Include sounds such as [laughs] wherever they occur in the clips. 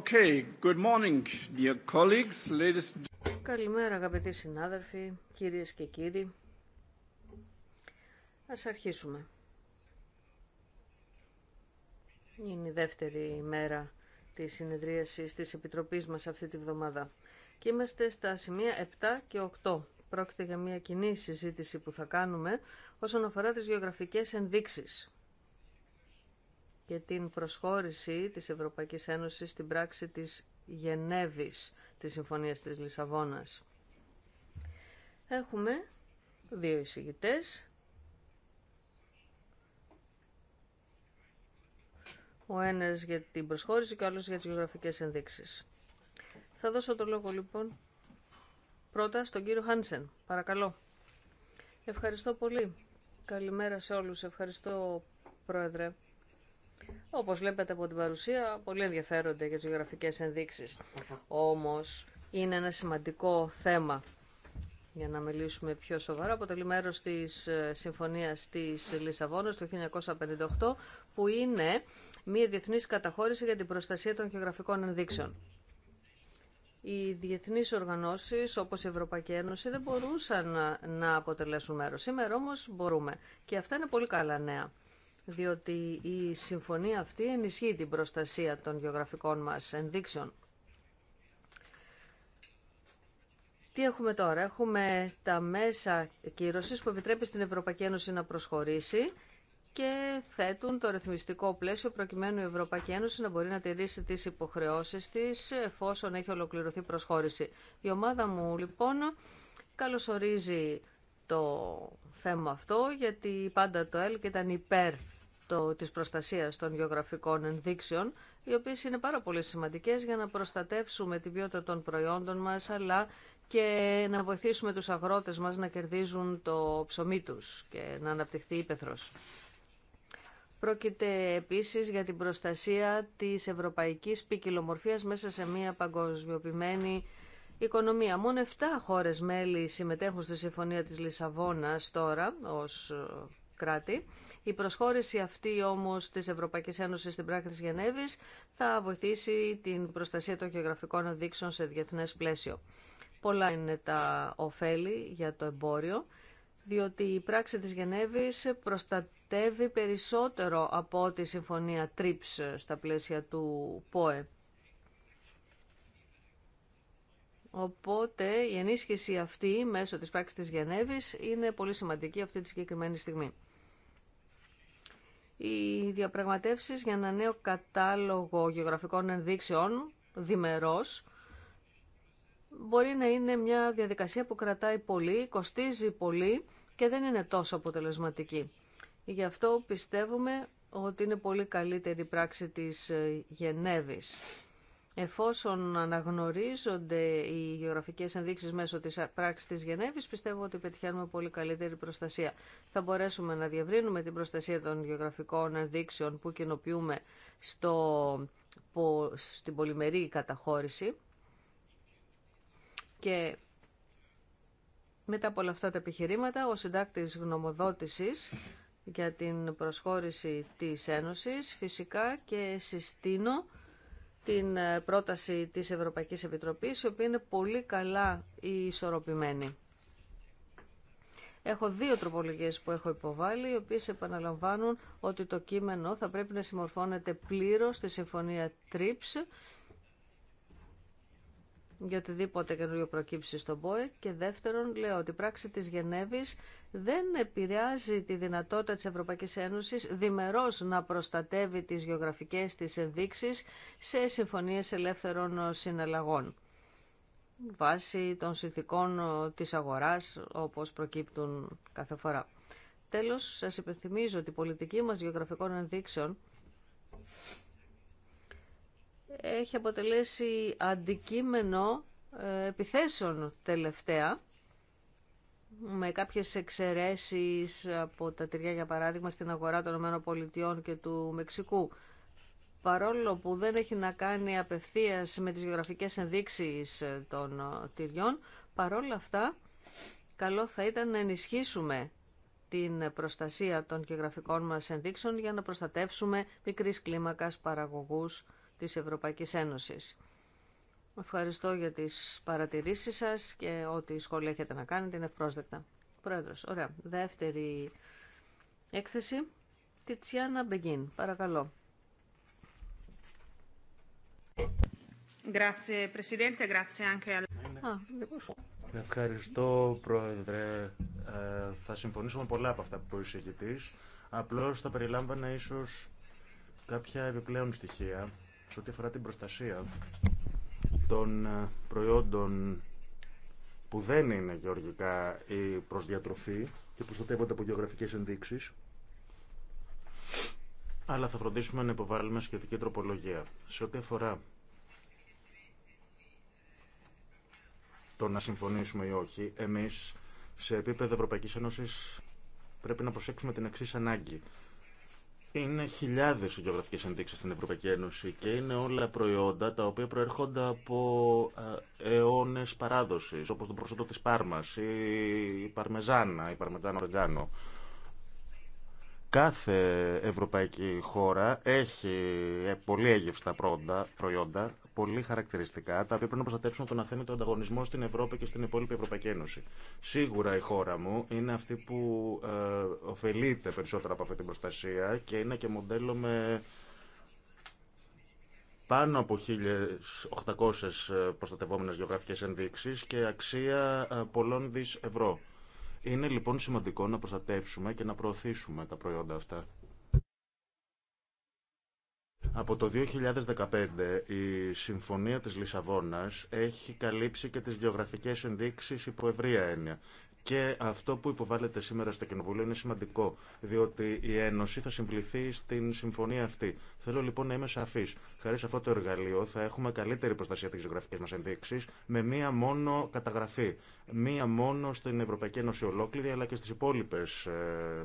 Okay, good morning, dear colleagues, ladies... Καλημέρα αγαπητοί συνάδελφοι, κυρίες και κύριοι. Ας αρχίσουμε. Είναι η δεύτερη μέρα της συνεδρίασης της Επιτροπής μας αυτή τη βδομάδα. Και είμαστε στα σημεία 7 και 8. Πρόκειται για μια κοινή συζήτηση που θα κάνουμε όσον αφορά τις γεωγραφικές ενδείξεις για την προσχώρηση της Ευρωπαϊκής Ένωσης στην πράξη της Γενέβης της Συμφωνίας της Λισαβόνας. Έχουμε δύο εισηγητές. Ο ένας για την προσχώρηση και ο άλλος για τις γεωγραφικές ενδείξεις. Θα δώσω το λόγο λοιπόν πρώτα στον κύριο Χάνσεν. Παρακαλώ. Ευχαριστώ πολύ. Καλημέρα σε όλους. Ευχαριστώ πρόεδρε. Όπως βλέπετε από την παρουσία, πολύ ενδιαφέρονται για τις γεωγραφικές ενδείξεις. Όμως, είναι ένα σημαντικό θέμα για να μιλήσουμε πιο σοβαρά, αποτελεί μέρο της ε, Συμφωνίας της Λισαβόνα του 1958, που είναι μια διεθνής καταχώρηση για την προστασία των γεωγραφικών ενδείξεων. Οι διεθνείς οργανώσεις όπως η Ευρωπαϊκή Ένωση δεν μπορούσαν να αποτελέσουν μέρος. Σήμερα όμως μπορούμε. Και αυτά είναι πολύ καλά νέα διότι η συμφωνία αυτή ενισχύει την προστασία των γεωγραφικών μας ενδείξεων. Τι έχουμε τώρα. Έχουμε τα μέσα κύρωσης που επιτρέπει στην Ευρωπαϊκή Ένωση να προσχωρήσει και θέτουν το ρυθμιστικό πλαίσιο προκειμένου η Ευρωπαϊκή Ένωση να μπορεί να τηρήσει τις υποχρεώσεις της εφόσον έχει ολοκληρωθεί προσχώρηση. Η ομάδα μου λοιπόν καλωσορίζει το θέμα αυτό γιατί πάντα το ΕΛΚ ήταν υπέρ το, της προστασίας των γεωγραφικών ενδείξεων, οι οποίες είναι πάρα πολύ σημαντικές για να προστατεύσουμε την ποιότητα των προϊόντων μας, αλλά και να βοηθήσουμε τους αγρότες μας να κερδίζουν το ψωμί τους και να αναπτυχθεί ύπεθρος. Πρόκειται επίσης για την προστασία της ευρωπαϊκής ποικιλομορφία μέσα σε μια παγκοσμιοποιημένη οικονομία. Μόνο 7 χώρες μέλη συμμετέχουν στη Συμφωνία της Λισαβόνας τώρα ως κράτη. Η προσχώρηση αυτή όμως της Ευρωπαϊκής Ένωσης στην πράξη της Γενέβης θα βοηθήσει την προστασία των γεωγραφικών αδείξεων σε διεθνές πλαίσιο. Πολλά είναι τα ωφέλη για το εμπόριο, διότι η πράξη της Γενέβης προστατεύει περισσότερο από τη Συμφωνία TRIPS στα πλαίσια του ΠΟΕ. Οπότε η ενίσχυση αυτή μέσω της πράξης της Γενέβης είναι πολύ σημαντική αυτή τη συγκεκριμένη στιγμή. Οι διαπραγματεύσεις για ένα νέο κατάλογο γεωγραφικών ενδείξεων, διμερός, μπορεί να είναι μια διαδικασία που κρατάει πολύ, κοστίζει πολύ και δεν είναι τόσο αποτελεσματική. Γι' αυτό πιστεύουμε ότι είναι πολύ καλύτερη η πράξη της Γενέβης Εφόσον αναγνωρίζονται οι γεωγραφικές ενδείξεις μέσω της πράξης της Γενέβης, πιστεύω ότι πετυχαίνουμε πολύ καλύτερη προστασία. Θα μπορέσουμε να διευρύνουμε την προστασία των γεωγραφικών ενδείξεων που κοινοποιούμε στο, στην πολυμερή καταχώρηση. Και μετά από όλα αυτά τα επιχειρήματα, ο συντάκτης γνωμοδότησης για την προσχώρηση της Ένωσης φυσικά και συστήνω την ε, πρόταση της Ευρωπαϊκής Επιτροπής, η οποία είναι πολύ καλά ισορροπημένη. Έχω δύο τροπολογίες που έχω υποβάλει, οι οποίες επαναλαμβάνουν ότι το κείμενο θα πρέπει να συμμορφώνεται πλήρως στη Συμφωνία TRIPS για οτιδήποτε καινούριο προκύψει στον ΠΟΕ και δεύτερον λέω ότι η πράξη της Γενέβης δεν επηρεάζει τη δυνατότητα της Ευρωπαϊκής Ένωσης διμερώς να προστατεύει τις γεωγραφικές της ενδείξεις σε συμφωνίες ελεύθερων συναλλαγών βάσει των συνθηκών της αγοράς όπως προκύπτουν κάθε φορά. Τέλος, σας υπενθυμίζω ότι η πολιτική μας γεωγραφικών ενδείξεων έχει αποτελέσει αντικείμενο ε, επιθέσεων τελευταία με κάποιες εξαιρέσεις από τα τυριά για παράδειγμα στην αγορά των ΗΠΑ και του Μεξικού παρόλο που δεν έχει να κάνει απευθείας με τις γεωγραφικές ενδείξεις των ε, τυριών παρόλα αυτά καλό θα ήταν να ενισχύσουμε την προστασία των γεωγραφικών μας ενδείξεων για να προστατεύσουμε μικρής κλίμακας παραγωγούς της Ευρωπαϊκής Ένωσης. Ευχαριστώ για τις παρατηρήσεις σας και ό,τι σχόλια έχετε να κάνετε είναι ευπρόσδεκτα. Πρόεδρος, ωραία. Δεύτερη έκθεση, Τιτσιάνα Μπεγκίν. Παρακαλώ. Ευχαριστώ, Πρόεδρε. Ε, θα συμφωνήσω με πολλά από αυτά που είπε ο Απλώς θα περιλάμβανα ίσως κάποια επιπλέον στοιχεία σε ό,τι αφορά την προστασία των ε, προϊόντων που δεν είναι γεωργικά ή προς διατροφή και προστατεύονται από γεωγραφικές ενδείξεις αλλά θα φροντίσουμε να υποβάλουμε σχετική τροπολογία. Σε ό,τι αφορά το να συμφωνήσουμε ή όχι, εμείς σε επίπεδο Ευρωπαϊκής Ένωσης πρέπει να προσέξουμε την εξή ανάγκη. Είναι χιλιάδε οι γεωγραφικέ ενδείξει στην Ευρωπαϊκή Ένωση και είναι όλα προϊόντα τα οποία προέρχονται από ε, αιώνε παράδοση, όπω το προσώτο τη Πάρμα ή η Παρμεζάνα, η Παρμεζάνο Ρετζάνο. Κάθε ευρωπαϊκή χώρα έχει ε, πολύ έγευστα προϊόντα πολύ χαρακτηριστικά, τα οποία πρέπει να προστατεύσουν τον τον ανταγωνισμό στην Ευρώπη και στην υπόλοιπη Ευρωπαϊκή Ένωση. Σίγουρα η χώρα μου είναι αυτή που ε, ωφελείται περισσότερο από αυτή την προστασία και είναι και μοντέλο με πάνω από 1.800 ε, προστατευόμενες γεωγραφικές ενδείξεις και αξία ε, πολλών δις ευρώ. Είναι λοιπόν σημαντικό να προστατεύσουμε και να προωθήσουμε τα προϊόντα αυτά. Από το 2015 η Συμφωνία της Λισαβόνας έχει καλύψει και τις γεωγραφικές ενδείξεις υπό ευρία έννοια. Και αυτό που υποβάλλεται σήμερα στο Κοινοβούλιο είναι σημαντικό, διότι η Ένωση θα συμβληθεί στην συμφωνία αυτή. Θέλω λοιπόν να είμαι σαφή. Χάρη σε αυτό το εργαλείο θα έχουμε καλύτερη προστασία τη γεωγραφική μα ενδείξη με μία μόνο καταγραφή. Μία μόνο στην Ευρωπαϊκή Ένωση ολόκληρη αλλά και στι υπόλοιπε ε,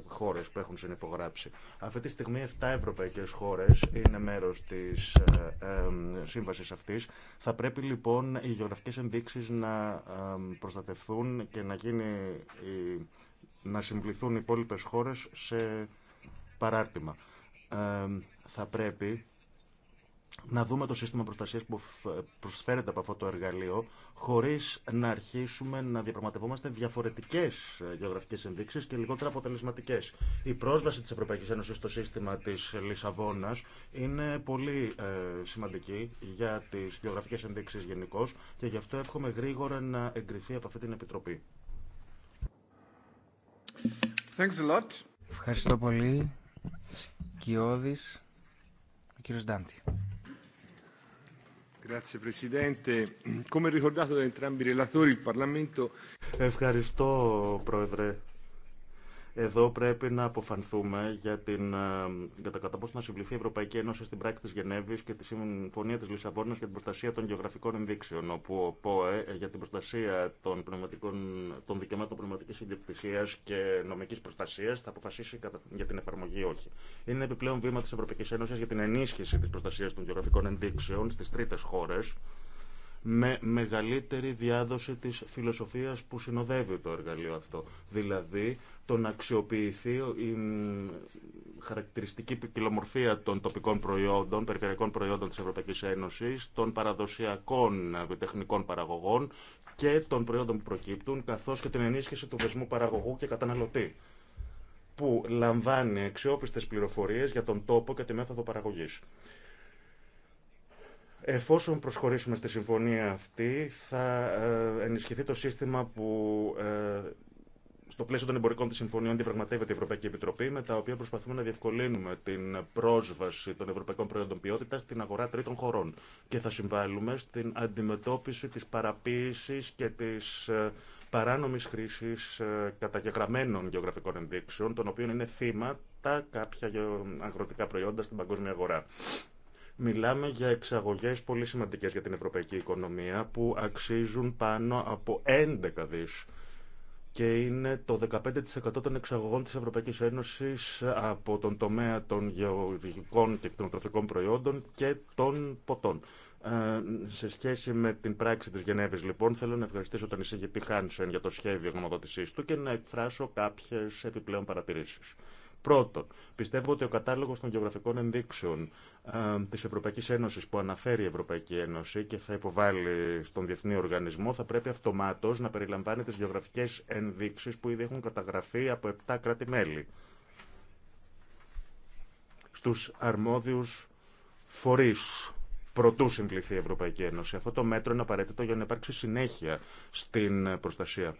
χώρε που έχουν συνυπογράψει. Αυτή τη στιγμή 7 ευρωπαϊκέ χώρε είναι μέρο τη ε, ε, σύμβαση αυτή. Θα πρέπει λοιπόν οι γεωγραφικέ ενδείξει να προστατευτούν και να, γίνει, να συμπληθούν οι υπόλοιπε χώρε σε παράρτημα θα πρέπει να δούμε το σύστημα προστασίας που προσφέρεται από αυτό το εργαλείο χωρίς να αρχίσουμε να διαπραγματευόμαστε διαφορετικές ε, γεωγραφικές ενδείξεις και λιγότερα αποτελεσματικές. Η πρόσβαση της Ευρωπαϊκής Ένωσης στο σύστημα της Λισαβόνας είναι πολύ ε, σημαντική για τις γεωγραφικές ενδείξεις γενικώ και γι' αυτό εύχομαι γρήγορα να εγκριθεί από αυτή την Επιτροπή. Ευχαριστώ πολύ. Σκιώδης κύριος Grazie Presidente. Come ricordato da entrambi i relatori, il Parlamento... Ευχαριστώ, Πρόεδρε, εδώ πρέπει να αποφανθούμε για, την, ε, για το κατά πόσο να συμβληθεί η Ευρωπαϊκή Ένωση στην πράξη τη Γενέβη και τη Συμφωνία τη Λισαβόνα για την προστασία των γεωγραφικών ενδείξεων, όπου ο ΠΟΕ για την προστασία των, των δικαιωμάτων πνευματική ιδιοκτησία και νομική προστασία θα αποφασίσει για την εφαρμογή όχι. Είναι επιπλέον βήμα τη Ευρωπαϊκή Ένωση για την ενίσχυση τη προστασία των γεωγραφικών ενδείξεων στι τρίτε χώρε με μεγαλύτερη διάδοση της φιλοσοφίας που συνοδεύει το εργαλείο αυτό. Δηλαδή το να αξιοποιηθεί η χαρακτηριστική ποικιλομορφία των τοπικών προϊόντων, περιφερειακών προϊόντων της Ευρωπαϊκής Ένωσης, των παραδοσιακών ε, βιοτεχνικών παραγωγών και των προϊόντων που προκύπτουν, καθώς και την ενίσχυση του δεσμού παραγωγού και καταναλωτή, που λαμβάνει αξιόπιστες πληροφορίες για τον τόπο και τη μέθοδο παραγωγής. Εφόσον προσχωρήσουμε στη συμφωνία αυτή, θα ε, ενισχυθεί το σύστημα που ε, στο πλαίσιο των εμπορικών τη συμφωνιών διαπραγματεύεται η Ευρωπαϊκή Επιτροπή, με τα οποία προσπαθούμε να διευκολύνουμε την πρόσβαση των ευρωπαϊκών προϊόντων ποιότητα στην αγορά τρίτων χωρών. Και θα συμβάλλουμε στην αντιμετώπιση τη παραποίηση και τη ε, παράνομη χρήση ε, καταγεγραμμένων γεωγραφικών ενδείξεων, των οποίων είναι θύματα κάποια αγροτικά προϊόντα στην παγκόσμια αγορά. Μιλάμε για εξαγωγέ πολύ σημαντικέ για την ευρωπαϊκή οικονομία που αξίζουν πάνω από 11 και είναι το 15% των εξαγωγών της Ευρωπαϊκής Ένωσης από τον τομέα των γεωργικών και κτηνοτροφικών προϊόντων και των ποτών. Ε, σε σχέση με την πράξη της Γενέβης, λοιπόν, θέλω να ευχαριστήσω τον εισηγητή Χάνσεν για το σχέδιο γνωμοδότησής του και να εκφράσω κάποιες επιπλέον παρατηρήσεις. Πρώτον, πιστεύω ότι ο κατάλογο των γεωγραφικών ενδείξεων ε, τη Ευρωπαϊκή Ένωση που αναφέρει η Ευρωπαϊκή Ένωση και θα υποβάλει στον Διεθνή Οργανισμό θα πρέπει αυτομάτω να περιλαμβάνει τι γεωγραφικέ ενδείξει που ήδη έχουν καταγραφεί από 7 κράτη-μέλη στου αρμόδιου φορεί προτού συμπληθεί η Ευρωπαϊκή Ένωση. Αυτό το μέτρο είναι απαραίτητο για να υπάρξει συνέχεια στην προστασία.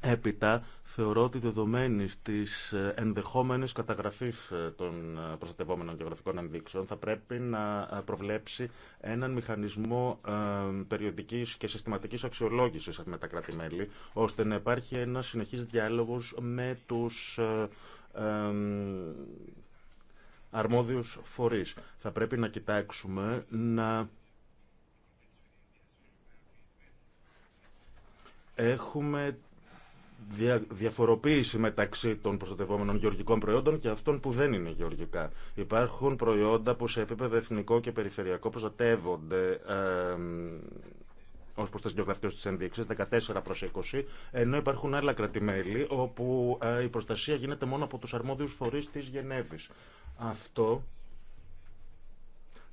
Έπειτα θεωρώ ότι δεδομένη της ε, ενδεχόμενης καταγραφή ε, των ε, προστατευόμενων γεωγραφικών ενδείξεων θα πρέπει να προβλέψει έναν μηχανισμό περιοδικής και συστηματικής αξιολόγησης με τα κράτη-μέλη, ώστε να υπάρχει ένα συνεχής διάλογος με τους αρμόδιους φορείς. Θα πρέπει να κοιτάξουμε να έχουμε διαφοροποίηση μεταξύ των προστατευόμενων γεωργικών προϊόντων και αυτών που δεν είναι γεωργικά. Υπάρχουν προϊόντα που σε επίπεδο εθνικό και περιφερειακό προστατεύονται ω προ τι γεωγραφικέ του ενδείξει, 14 προ 20, ενώ υπάρχουν άλλα κρατημέλη όπου ε, η προστασία γίνεται μόνο από του αρμόδιου φορεί τη Γενέβη. Αυτό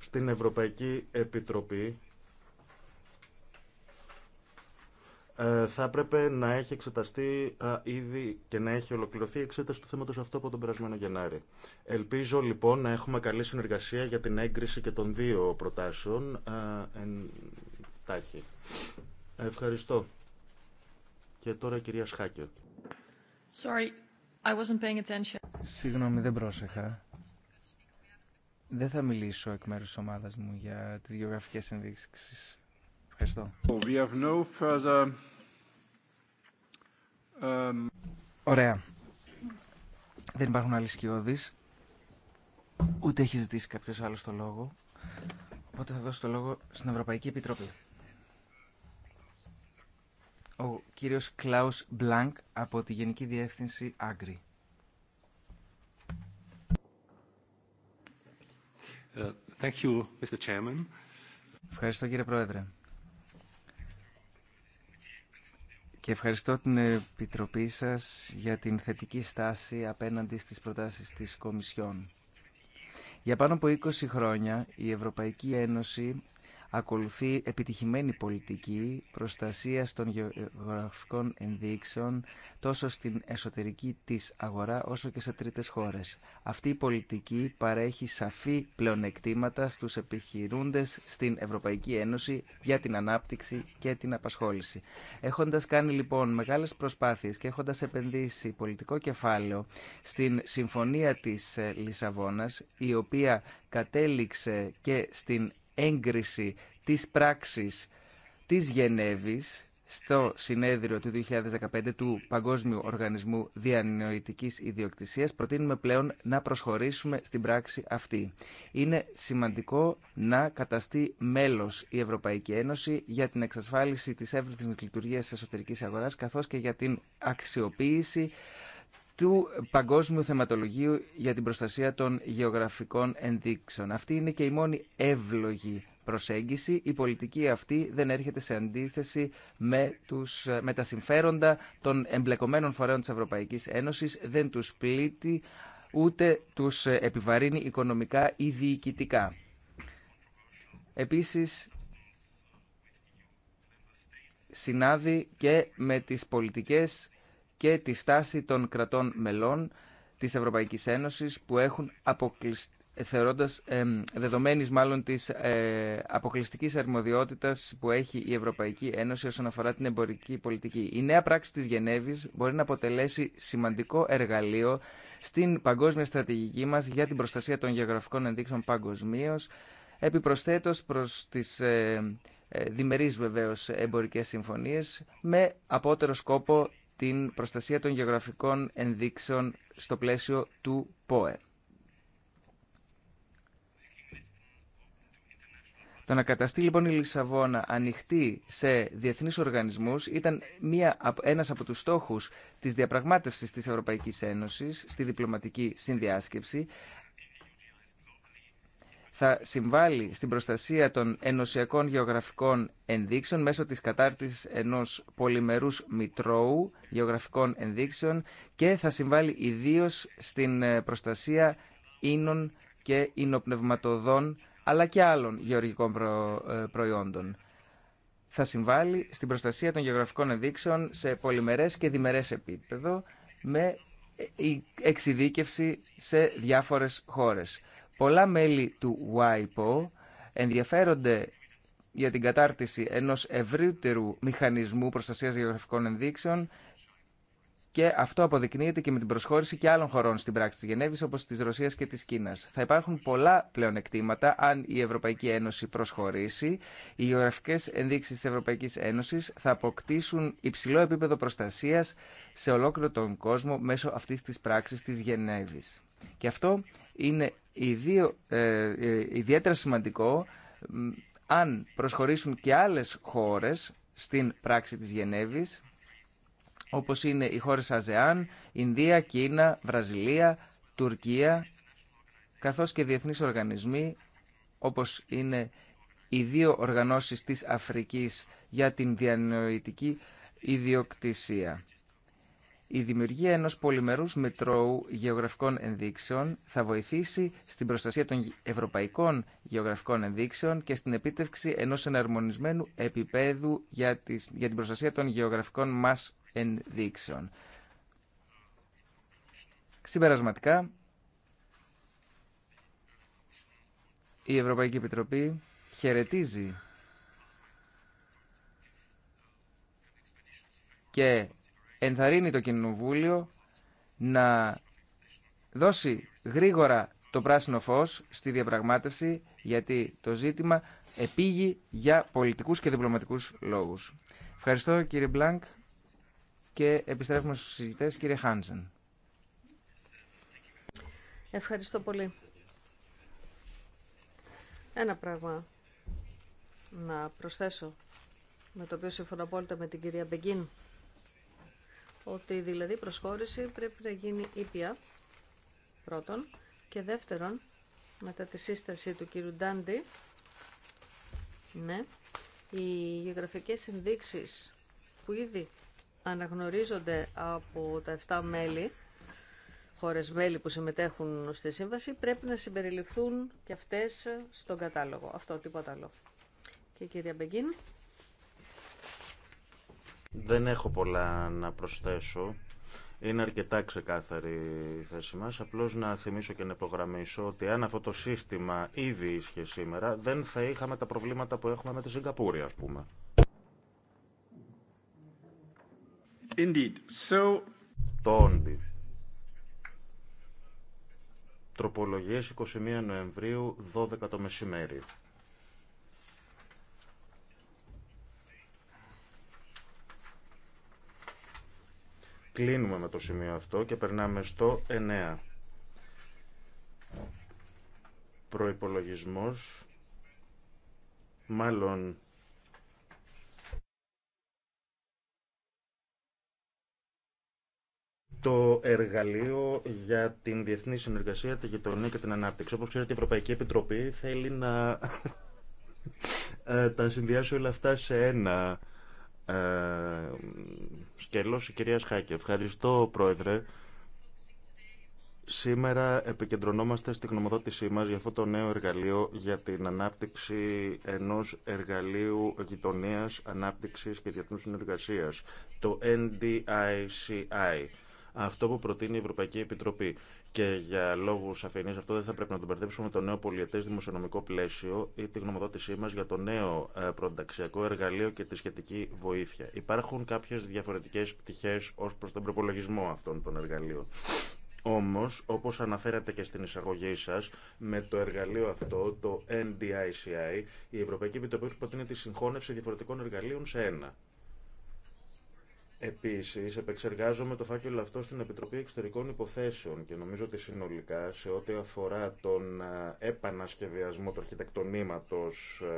στην Ευρωπαϊκή Επιτροπή Ε, θα έπρεπε να έχει εξεταστεί ήδη και να έχει ολοκληρωθεί η εξέταση του θέματος αυτό από τον περασμένο Γενάρη. Ελπίζω λοιπόν να έχουμε καλή συνεργασία για την έγκριση και των δύο προτάσεων. Εν... Ευχαριστώ. Και τώρα κυρία Σχάκιο. Sorry, I wasn't paying attention. Συγγνώμη, δεν πρόσεχα. Δεν θα μιλήσω εκ μέρους της ομάδας μου για τις γεωγραφικές ενδείξεις Ευχαριστώ. Um, Ωραία. Δεν υπάρχουν άλλοι σκιώδεις. Ούτε έχει ζητήσει κάποιο άλλο το λόγο. Οπότε θα δώσω το λόγο στην Ευρωπαϊκή Επιτροπή. Ο κύριος Κλάους Μπλάνκ από τη Γενική Διεύθυνση Άγκρη. Ε, thank you, Mr. Chairman. Ευχαριστώ κύριε Πρόεδρε. και ευχαριστώ την Επιτροπή σας για την θετική στάση απέναντι στις προτάσεις της Κομισιόν. Για πάνω από 20 χρόνια η Ευρωπαϊκή Ένωση ακολουθεί επιτυχημένη πολιτική προστασίας των γεωγραφικών ενδείξεων τόσο στην εσωτερική της αγορά όσο και σε τρίτες χώρες. Αυτή η πολιτική παρέχει σαφή πλεονεκτήματα στους επιχειρούντες στην Ευρωπαϊκή Ένωση για την ανάπτυξη και την απασχόληση. Έχοντας κάνει λοιπόν μεγάλες προσπάθειες και έχοντας επενδύσει πολιτικό κεφάλαιο στην Συμφωνία της ε, Λισαβόνας, η οποία κατέληξε και στην έγκριση της πράξης της Γενέβης στο συνέδριο του 2015 του Παγκόσμιου Οργανισμού Διανοητικής Ιδιοκτησίας προτείνουμε πλέον να προσχωρήσουμε στην πράξη αυτή. Είναι σημαντικό να καταστεί μέλος η Ευρωπαϊκή Ένωση για την εξασφάλιση της εύρυθμης λειτουργίας της εσωτερικής αγοράς καθώς και για την αξιοποίηση του Παγκόσμιου Θεματολογίου για την Προστασία των Γεωγραφικών Ενδείξεων. Αυτή είναι και η μόνη εύλογη προσέγγιση. Η πολιτική αυτή δεν έρχεται σε αντίθεση με, τους, με τα συμφέροντα των εμπλεκομένων φορέων της Ευρωπαϊκής Ένωσης, δεν τους πλήττει ούτε τους επιβαρύνει οικονομικά ή διοικητικά. Επίσης, συνάδει και με τις πολιτικές και τη στάση των κρατών μελών της Ευρωπαϊκής Ένωσης που έχουν αποκλειστεί θεωρώντας μάλλον της ε, αποκλειστικής που έχει η Ευρωπαϊκή Ένωση όσον αφορά την εμπορική πολιτική. Η νέα πράξη της Γενέβης μπορεί να αποτελέσει σημαντικό εργαλείο στην παγκόσμια στρατηγική μας για την προστασία των γεωγραφικών ενδείξεων παγκοσμίω. Επιπροσθέτως προς τις ε, ε, διμερείς βεβαίως εμπορικές συμφωνίες με απότερο σκόπο την προστασία των γεωγραφικών ενδείξεων στο πλαίσιο του ΠΟΕ. Το να καταστεί λοιπόν η Λισαβόνα ανοιχτή σε διεθνείς οργανισμούς ήταν μία, ένας από τους στόχους της διαπραγμάτευσης της Ευρωπαϊκής Ένωσης στη διπλωματική συνδιάσκεψη, θα συμβάλλει στην προστασία των ενωσιακών γεωγραφικών ενδείξεων μέσω της κατάρτισης ενός πολυμερούς μητρώου γεωγραφικών ενδείξεων και θα συμβάλλει ιδίως στην ε, προστασία ίνων και ινοπνευματοδών αλλά και άλλων γεωργικών ε, προϊόντων. Θα συμβάλλει στην προστασία των γεωγραφικών ενδείξεων σε πολυμερές και διμερές επίπεδο με ε, εξειδίκευση σε διάφορες χώρες. Πολλά μέλη του WIPO ενδιαφέρονται για την κατάρτιση ενός ευρύτερου μηχανισμού προστασίας γεωγραφικών ενδείξεων και αυτό αποδεικνύεται και με την προσχώρηση και άλλων χωρών στην πράξη της Γενέβης όπως της Ρωσίας και της Κίνας. Θα υπάρχουν πολλά πλεονεκτήματα αν η Ευρωπαϊκή Ένωση προσχωρήσει. Οι γεωγραφικές ενδείξεις της Ευρωπαϊκής Ένωσης θα αποκτήσουν υψηλό επίπεδο προστασίας σε ολόκληρο τον κόσμο μέσω αυτής της πράξης της Γενέβης. Και αυτό είναι ε, ε, ιδιαίτερα σημαντικό αν προσχωρήσουν και άλλες χώρες στην πράξη της Γενέβης, όπως είναι οι χώρες ΑΖΕΑΝ, Ινδία, Κίνα, Βραζιλία, Τουρκία, καθώς και διεθνείς οργανισμοί, όπως είναι οι δύο οργανώσεις της Αφρικής για την διανοητική ιδιοκτησία. Η δημιουργία ενός πολυμερούς μητρώου γεωγραφικών ενδείξεων θα βοηθήσει στην προστασία των ευρωπαϊκών γεωγραφικών ενδείξεων και στην επίτευξη ενός εναρμονισμένου επίπεδου για την προστασία των γεωγραφικών μας ενδείξεων. Συμπερασματικά, η Ευρωπαϊκή Επιτροπή χαιρετίζει και ενθαρρύνει το Κοινοβούλιο να δώσει γρήγορα το πράσινο φως στη διαπραγμάτευση γιατί το ζήτημα επήγει για πολιτικούς και διπλωματικούς λόγους. Ευχαριστώ κύριε Μπλάνκ και επιστρέφουμε στους συζητητές κύριε Χάνσεν. Ευχαριστώ πολύ. Ένα πράγμα να προσθέσω με το οποίο συμφωνώ απόλυτα με την κυρία Μπεγκίν ότι δηλαδή η προσχώρηση πρέπει να γίνει ήπια πρώτον και δεύτερον μετά τη σύσταση του κύριου Ντάντι ναι, οι γεωγραφικές ενδείξεις που ήδη αναγνωρίζονται από τα 7 μέλη χώρες μέλη που συμμετέχουν στη σύμβαση πρέπει να συμπεριληφθούν και αυτές στον κατάλογο. Αυτό, τίποτα άλλο. Και η κυρία Μπεγκίν. Δεν έχω πολλά να προσθέσω. Είναι αρκετά ξεκάθαρη η θέση μας. Απλώς να θυμίσω και να υπογραμμίσω ότι αν αυτό το σύστημα ήδη ίσχυε σήμερα, δεν θα είχαμε τα προβλήματα που έχουμε με τη Σιγκαπούρη, ας πούμε. Indeed. So... Το όντι. Τροπολογίες 21 Νοεμβρίου, 12 το μεσημέρι. Κλείνουμε με το σημείο αυτό και περνάμε στο 9. Προϋπολογισμός, μάλλον το εργαλείο για την διεθνή συνεργασία, τη γειτονία και την ανάπτυξη. Όπως ξέρετε η Ευρωπαϊκή Επιτροπή θέλει να [laughs] ε, τα συνδυάσει όλα αυτά σε ένα ε, σκέλος η κυρία Σχάκη. Ευχαριστώ πρόεδρε. Σήμερα επικεντρωνόμαστε στη γνωμοδότησή μας για αυτό το νέο εργαλείο για την ανάπτυξη ενός εργαλείου γειτονίας, ανάπτυξης και διεθνούς συνεργασίας, το NDICI αυτό που προτείνει η Ευρωπαϊκή Επιτροπή. Και για λόγου αφενή, αυτό δεν θα πρέπει να τον μπερδέψουμε με το νέο πολιετέ δημοσιονομικό πλαίσιο ή τη γνωμοδότησή μα για το νέο ε, προταξιακό εργαλείο και τη σχετική βοήθεια. Υπάρχουν κάποιε διαφορετικέ πτυχέ ω προ τον προπολογισμό αυτών των εργαλείων. Όμω, όπω αναφέρατε και στην εισαγωγή σα με το εργαλείο αυτό, το NDICI, η Ευρωπαϊκή Επιτροπή προτείνει τη συγχώνευση διαφορετικών εργαλείων σε ένα. Επίση, επεξεργάζομαι το φάκελο αυτό στην Επιτροπή Εξωτερικών Υποθέσεων και νομίζω ότι συνολικά σε ό,τι αφορά τον ε, επανασχεδιασμό του αρχιτεκτονήματο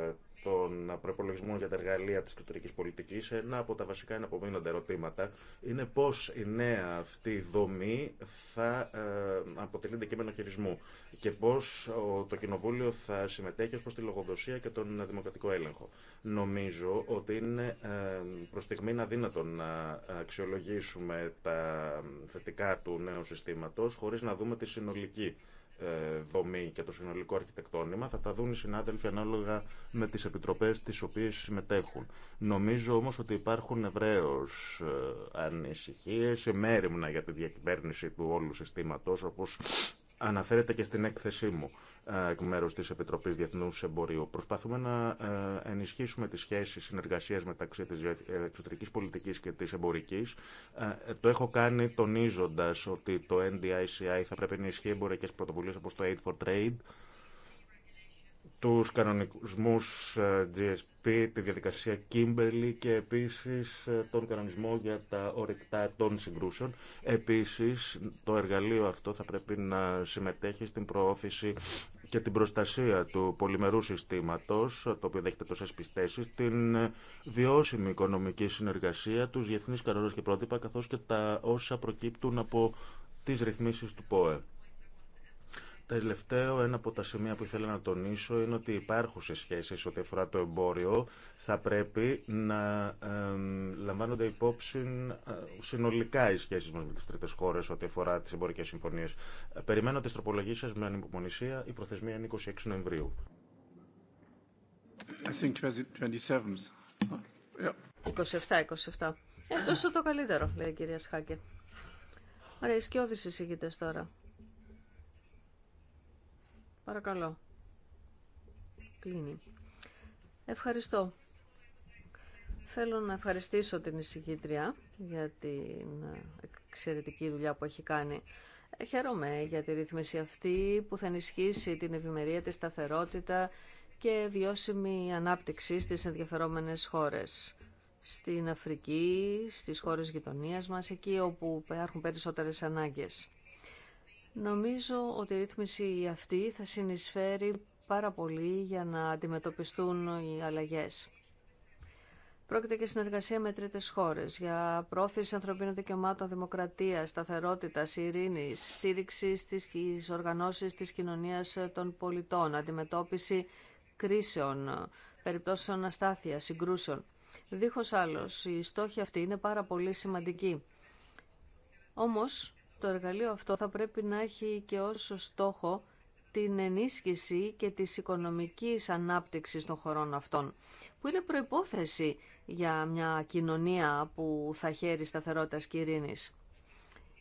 ε, των προπολογισμών για τα εργαλεία τη εξωτερική πολιτική, ένα από τα βασικά εναπομείνοντα ερωτήματα είναι πώ η νέα αυτή δομή θα ε, αποτελεί αντικείμενο χειρισμού και πώ το Κοινοβούλιο θα συμμετέχει ω προ τη λογοδοσία και τον δημοκρατικό έλεγχο. Νομίζω ότι είναι ε, προ στιγμή αδύνατο να αξιολογήσουμε τα θετικά του νέου συστήματο χωρί να δούμε τη συνολική ε, δομή και το συνολικό αρχιτεκτόνημα θα τα δουν οι συνάδελφοι ανάλογα με τις επιτροπές τις οποίες συμμετέχουν. Νομίζω όμως ότι υπάρχουν ευρέως ε, ανησυχίες, εμέριμνα για τη διακυβέρνηση του όλου συστήματος όπως αναφέρεται και στην έκθεσή μου ε, εκ μέρους της Επιτροπής Διεθνούς Εμπορίου. Προσπαθούμε να ε, ενισχύσουμε τις σχέσεις συνεργασίας μεταξύ της ε, εξωτερικής πολιτικής και της εμπορικής. Το έχω κάνει τονίζοντας ότι το NDICI θα πρέπει να ισχύει εμπορικές πρωτοβουλίες όπως το Aid for Trade, τους κανονισμούς ε, GSP, τη διαδικασία Kimberley και επίσης ε, τον κανονισμό για τα ορυκτά των συγκρούσεων. Επίσης το εργαλείο αυτό θα πρέπει να συμμετέχει στην προώθηση και την προστασία του πολυμερού συστήματος, το οποίο δέχεται τόσες πιστέσεις, την ε, βιώσιμη οικονομική συνεργασία, τους διεθνείς κανόνες και πρότυπα, καθώς και τα όσα προκύπτουν από τις ρυθμίσεις του ΠΟΕ. Τελευταίο, ένα από τα σημεία που ήθελα να τονίσω είναι ότι σε σχέσεις ό,τι αφορά το εμπόριο. Θα πρέπει να λαμβάνονται υπόψη ε, συνολικά οι σχέσει μα με τι τρίτε χώρε ό,τι αφορά τις εμπορικές συμφωνίες. Περιμένω τις τροπολογίε σα με ανυπομονησία. Η προθεσμία είναι 26 Νοεμβρίου. 27. Yeah. 27, 27. Ε, το καλύτερο, λέει η κυρία Σχάκε. Ωραία, οι σκιώδεις τώρα. Παρακαλώ. Κλείνει. Ευχαριστώ. Θέλω να ευχαριστήσω την εισηγήτρια για την εξαιρετική δουλειά που έχει κάνει. Ε, χαίρομαι για τη ρύθμιση αυτή που θα ενισχύσει την ευημερία, τη σταθερότητα και βιώσιμη ανάπτυξη στις ενδιαφερόμενες χώρες. Στην Αφρική, στις χώρες γειτονίας μας, εκεί όπου υπάρχουν περισσότερες ανάγκες. Νομίζω ότι η ρύθμιση αυτή θα συνεισφέρει πάρα πολύ για να αντιμετωπιστούν οι αλλαγές. Πρόκειται και συνεργασία με τρίτε χώρε για πρόθεση ανθρωπίνων δικαιωμάτων, δημοκρατία, σταθερότητα, ειρήνη, στήριξη στι οργανώσει τη κοινωνία των πολιτών, αντιμετώπιση κρίσεων, περιπτώσεων αστάθεια, συγκρούσεων. Δίχω άλλο οι στόχοι αυτοί είναι πάρα πολύ σημαντικοί. Όμως, το εργαλείο αυτό θα πρέπει να έχει και ως στόχο την ενίσχυση και της οικονομικής ανάπτυξης των χωρών αυτών, που είναι προϋπόθεση για μια κοινωνία που θα χαίρει σταθερότητα και ειρήνης.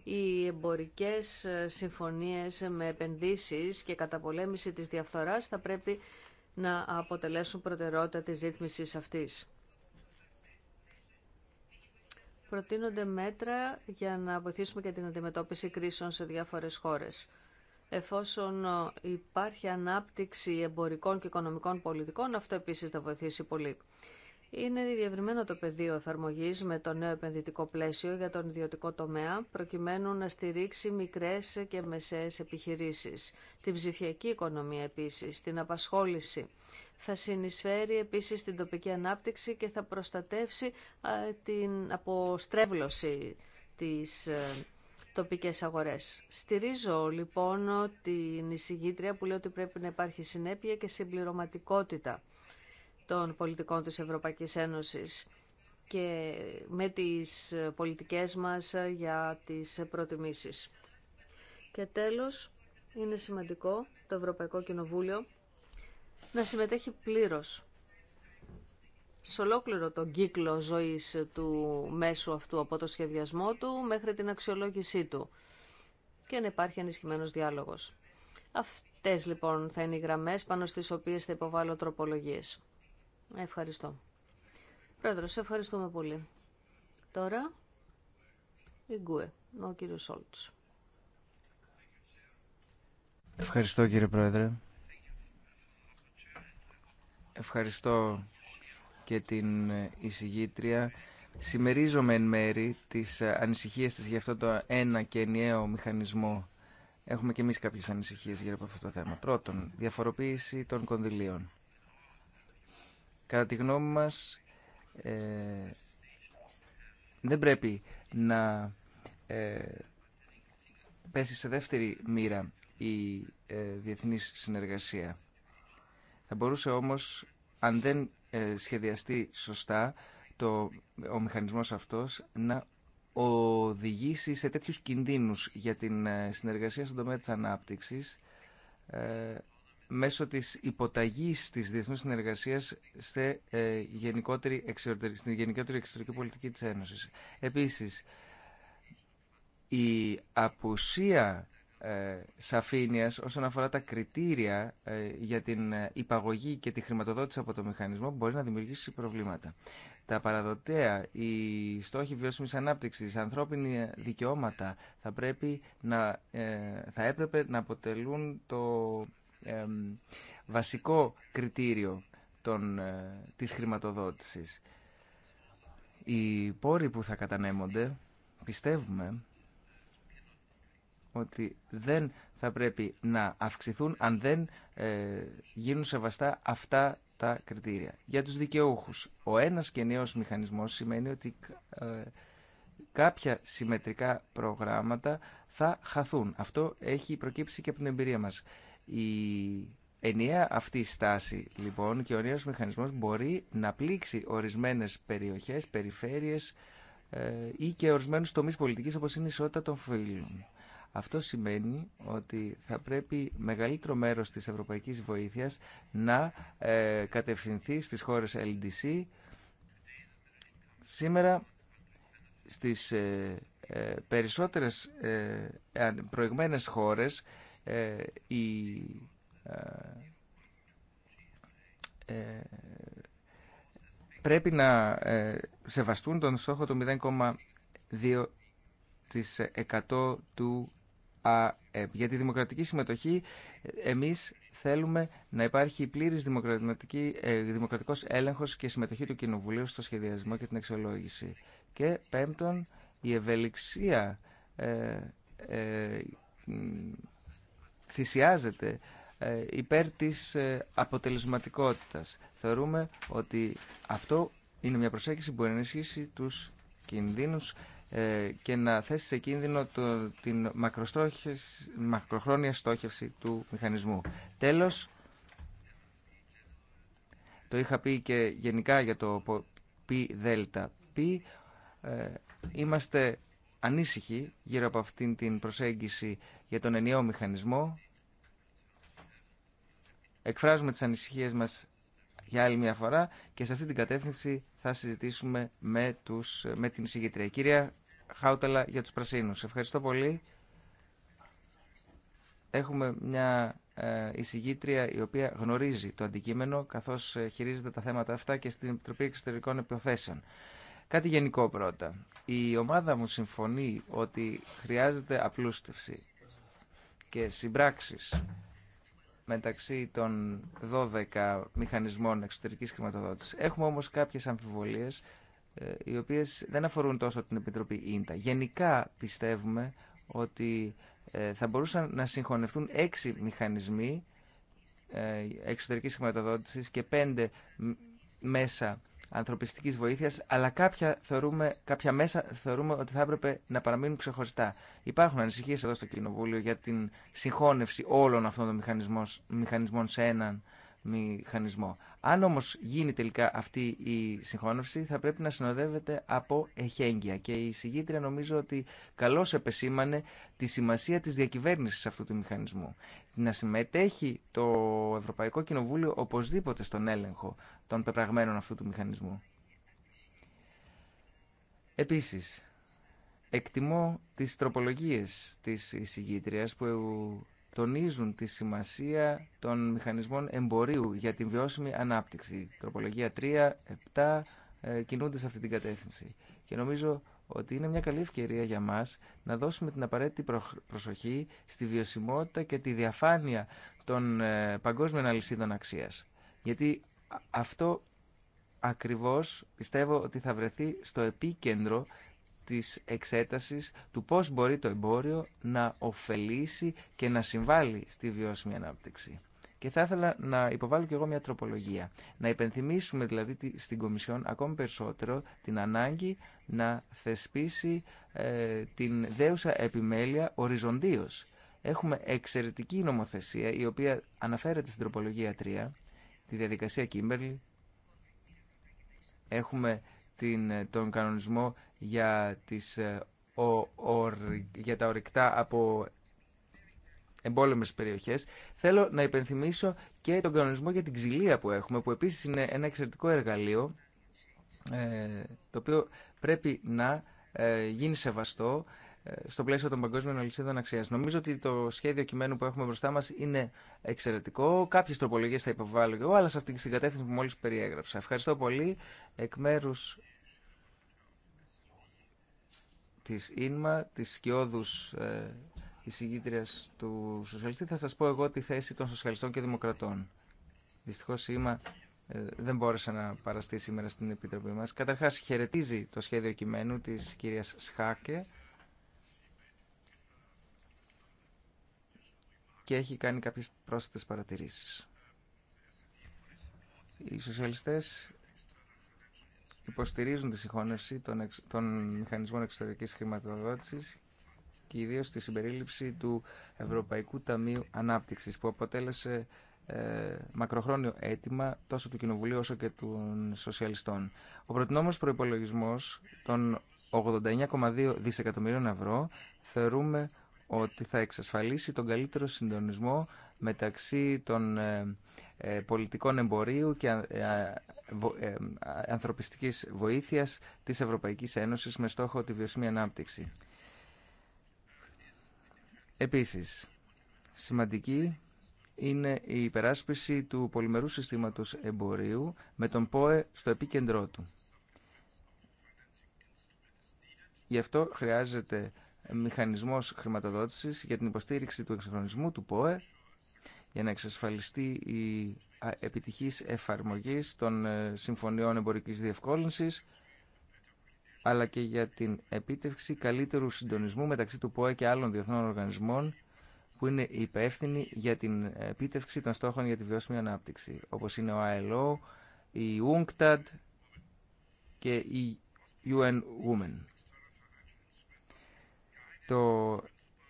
Οι εμπορικές συμφωνίες με επενδύσεις και καταπολέμηση της διαφθοράς θα πρέπει να αποτελέσουν προτεραιότητα της ρύθμισης αυτής προτείνονται μέτρα για να βοηθήσουμε και την αντιμετώπιση κρίσεων σε διάφορες χώρες. Εφόσον ε, υπάρχει ανάπτυξη εμπορικών και οικονομικών πολιτικών, αυτό επίσης θα βοηθήσει πολύ. Είναι διευρυμένο το πεδίο εφαρμογή με το νέο επενδυτικό πλαίσιο για τον ιδιωτικό τομέα, προκειμένου να στηρίξει μικρές και μεσαίες επιχειρήσεις, την ψηφιακή οικονομία επίσης, την απασχόληση. Θα συνεισφέρει επίσης την τοπική ανάπτυξη και θα προστατεύσει την αποστρέβλωση της ε, τοπικές αγορές. Στηρίζω λοιπόν την εισηγήτρια που λέει ότι πρέπει να υπάρχει συνέπεια και συμπληρωματικότητα των πολιτικών της Ευρωπαϊκής Ένωσης και με τις πολιτικές μας για τις προτιμήσεις. Και τέλος, είναι σημαντικό το Ευρωπαϊκό Κοινοβούλιο να συμμετέχει πλήρως σε ολόκληρο τον κύκλο ζωής του μέσου αυτού από το σχεδιασμό του μέχρι την αξιολόγησή του και να υπάρχει ενισχυμένος διάλογος. Αυτές λοιπόν θα είναι οι γραμμές πάνω στις οποίες θα υποβάλω τροπολογίες. Ευχαριστώ. Πρόεδρος, σε ευχαριστούμε πολύ. Τώρα, η Γκουε, ο κύριος Σόλτς. Ευχαριστώ κύριε Πρόεδρε. Ευχαριστώ και την εισηγήτρια. Σημερίζομαι εν μέρη τις ανησυχίες της για αυτό το ένα και ενιαίο μηχανισμό. Έχουμε και εμείς κάποιες ανησυχίες γύρω από αυτό το θέμα. Πρώτον, διαφοροποίηση των κονδυλίων. Κατά τη γνώμη μας ε, δεν πρέπει να ε, πέσει σε δεύτερη μοίρα η ε, διεθνής συνεργασία. Θα μπορούσε όμως, αν δεν ε, σχεδιαστεί σωστά το, ο μηχανισμός αυτός, να οδηγήσει σε τέτοιους κινδύνους για την συνεργασία στον τομέα της ανάπτυξης μέσω της υποταγής της διεθνούς συνεργασίας ε, γενικότερη στην γενικότερη εξωτερική πολιτική της Ένωσης. Επίσης, η απουσία ε, σαφήνειας όσον αφορά τα κριτήρια ε, για την ε, υπαγωγή και τη χρηματοδότηση από το μηχανισμό μπορεί να δημιουργήσει προβλήματα. Τα παραδοτέα, οι στόχοι βιώσιμης ανάπτυξης, ανθρώπινοι δικαιώματα θα, πρέπει να, θα έπρεπε να αποτελούν το βασικό κριτήριο των, ε, της χρηματοδότησης. Οι πόροι που θα κατανέμονται πιστεύουμε ότι δεν θα πρέπει να αυξηθούν αν δεν ε, γίνουν σεβαστά αυτά τα κριτήρια. Για τους δικαιούχους, ο ένας και νέος μηχανισμός σημαίνει ότι ε, κάποια συμμετρικά προγράμματα θα χαθούν. Αυτό έχει προκύψει και από την εμπειρία μας. Η ενιαία αυτή στάση λοιπόν και ο νέος μηχανισμός μπορεί να πλήξει ορισμένες περιοχές, περιφέρειες ε, ή και ορισμένους τομείς πολιτικής όπως είναι η ισότητα των φίλων. Αυτό σημαίνει ότι θα πρέπει μεγαλύτερο μέρος της ευρωπαϊκής βοήθειας να ε, κατευθυνθεί στις χώρες LDC. Σήμερα στις ε, ε, περισσότερες ε, χώρες ε, ε, ε, πρέπει να σεβαστούν τον στόχο του 0,2% του ΑΕΠ. Για τη δημοκρατική συμμετοχή εμείς θέλουμε να υπάρχει πλήρης δημοκρατική, δημοκρατικός έλεγχος και συμμετοχή του Κοινοβουλίου στο σχεδιασμό και την αξιολόγηση. Και πέμπτον, η ευελιξία ε, ε, θυσιάζεται ε, υπέρ της ε, αποτελεσματικότητας. Θεωρούμε ότι αυτό είναι μια προσέγγιση που μπορεί να ενισχύσει τους κινδύνους ε, και να θέσει σε κίνδυνο το, την μακροχρόνια στόχευση του μηχανισμού. Τέλος, το είχα πει και γενικά για το πι δέλτα πι, είμαστε ανήσυχοι γύρω από αυτήν την προσέγγιση για τον ενιαίο μηχανισμό εκφράζουμε τις ανησυχίες μας για άλλη μια φορά και σε αυτή την κατεύθυνση θα συζητήσουμε με, τους, με την εισηγητρία. Κυρία Χάουταλα για τους Πρασίνους. Ευχαριστώ πολύ. Έχουμε μια ε, εισηγήτρια η οποία γνωρίζει το αντικείμενο καθώς ε, χειρίζεται τα θέματα αυτά και στην Επιτροπή Εξωτερικών Επιθέσεων. Κάτι γενικό πρώτα. Η ομάδα μου συμφωνεί ότι χρειάζεται απλούστευση και συμπράξεις μεταξύ των 12 μηχανισμών εξωτερικής χρηματοδότησης. Έχουμε όμως κάποιες αμφιβολίες ε, οι οποίες δεν αφορούν τόσο την Επιτροπή Ίντα. Γενικά πιστεύουμε ότι ε, θα μπορούσαν να συγχωνευτούν έξι μηχανισμοί ε, εξωτερικής χρηματοδότησης και πέντε μέσα ανθρωπιστικής βοήθειας, αλλά κάποια, θεωρούμε, κάποια μέσα θεωρούμε ότι θα έπρεπε να παραμείνουν ξεχωριστά. Υπάρχουν ανησυχίε εδώ στο Κοινοβούλιο για την συγχώνευση όλων αυτών των μηχανισμών σε έναν μηχανισμό. Αν όμω γίνει τελικά αυτή η συγχώνευση θα πρέπει να συνοδεύεται από εχέγγυα και η συγγήτρια νομίζω ότι καλώ επεσήμανε τη σημασία τη διακυβέρνηση αυτού του μηχανισμού. Να συμμετέχει το Ευρωπαϊκό Κοινοβούλιο οπωσδήποτε στον έλεγχο των πεπραγμένων αυτού του μηχανισμού. Επίσης, εκτιμώ τις τροπολογίες της εισηγήτριας που τονίζουν τη σημασία των μηχανισμών εμπορίου για την βιώσιμη ανάπτυξη. Τροπολογία 3, 7 ε, κινούνται σε αυτή την κατεύθυνση. Και νομίζω ότι είναι μια καλή ευκαιρία για μας να δώσουμε την απαραίτητη προσοχή στη βιωσιμότητα και τη διαφάνεια των ε, παγκόσμιων αλυσίδων αξίας. Γιατί αυτό ακριβώς πιστεύω ότι θα βρεθεί στο επίκεντρο της εξέτασης του πώς μπορεί το εμπόριο να ωφελήσει και να συμβάλλει στη βιώσιμη ανάπτυξη. Και θα ήθελα να υποβάλω και εγώ μια τροπολογία. Να υπενθυμίσουμε δηλαδή στην Κομισιόν ακόμη περισσότερο την ανάγκη να θεσπίσει ε, την δέουσα επιμέλεια οριζοντίως. Έχουμε εξαιρετική νομοθεσία η οποία αναφέρεται στην τροπολογία 3 τη διαδικασία Κίμπερλι, έχουμε την, τον κανονισμό για, τις, ε, ο, για τα ορυκτά από εμπόλεμες περιοχές. Θέλω να υπενθυμίσω και τον κανονισμό για την ξυλία που έχουμε, που επίσης είναι ένα εξαιρετικό εργαλείο, ε, το οποίο πρέπει να ε, γίνει σεβαστό στο πλαίσιο των παγκόσμιων αλυσίδων αξία. Νομίζω ότι το σχέδιο κειμένου που έχουμε μπροστά μα είναι εξαιρετικό. Κάποιε τροπολογίε θα υποβάλω εγώ, αλλά σε αυτή την κατεύθυνση που μόλι περιέγραψα. Ευχαριστώ πολύ εκ μέρου τη ΙΝΜΑ, τη σκιώδου ε, εισηγήτρια του Σοσιαλιστή, θα σα πω εγώ τη θέση των Σοσιαλιστών και Δημοκρατών. Δυστυχώ η ΙΜΑ ε, δεν μπόρεσε να παραστεί σήμερα στην Επιτροπή μα. Καταρχά, χαιρετίζει το σχέδιο κειμένου τη κυρία Σχάκε και έχει κάνει κάποιες πρόσθετες παρατηρήσεις. Οι σοσιαλιστές υποστηρίζουν τη συγχώνευση των, μηχανισμών εξωτερικής χρηματοδότησης και ιδίως τη συμπερίληψη του Ευρωπαϊκού Ταμείου Ανάπτυξης που αποτέλεσε ε, μακροχρόνιο αίτημα τόσο του Κοινοβουλίου όσο και των Σοσιαλιστών. Ο προτινόμενος προϋπολογισμός των 89,2 δισεκατομμυρίων ευρώ θεωρούμε ότι θα εξασφαλίσει τον καλύτερο συντονισμό μεταξύ των ε, ε, πολιτικών εμπορίου και ε, ανθρωπιστικής βοήθειας της Ευρωπαϊκής Ένωσης με στόχο τη βιωσιμή ανάπτυξη. Επίσης, σημαντική είναι η υπεράσπιση του πολυμερού συστήματος εμπορίου με τον ΠΟΕ στο επίκεντρό του. Γι' αυτό χρειάζεται μηχανισμός χρηματοδότησης για την υποστήριξη του εξοχρονισμού του ΠΟΕ για να εξασφαλιστεί η επιτυχής εφαρμογής των ε, συμφωνιών εμπορικής διευκόλυνσης αλλά και για την επίτευξη καλύτερου συντονισμού μεταξύ του ΠΟΕ και άλλων διεθνών οργανισμών που είναι υπεύθυνοι για την επίτευξη των στόχων για τη βιώσιμη ανάπτυξη, όπως είναι ο ΆΕΛΟ, η UNCTAD και η UN Women το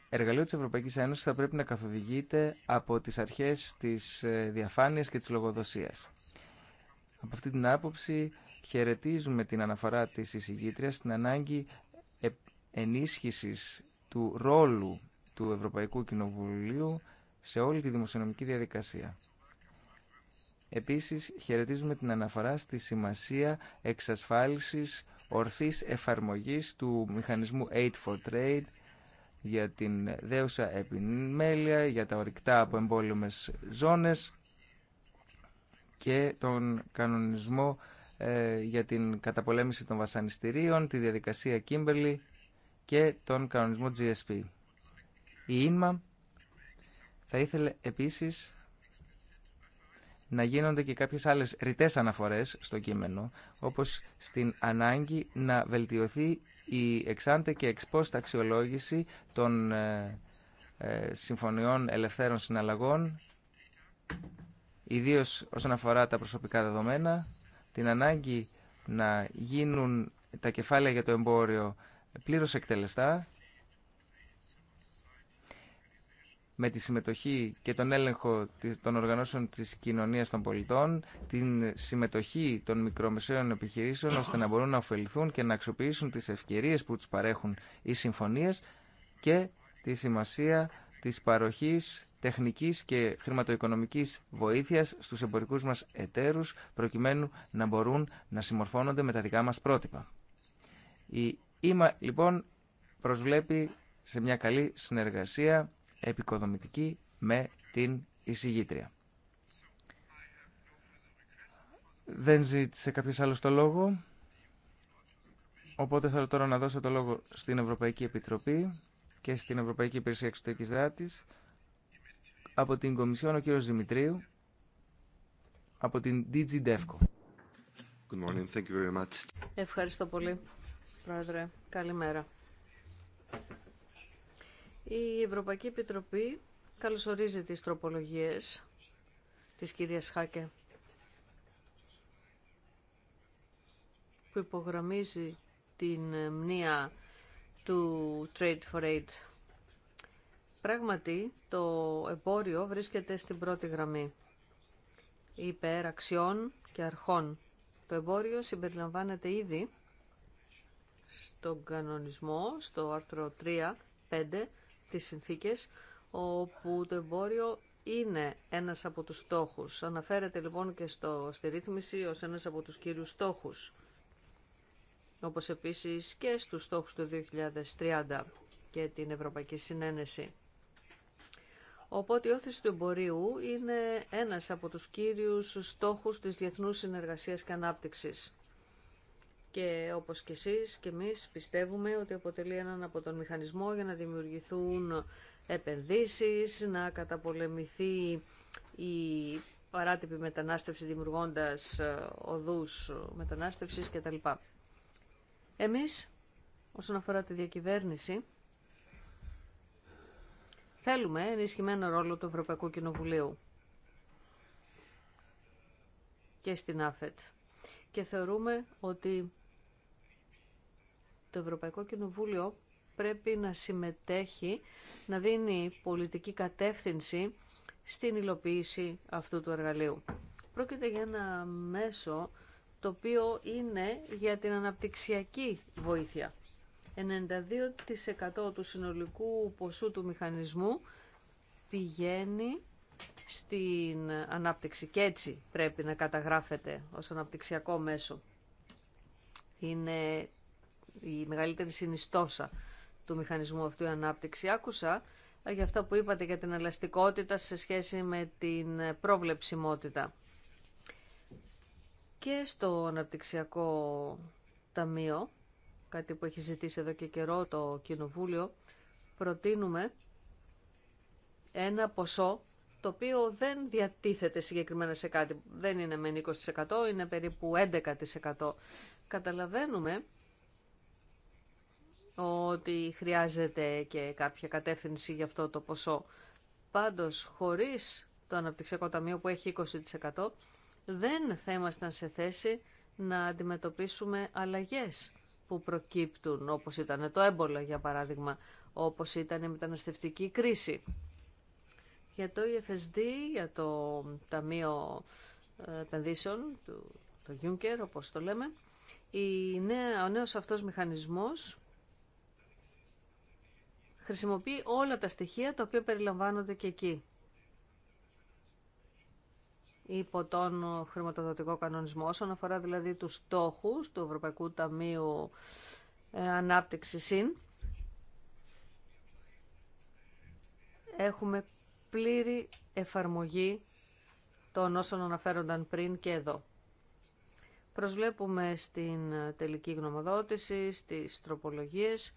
εργαλείο της Ευρωπαϊκής Ένωσης θα πρέπει να καθοδηγείται από τις αρχές της ε, διαφάνειας και της λογοδοσίας. Από αυτή την άποψη χαιρετίζουμε την αναφορά της εισηγήτριας στην ανάγκη ε, ενίσχυσης του ρόλου του Ευρωπαϊκού Κοινοβουλίου σε όλη τη δημοσιονομική διαδικασία. Επίσης, χαιρετίζουμε την αναφορά στη σημασία εξασφάλισης ορθής εφαρμογής του μηχανισμού Aid for Trade για την δέουσα επιμέλεια, για τα ορυκτά από εμπόλεμες ζώνες και τον κανονισμό ε, για την καταπολέμηση των βασανιστήριων, τη διαδικασία Κίμπερλι και τον κανονισμό GSP. Η ίνμα θα ήθελε επίσης να γίνονται και κάποιες άλλες ρητές αναφορές στο κείμενο, όπως στην ανάγκη να βελτιωθεί η εξάντε και εξπόστα αξιολόγηση των ε, ε, συμφωνιών ελευθέρων συναλλαγών, ιδίως όσον αφορά τα προσωπικά δεδομένα, την ανάγκη να γίνουν τα κεφάλαια για το εμπόριο πλήρως εκτελεστά με τη συμμετοχή και τον έλεγχο των οργανώσεων της κοινωνίας των πολιτών, την συμμετοχή των μικρομεσαίων επιχειρήσεων ώστε να μπορούν να ωφεληθούν και να αξιοποιήσουν τις ευκαιρίες που τους παρέχουν οι συμφωνίες και τη σημασία της παροχής τεχνικής και χρηματοοικονομικής βοήθειας στους εμπορικούς μας εταίρους προκειμένου να μπορούν να συμμορφώνονται με τα δικά μας πρότυπα. Η ΕΜΑ λοιπόν προσβλέπει σε μια καλή συνεργασία επικοδομητική με την εισηγήτρια. Δεν ζήτησε κάποιος άλλος το λόγο. Οπότε θέλω τώρα να δώσω το λόγο στην Ευρωπαϊκή Επιτροπή και στην Ευρωπαϊκή Υπηρεσία Εξωτερικής Δράτης από την Κομισιόν ο κύριος Δημητρίου από την DG DEFCO. Ευχαριστώ πολύ, Πρόεδρε. Καλημέρα. Η Ευρωπαϊκή Επιτροπή καλωσορίζει τις τροπολογίες της κυρίας Χάκε που υπογραμμίζει την μνήα του Trade for Aid. Πράγματι, το εμπόριο βρίσκεται στην πρώτη γραμμή υπέρ αξιών και αρχών. Το εμπόριο συμπεριλαμβάνεται ήδη στον κανονισμό, στο άρθρο 3, 5, τις συνθήκες όπου το εμπόριο είναι ένας από τους στόχους. Αναφέρεται λοιπόν και στο, στη ρύθμιση ως ένας από τους κύριους στόχους, όπως επίσης και στους στόχους του 2030 και την Ευρωπαϊκή Συνένεση. Οπότε η όθηση του εμπορίου είναι ένας από τους κύριους στόχους της διεθνούς συνεργασίας και ανάπτυξης. Και όπως και εσείς και εμείς πιστεύουμε ότι αποτελεί έναν από τον μηχανισμό για να δημιουργηθούν επενδύσεις, να καταπολεμηθεί η παράτυπη μετανάστευση δημιουργώντας ε, οδούς μετανάστευσης κτλ. Εμείς, όσον αφορά τη διακυβέρνηση, θέλουμε ενισχυμένο ρόλο του Ευρωπαϊκού Κοινοβουλίου και στην ΑΦΕΤ. Και θεωρούμε ότι το Ευρωπαϊκό Κοινοβούλιο πρέπει να συμμετέχει, να δίνει πολιτική κατεύθυνση στην υλοποίηση αυτού του εργαλείου. Πρόκειται για ένα μέσο το οποίο είναι για την αναπτυξιακή βοήθεια. 92% του συνολικού ποσού του μηχανισμού πηγαίνει στην ανάπτυξη και έτσι πρέπει να καταγράφεται ως αναπτυξιακό μέσο. Είναι η μεγαλύτερη συνιστόσα του μηχανισμού αυτού η ανάπτυξη. Άκουσα ε, για αυτά που είπατε για την ελαστικότητα σε σχέση με την ε, προβλεψιμότητα. Και στο αναπτυξιακό ταμείο, κάτι που έχει ζητήσει εδώ και καιρό το Κοινοβούλιο, προτείνουμε ένα ποσό το οποίο δεν διατίθεται συγκεκριμένα σε κάτι. Δεν είναι με 20%, είναι περίπου 11%. Καταλαβαίνουμε ότι χρειάζεται και κάποια κατεύθυνση για αυτό το ποσό. Πάντως, χωρίς το αναπτυξιακό ταμείο που έχει 20% δεν θα ήμασταν σε θέση να αντιμετωπίσουμε αλλαγές που προκύπτουν, όπως ήταν το έμπολο, για παράδειγμα, όπως ήταν η μεταναστευτική κρίση. Για το EFSD, για το Ταμείο Επενδύσεων, το Juncker, όπως το λέμε, η ο νέος αυτός μηχανισμός χρησιμοποιεί όλα τα στοιχεία τα οποία περιλαμβάνονται και εκεί. Υπό τον χρηματοδοτικό κανονισμό, όσον αφορά δηλαδή τους στόχους του Ευρωπαϊκού Ταμείου ε, Ανάπτυξης ΣΥΝ, έχουμε πλήρη εφαρμογή των όσων αναφέρονταν πριν και εδώ. Προσβλέπουμε στην τελική γνωμοδότηση, στις τροπολογίες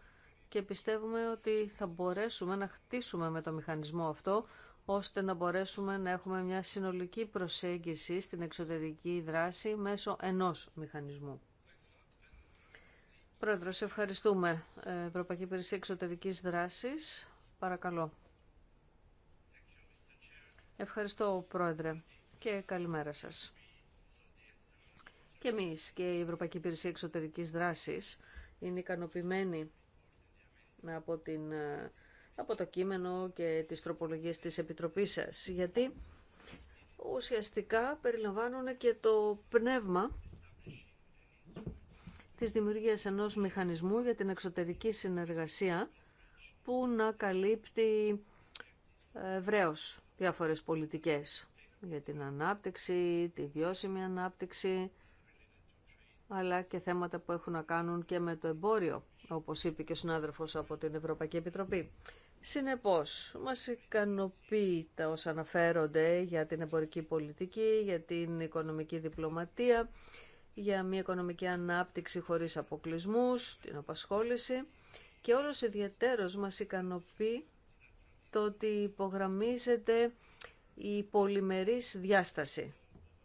και πιστεύουμε ότι θα μπορέσουμε να χτίσουμε με το μηχανισμό αυτό ώστε να μπορέσουμε να έχουμε μια συνολική προσέγγιση στην εξωτερική δράση μέσω ενός μηχανισμού. Πρόεδρο, σε ευχαριστούμε. Ε, Ευρωπαϊκή Υπηρεσία Εξωτερικής Δράσης, παρακαλώ. Ευχαριστώ, Πρόεδρε, και καλημέρα σας. Και εμείς και η Ευρωπαϊκή Υπηρεσία Εξωτερικής Δράσης είναι ικανοποιημένοι από, ε, από το κείμενο και τις τροπολογίες της Επιτροπής σας, γιατί ουσιαστικά περιλαμβάνουν και το πνεύμα της δημιουργίας ενός μηχανισμού για την εξωτερική συνεργασία που να καλύπτει ε, βρέως διάφορες πολιτικές για την ανάπτυξη, τη βιώσιμη ανάπτυξη, αλλά και θέματα που έχουν να κάνουν και με το εμπόριο, όπως είπε και ο συνάδελφος από την Ευρωπαϊκή Επιτροπή. Συνεπώς, μας ικανοποιεί τα όσα αναφέρονται για την εμπορική πολιτική, για την οικονομική διπλωματία, για μια οικονομική ανάπτυξη χωρίς αποκλεισμούς, την απασχόληση και όλος ιδιαίτερος μας ικανοποιεί το ότι υπογραμμίζεται η πολυμερής διάσταση.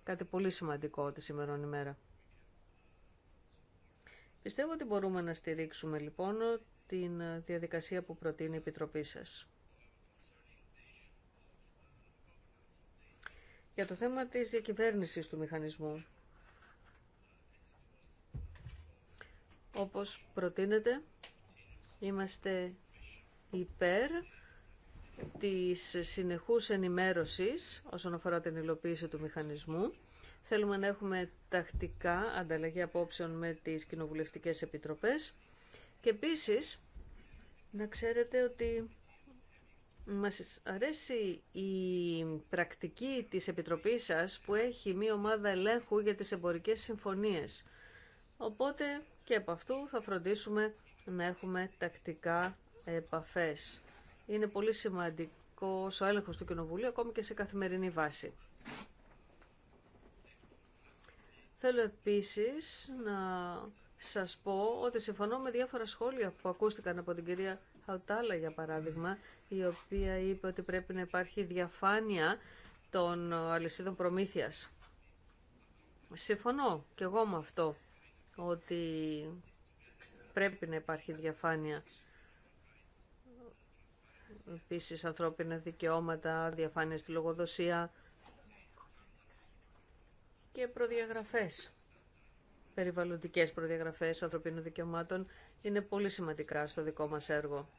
Κάτι πολύ σημαντικό τη σήμερα ημέρα. Πιστεύω ότι μπορούμε να στηρίξουμε λοιπόν την διαδικασία που προτείνει η Επιτροπή σας. Για το θέμα της διακυβέρνησης του μηχανισμού. Όπως προτείνεται, είμαστε υπέρ της συνεχούς ενημέρωσης όσον αφορά την υλοποίηση του μηχανισμού Θέλουμε να έχουμε τακτικά ανταλλαγή απόψεων με τις κοινοβουλευτικές επιτροπές. Και επίσης, να ξέρετε ότι μας αρέσει η πρακτική της Επιτροπής σας που έχει μία ομάδα ελέγχου για τις εμπορικές συμφωνίες. Οπότε και από αυτού θα φροντίσουμε να έχουμε τακτικά επαφές. Είναι πολύ πολύ ο έλεγχος του Κοινοβουλίου ακόμη και σε καθημερινή βάση. Θέλω επίσης να σας πω ότι συμφωνώ με διάφορα σχόλια που ακούστηκαν από την κυρία Χαουτάλα, για παράδειγμα, η οποία είπε ότι πρέπει να υπάρχει διαφάνεια των αλυσίδων προμήθειας. Συμφωνώ και εγώ με αυτό, ότι πρέπει να υπάρχει διαφάνεια. Επίσης, ανθρώπινα δικαιώματα, διαφάνεια στη λογοδοσία, και προδιαγραφές περιβαλλοντικές προδιαγραφές ανθρωπίνων δικαιωμάτων είναι πολύ σημαντικά στο δικό μας έργο.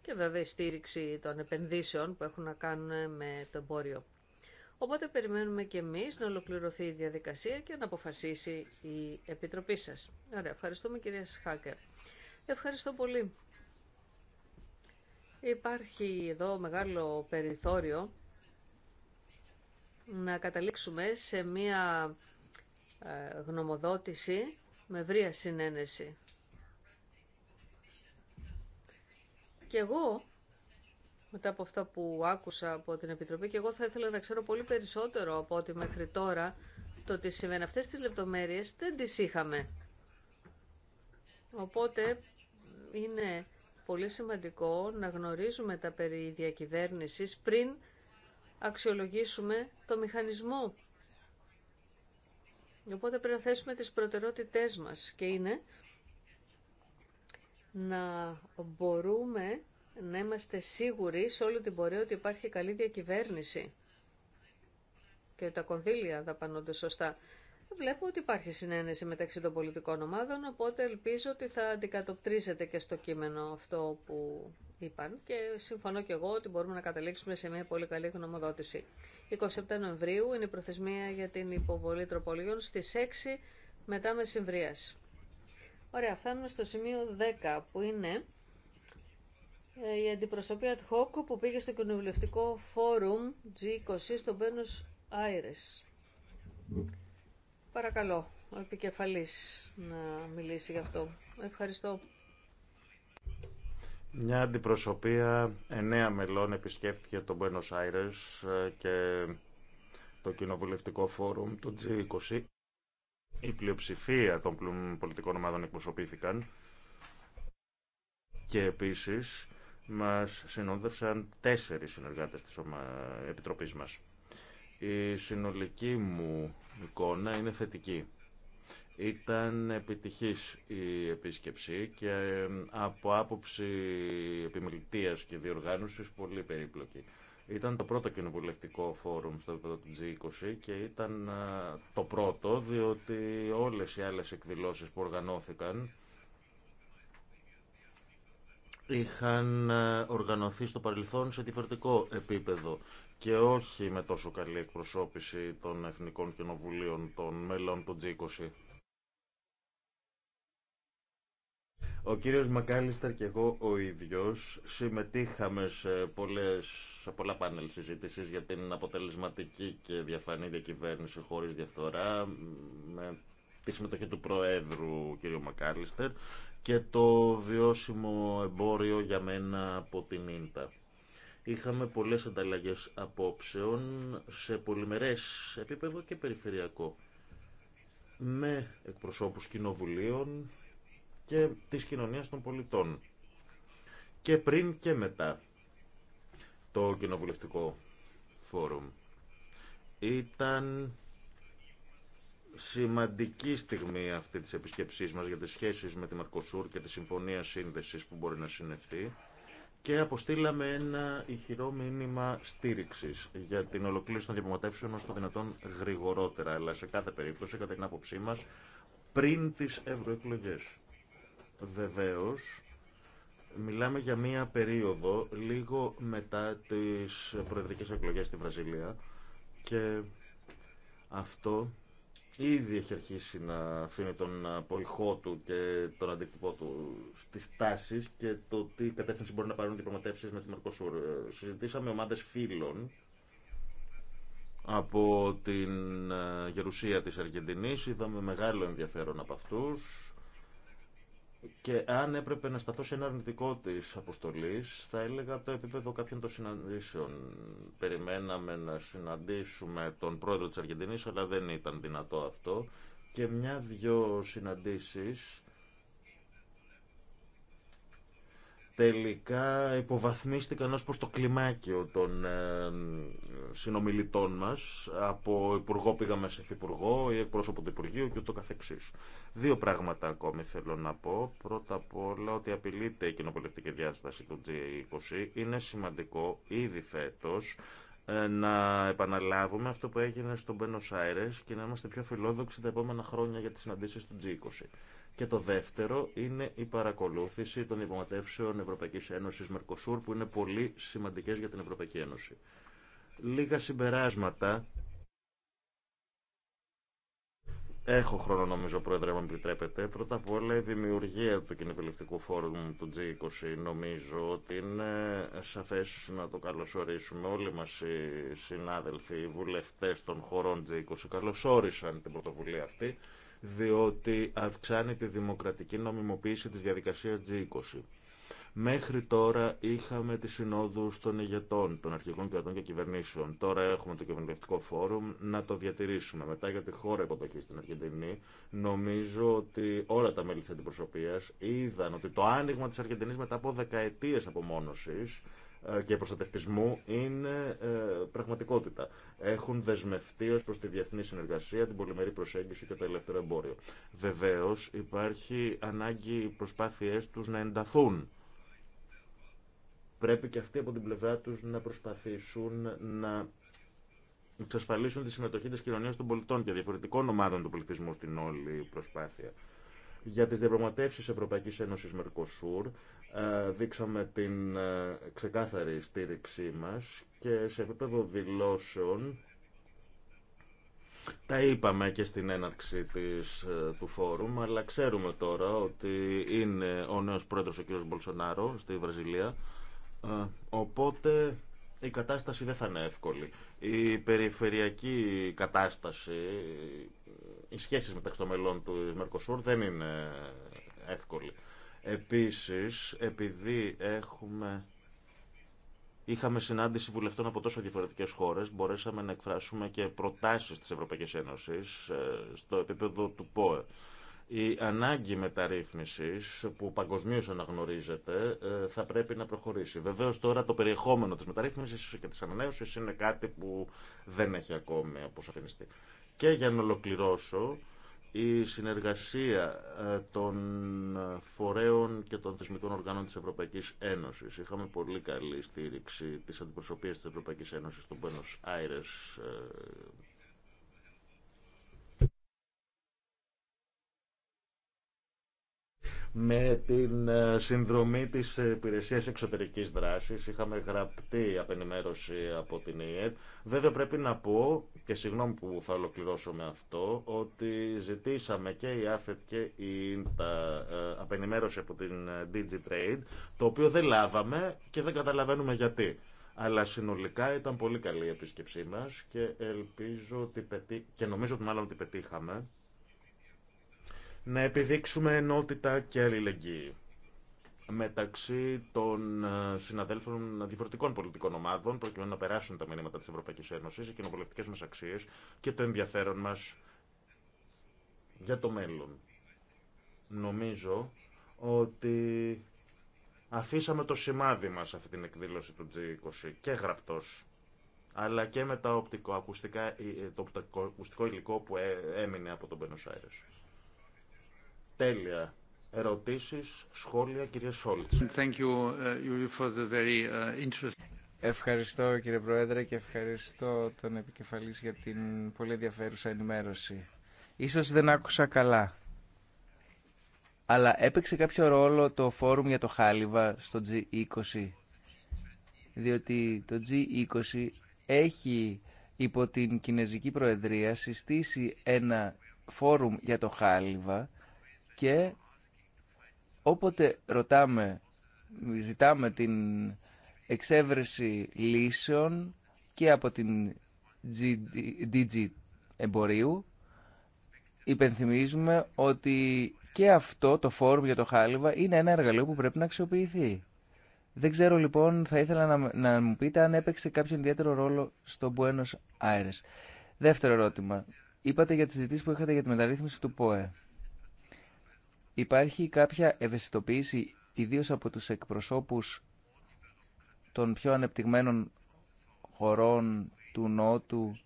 Και βέβαια η στήριξη των επενδύσεων που έχουν να κάνουν με το εμπόριο. Οπότε περιμένουμε και εμείς να ολοκληρωθεί η διαδικασία και να αποφασίσει η Επιτροπή σας. Ωραία, ευχαριστούμε κυρία Σχάκερ. Ευχαριστώ πολύ. Υπάρχει εδώ μεγάλο περιθώριο να καταλήξουμε σε μία ε, γνωμοδότηση με βρία συνένεση. Και εγώ, μετά από αυτά που άκουσα από την Επιτροπή, και εγώ θα ήθελα να ξέρω πολύ περισσότερο από ό,τι μέχρι τώρα το ότι συμβαίνει. Αυτές τις λεπτομέρειες δεν τις είχαμε. Οπότε είναι πολύ σημαντικό να γνωρίζουμε τα περί διακυβέρνησης πριν αξιολογήσουμε το μηχανισμό. Οπότε πρέπει να θέσουμε τις προτερότητές μας και είναι να μπορούμε να είμαστε σίγουροι σε όλη την πορεία ότι υπάρχει καλή διακυβέρνηση και τα κονδύλια δαπανώνται σωστά. Βλέπω ότι υπάρχει συνένεση μεταξύ των πολιτικών ομάδων, οπότε ελπίζω ότι θα αντικατοπτρίζεται και στο κείμενο αυτό που είπαν και συμφωνώ και εγώ ότι μπορούμε να καταλήξουμε σε μια πολύ καλή γνωμοδότηση. 27 Νοεμβρίου είναι η προθεσμία για την υποβολή τροπολογιών στις 6 μετά μεσημβρίας. Ωραία, φτάνουμε στο σημείο 10 που είναι ε, η αντιπροσωπεία του hoc που πήγε στο κοινοβουλευτικό φόρουμ G20 στο Μπένος Άιρες. Παρακαλώ, ο επικεφαλής να μιλήσει γι' αυτό. Ευχαριστώ. Μια αντιπροσωπεία εννέα μελών επισκέφθηκε τον Buenos Aires ε, και το κοινοβουλευτικό φόρουμ του G20. Η πλειοψηφία των πολιτικών ομάδων εκπροσωπήθηκαν και επίσης μας συνόδευσαν τέσσερις συνεργάτες της Επιτροπής μας. Η συνολική μου εικόνα είναι θετική. Ήταν επιτυχής η επίσκεψη και από άποψη επιμελητίας και διοργάνωσης πολύ περίπλοκη. Ήταν το πρώτο κοινοβουλευτικό φόρουμ στο επίπεδο του G20 και ήταν το πρώτο διότι όλες οι άλλες εκδηλώσεις που οργανώθηκαν είχαν οργανωθεί στο παρελθόν σε διαφορετικό επίπεδο και όχι με τόσο καλή εκπροσώπηση των Εθνικών Κοινοβουλίων των μέλων του G20. Ο κύριος Μακάλιστερ και εγώ ο ίδιος συμμετείχαμε σε, πολλές, σε πολλά πάνελ συζήτησης για την αποτελεσματική και διαφανή διακυβέρνηση χωρίς διαφθορά με τη συμμετοχή του Προέδρου κύριο Μακάλιστερ και το βιώσιμο εμπόριο για μένα από την Ίντα. Είχαμε πολλές ανταλλαγές απόψεων σε πολυμερές επίπεδο και περιφερειακό με εκπροσώπους κοινοβουλίων και της κοινωνίας των πολιτών και πριν και μετά το κοινοβουλευτικό φόρουμ. Ήταν σημαντική στιγμή αυτή της επισκέψής μας για τις σχέσεις με τη Μαρκοσούρ και τη Συμφωνία Σύνδεσης που μπορεί να συνεχθεί και αποστήλαμε ένα ηχηρό μήνυμα στήριξη για την ολοκλήρωση των διαπραγματεύσεων όσο το δυνατόν γρηγορότερα, αλλά σε κάθε περίπτωση, κατά την άποψή μα, πριν τι ευρωεκλογέ. Βεβαίω, μιλάμε για μία περίοδο λίγο μετά τι προεδρικέ εκλογέ στη Βραζιλία και αυτό ήδη έχει αρχίσει να αφήνει τον αποϊχό του και τον αντίκτυπό του στις τάσεις και το τι κατεύθυνση μπορεί να πάρουν οι με τη Μαρκοσούρ. Ε, συζητήσαμε ομάδες φίλων από την ε, γερουσία της Αργεντινής, είδαμε μεγάλο ενδιαφέρον από αυτούς και αν έπρεπε να σταθώ σε ένα αρνητικό τη αποστολή, θα έλεγα από το επίπεδο κάποιων των συναντήσεων. Περιμέναμε να συναντήσουμε τον πρόεδρο τη Αργεντινή, αλλά δεν ήταν δυνατό αυτό. Και μια-δυο συναντήσει τελικά υποβαθμίστηκαν ως προς το κλιμάκιο των ε, συνομιλητών μας. Από υπουργό πήγαμε σε υφυπουργό ή εκπρόσωπο του Υπουργείου και ούτω καθεξής. Δύο πράγματα ακόμη θέλω να πω. Πρώτα απ' όλα ότι απειλείται η κοινοπολιτική διάσταση του G20. Είναι σημαντικό ήδη φέτος ε, να επαναλάβουμε αυτό που έγινε στον Πένος Άιρες και να είμαστε πιο φιλόδοξοι τα επόμενα χρόνια για τις συναντήσεις του G20. Και το δεύτερο είναι η παρακολούθηση των διαπραγματεύσεων Ευρωπαϊκής Ένωσης Μερκοσούρ που είναι πολύ σημαντικές για την Ευρωπαϊκή Ένωση. Λίγα συμπεράσματα. Έχω χρόνο νομίζω, Πρόεδρε, αν επιτρέπετε. Πρώτα απ' όλα η δημιουργία του κοινοβουλευτικού φόρουμ του G20 νομίζω ότι είναι σαφές να το καλωσορίσουμε. Όλοι μας οι συνάδελφοι, οι βουλευτές των χωρών G20 καλωσόρισαν την πρωτοβουλία αυτή διότι αυξάνει τη δημοκρατική νομιμοποίηση της διαδικασίας G20. Μέχρι τώρα είχαμε τις συνόδους των ηγετών, των αρχικών κρατών και κυβερνήσεων. Τώρα έχουμε το κυβερνητικό φόρουμ να το διατηρήσουμε. Μετά για τη χώρα υποδοχή στην Αργεντινή, νομίζω ότι όλα τα μέλη της αντιπροσωπείας είδαν ότι το άνοιγμα της Αργεντινής μετά από δεκαετίες απομόνωσης ε, και προστατευτισμού είναι ε, πραγματικότητα. Έχουν δεσμευτεί ω προ τη διεθνή συνεργασία, την πολυμερή προσέγγιση και το ελεύθερο εμπόριο. Βεβαίω υπάρχει ανάγκη οι προσπάθειέ του να ενταθούν. Πρέπει και αυτοί από την πλευρά του να προσπαθήσουν να εξασφαλίσουν τη συμμετοχή τη κοινωνία των πολιτών και διαφορετικών ομάδων του πολιτισμού στην όλη προσπάθεια για τι διαπραγματεύσει Ευρωπαϊκή Ένωση Μερκοσούρ ε, δείξαμε την ε, ξεκάθαρη στήριξή μας και σε επίπεδο δηλώσεων τα είπαμε και στην έναρξη της, ε, του φόρουμ, αλλά ξέρουμε τώρα ότι είναι ο νέος πρόεδρος ο κ. Μπολσονάρο στη Βραζιλία, οπότε η κατάσταση δεν θα είναι εύκολη. Η περιφερειακή κατάσταση, οι σχέσεις μεταξύ των μελών του Μερκοσούρ δεν είναι εύκολη. Επίσης, επειδή έχουμε... Είχαμε συνάντηση βουλευτών από τόσο διαφορετικέ χώρε. Μπορέσαμε να εκφράσουμε και προτάσει τη Ευρωπαϊκή Ένωση ε, στο επίπεδο του ΠΟΕ. Η ανάγκη μεταρρύθμισης που παγκοσμίως αναγνωρίζεται ε, θα πρέπει να προχωρήσει. Βεβαίω τώρα το περιεχόμενο της μεταρρύθμισης και τη ανανέωση είναι κάτι που δεν έχει ακόμη αποσαφινιστεί. Και για να ολοκληρώσω, η συνεργασία ε, των ε, φορέων και των θεσμικών οργάνων της Ευρωπαϊκής Ένωσης. Είχαμε πολύ καλή στήριξη της αντιπροσωπείας της Ευρωπαϊκής Ένωσης στον Buenos Aires ε, με την ε, συνδρομή της υπηρεσίας εξωτερικής δράσης. Είχαμε γραπτή απενημέρωση από την ΙΕΤ. Βέβαια πρέπει να πω, και συγγνώμη που θα ολοκληρώσω με αυτό, ότι ζητήσαμε και η ΑΦΕΤ και η ΙΝΤΑ ε, απενημέρωση από την ε, DigiTrade, το οποίο δεν λάβαμε και δεν καταλαβαίνουμε γιατί. Αλλά συνολικά ήταν πολύ καλή η επίσκεψή μας και ελπίζω ότι νομίζω ότι μάλλον ότι πετύχαμε να επιδείξουμε ενότητα και αλληλεγγύη μεταξύ των ε, συναδέλφων διαφορετικών πολιτικών ομάδων, προκειμένου να περάσουν τα μηνύματα της Ευρωπαϊκής Ένωσης, οι κοινοβουλευτικές μας αξίες και το ενδιαφέρον μας για το μέλλον. Νομίζω ότι αφήσαμε το σημάδι μας αυτή την εκδήλωση του G20 και γραπτός αλλά και με τα οπτικό ε, το οπτικοακουστικό υλικό που ε, έμεινε από τον Πένος Τέλεια. Ερωτήσεις, σχόλια, κύριε Σόλτς. Uh, uh, ευχαριστώ κύριε Πρόεδρε και ευχαριστώ τον επικεφαλής για την πολύ ενδιαφέρουσα ενημέρωση. Ίσως δεν άκουσα καλά. Αλλά έπαιξε κάποιο ρόλο το φόρουμ για το Χάλιβα στο G20. Διότι το G20 έχει υπό την Κινέζικη Προεδρία συστήσει ένα φόρουμ για το Χάλιβα και όποτε ρωτάμε, ζητάμε την εξέβρεση λύσεων και από την DG εμπορίου, υπενθυμίζουμε ότι και αυτό το φόρουμ για το χάλιβα είναι ένα εργαλείο που πρέπει να αξιοποιηθεί. Δεν ξέρω λοιπόν, θα ήθελα να, να μου πείτε αν έπαιξε κάποιο ιδιαίτερο ρόλο στο Buenos Aires. Δεύτερο ερώτημα. Είπατε για τις συζητήσεις που είχατε για τη μεταρρύθμιση του ΠΟΕ. Υπάρχει κάποια ευαισθητοποίηση ιδίως από τους εκπροσώπους των πιο ανεπτυγμένων χωρών του Νότου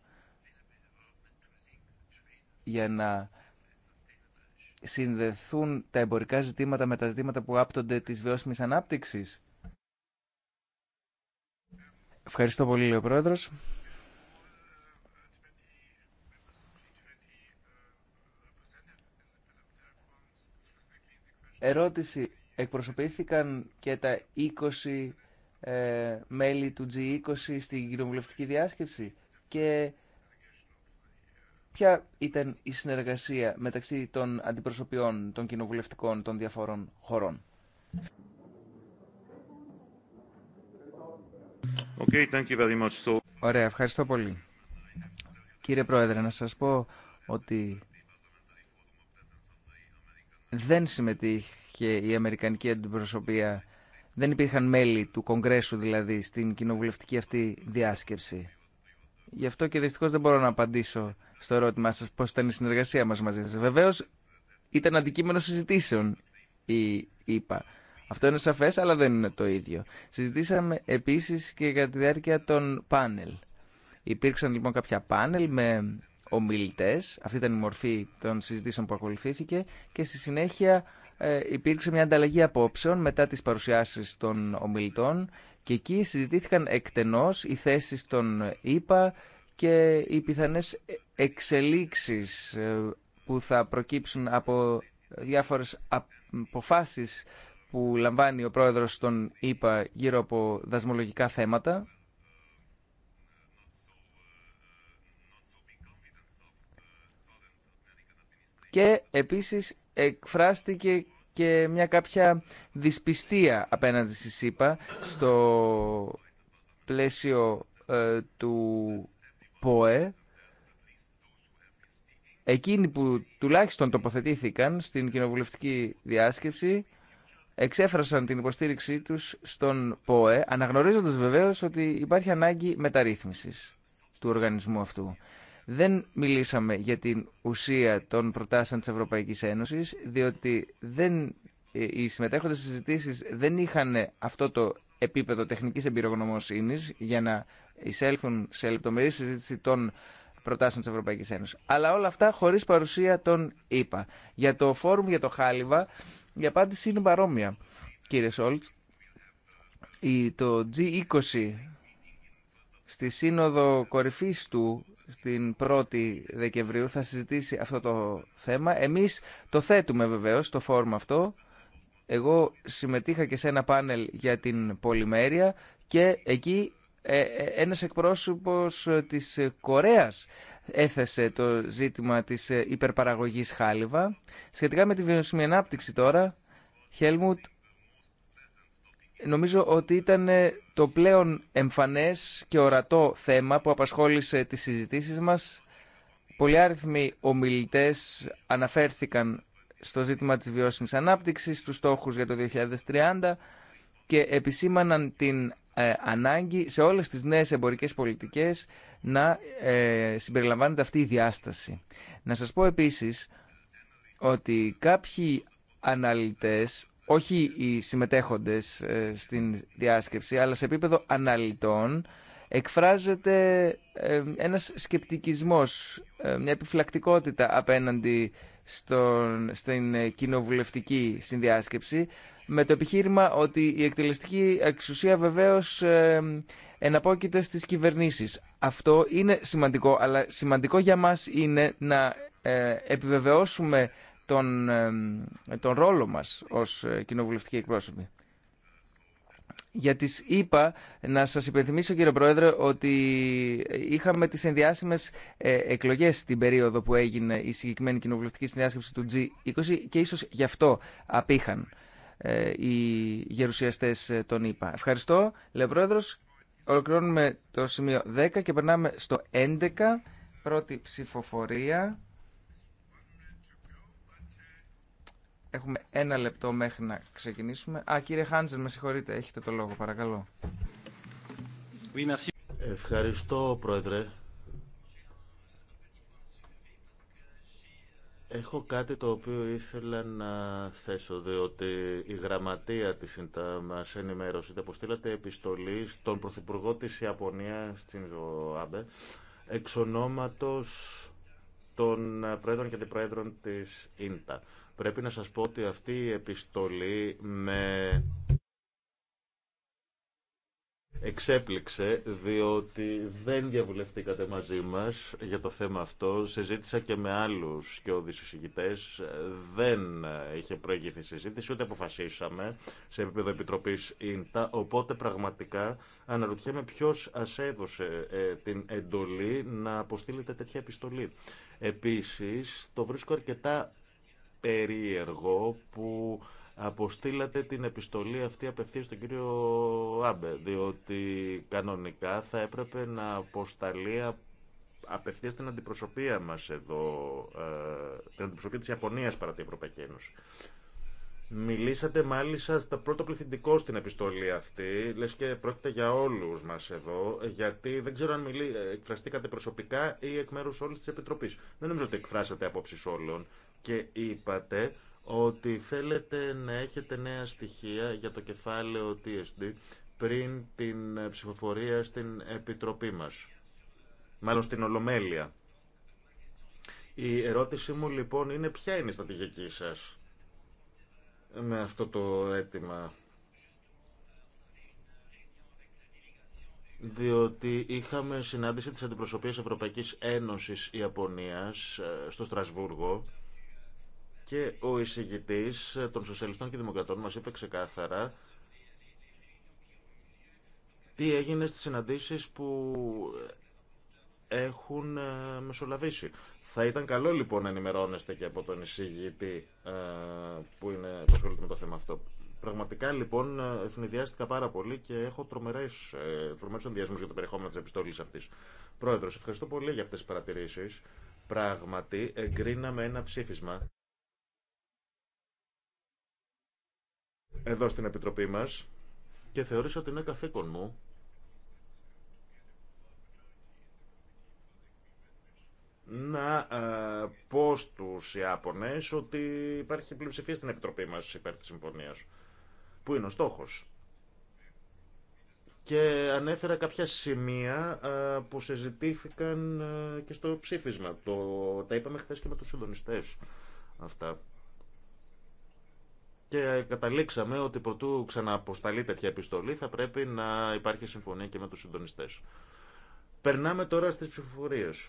για να συνδεθούν τα εμπορικά ζητήματα με τα ζητήματα που άπτονται της βιώσιμης ανάπτυξης. Ευχαριστώ πολύ, λέει ο Πρόεδρος. ερώτηση. Εκπροσωπήθηκαν και τα 20 ε, μέλη του G20 στην κοινοβουλευτική διάσκεψη και ποια ήταν η συνεργασία μεταξύ των αντιπροσωπιών των κοινοβουλευτικών των διαφορών χωρών. Okay, thank you very much. Ωραία, ευχαριστώ πολύ. Κύριε Πρόεδρε, να σας πω ότι δεν συμμετείχε η Αμερικανική αντιπροσωπεία, δεν υπήρχαν μέλη του Κογκρέσου δηλαδή στην κοινοβουλευτική αυτή διάσκεψη. Γι' αυτό και δυστυχώς δεν μπορώ να απαντήσω στο ερώτημά σας πώς ήταν η συνεργασία μας μαζί σας. Βεβαίως ήταν αντικείμενο συζητήσεων η ΕΠΑ. Αυτό είναι σαφές αλλά δεν είναι το ίδιο. Συζητήσαμε επίσης και κατά τη διάρκεια των πάνελ. Υπήρξαν λοιπόν κάποια πάνελ με αυτή ήταν η μορφή των συζητήσεων που ακολουθήθηκε και στη συνέχεια ε, υπήρξε μια ανταλλαγή απόψεων μετά τις παρουσιάσεις των ομιλητών και εκεί συζητήθηκαν εκτενώς οι θέσεις των ΙΠΑ και οι πιθανές εξελίξεις ε, που θα προκύψουν από διάφορες αποφάσεις που λαμβάνει ο πρόεδρος των ΙΠΑ γύρω από δασμολογικά θέματα και επίσης εκφράστηκε και μια κάποια δυσπιστία απέναντι στη ΣΥΠΑ στο πλαίσιο ε, του ΠΟΕ. Εκείνοι που τουλάχιστον τοποθετήθηκαν στην κοινοβουλευτική διάσκεψη εξέφρασαν την υποστήριξή τους στον ΠΟΕ, αναγνωρίζοντας βεβαίως ότι υπάρχει ανάγκη μεταρρύθμισης του οργανισμού αυτού. Δεν μιλήσαμε για την ουσία των προτάσεων της Ευρωπαϊκής Ένωσης, διότι δεν, ε, οι συμμετέχοντες συζητήσεις δεν είχαν αυτό το επίπεδο τεχνικής εμπειρογνωμοσύνης για να εισέλθουν σε λεπτομερή συζήτηση των προτάσεων της Ευρωπαϊκής Ένωσης. Αλλά όλα αυτά χωρίς παρουσία των ΗΠΑ. Για το φόρουμ, για το χάλιβα, η απάντηση είναι παρόμοια, κύριε Σόλτς. Το G20 στη σύνοδο κορυφής του στην 1η Δεκεμβρίου θα συζητήσει αυτό το θέμα. Εμείς το θέτουμε βεβαίως το φόρμα αυτό. Εγώ συμμετείχα και σε ένα πάνελ για την πολυμέρεια και εκεί ε, ε, ένας εκπρόσωπος της Κορέας έθεσε το ζήτημα της ε, υπερπαραγωγής χάλιβα. Σχετικά με τη βιώσιμη ανάπτυξη τώρα, Χέλμουτ, νομίζω ότι ήταν ε, το πλέον εμφανές και ορατό θέμα που απασχόλησε τις συζητήσεις μας. Πολλοί άριθμοι ομιλητές αναφέρθηκαν στο ζήτημα της βιώσιμης ανάπτυξης, στους στόχους για το 2030 και επισήμαναν την ε, ανάγκη σε όλες τις νέες εμπορικές πολιτικές να ε, συμπεριλαμβάνεται αυτή η διάσταση. Να σας πω επίσης ότι κάποιοι αναλυτές όχι οι συμμετέχοντες ε, στην διάσκεψη, αλλά σε επίπεδο αναλυτών, εκφράζεται ε, ένας σκεπτικισμός, ε, μια επιφυλακτικότητα απέναντι στον, στην κοινοβουλευτική συνδιάσκεψη, με το επιχείρημα ότι η εκτελεστική εξουσία βεβαίως εναπόκειται στις κυβερνήσεις. Αυτό είναι σημαντικό, αλλά σημαντικό για μας είναι να επιβεβαιώσουμε τον, τον ρόλο μας ως ε, κοινοβουλευτικοί εκπρόσωποι. Για τις είπα να σας υπενθυμίσω κύριε Πρόεδρε ότι είχαμε τις ενδιάσιμες ε, εκλογές στην περίοδο που έγινε η συγκεκριμένη κοινοβουλευτική συνδιάσκεψη του G20 και ίσως γι' αυτό απήχαν ε, οι γερουσιαστές των ΗΠΑ. Ευχαριστώ, λέει ο Πρόεδρος. Ολοκληρώνουμε το σημείο 10 και περνάμε στο 11, πρώτη ψηφοφορία. Έχουμε ένα λεπτό μέχρι να ξεκινήσουμε. Α, κύριε Χάντζεν, με συγχωρείτε, έχετε το λόγο, παρακαλώ. Ευχαριστώ, Πρόεδρε. Έχω κάτι το οποίο ήθελα να θέσω, διότι η γραμματεία της ΣΥΝΤΑ μας ενημέρωσε ότι αποστήλατε επιστολή στον Πρωθυπουργό της Ιαπωνίας, στην Άμπε, εξ ονόματος των Πρόεδρων και Αντιπροέδρων της ΙΝΤΑ. Πρέπει να σας πω ότι αυτή η επιστολή με εξέπληξε διότι δεν διαβουλευτήκατε μαζί μας για το θέμα αυτό. Συζήτησα και με άλλους και συζητητές. Δεν είχε προηγηθεί συζήτηση, ούτε αποφασίσαμε σε επίπεδο Επιτροπής ΙΝΤΑ. Οπότε πραγματικά αναρωτιέμαι ποιος ασέδωσε έδωσε ε, την εντολή να αποστείλετε τέτοια επιστολή. Επίσης, το βρίσκω αρκετά περίεργο που αποστήλατε την επιστολή αυτή απευθείας στον κύριο Άμπε, διότι κανονικά θα έπρεπε να αποσταλεί απευθεία στην αντιπροσωπεία μας εδώ, ε, την αντιπροσωπεία της Ιαπωνίας παρά την Ευρωπαϊκή Ένωση. Μιλήσατε μάλιστα στα πρώτο πληθυντικό στην επιστολή αυτή, λες και πρόκειται για όλους μας εδώ, γιατί δεν ξέρω αν μιλή, ε, εκφραστήκατε προσωπικά ή εκ μέρους όλης της Επιτροπής. Δεν νομίζω ότι εκφράσατε απόψεις όλων και είπατε ότι θέλετε να έχετε νέα στοιχεία για το κεφάλαιο TSD πριν την ψηφοφορία στην Επιτροπή μας, μάλλον στην Ολομέλεια. Η ερώτησή μου λοιπόν είναι ποια είναι η στρατηγική σας με αυτό το αίτημα. Διότι είχαμε συνάντηση της Αντιπροσωπείας Ευρωπαϊκής Ένωσης Ιαπωνίας ε, στο Στρασβούργο και ο εισηγητή των Σοσιαλιστών και Δημοκρατών μα είπε ξεκάθαρα τι έγινε στι συναντήσει που έχουν ε, μεσολαβήσει. Θα ήταν καλό λοιπόν να ενημερώνεστε και από τον εισηγητή ε, που είναι, που με το θέμα αυτό. Πραγματικά λοιπόν ε, ευνηδιάστηκα πάρα πολύ και έχω τρομερές, τρομερές για το περιεχόμενο της επιστολής αυτής. Πρόεδρος, ευχαριστώ πολύ για αυτές τις παρατηρήσεις. Πράγματι, εγκρίναμε ένα ψήφισμα εδώ στην Επιτροπή μας και θεωρήσα ότι είναι καθήκον μου να ε, πω στους Ιάπωνες ότι υπάρχει πλειοψηφία στην Επιτροπή μας υπέρ της συμφωνίας. Πού είναι ο στόχος. Και ανέφερα κάποια σημεία ε, που συζητήθηκαν ε, και στο ψήφισμα. Το, τα είπαμε χθε και με τους συντονιστές αυτά. Και καταλήξαμε ότι προτού ξανααποσταλεί τέτοια επιστολή θα πρέπει να υπάρχει συμφωνία και με τους συντονιστές. Περνάμε τώρα στις ψηφοφορίες.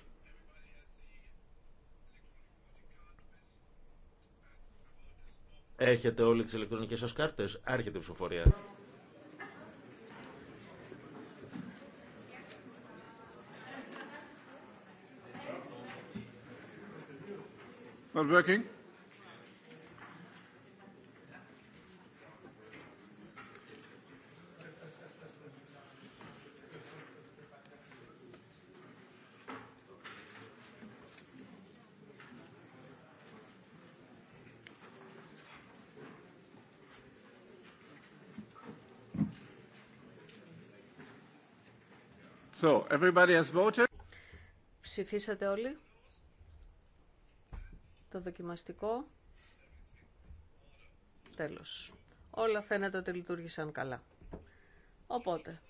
Έχετε όλοι τις ηλεκτρονικές σας κάρτες. Άρχεται η ψηφοφορία. Not working. So, everybody has Ψηφίσατε όλοι. Το δοκιμαστικό. Τέλος. Όλα φαίνεται ότι λειτουργήσαν καλά. Οπότε.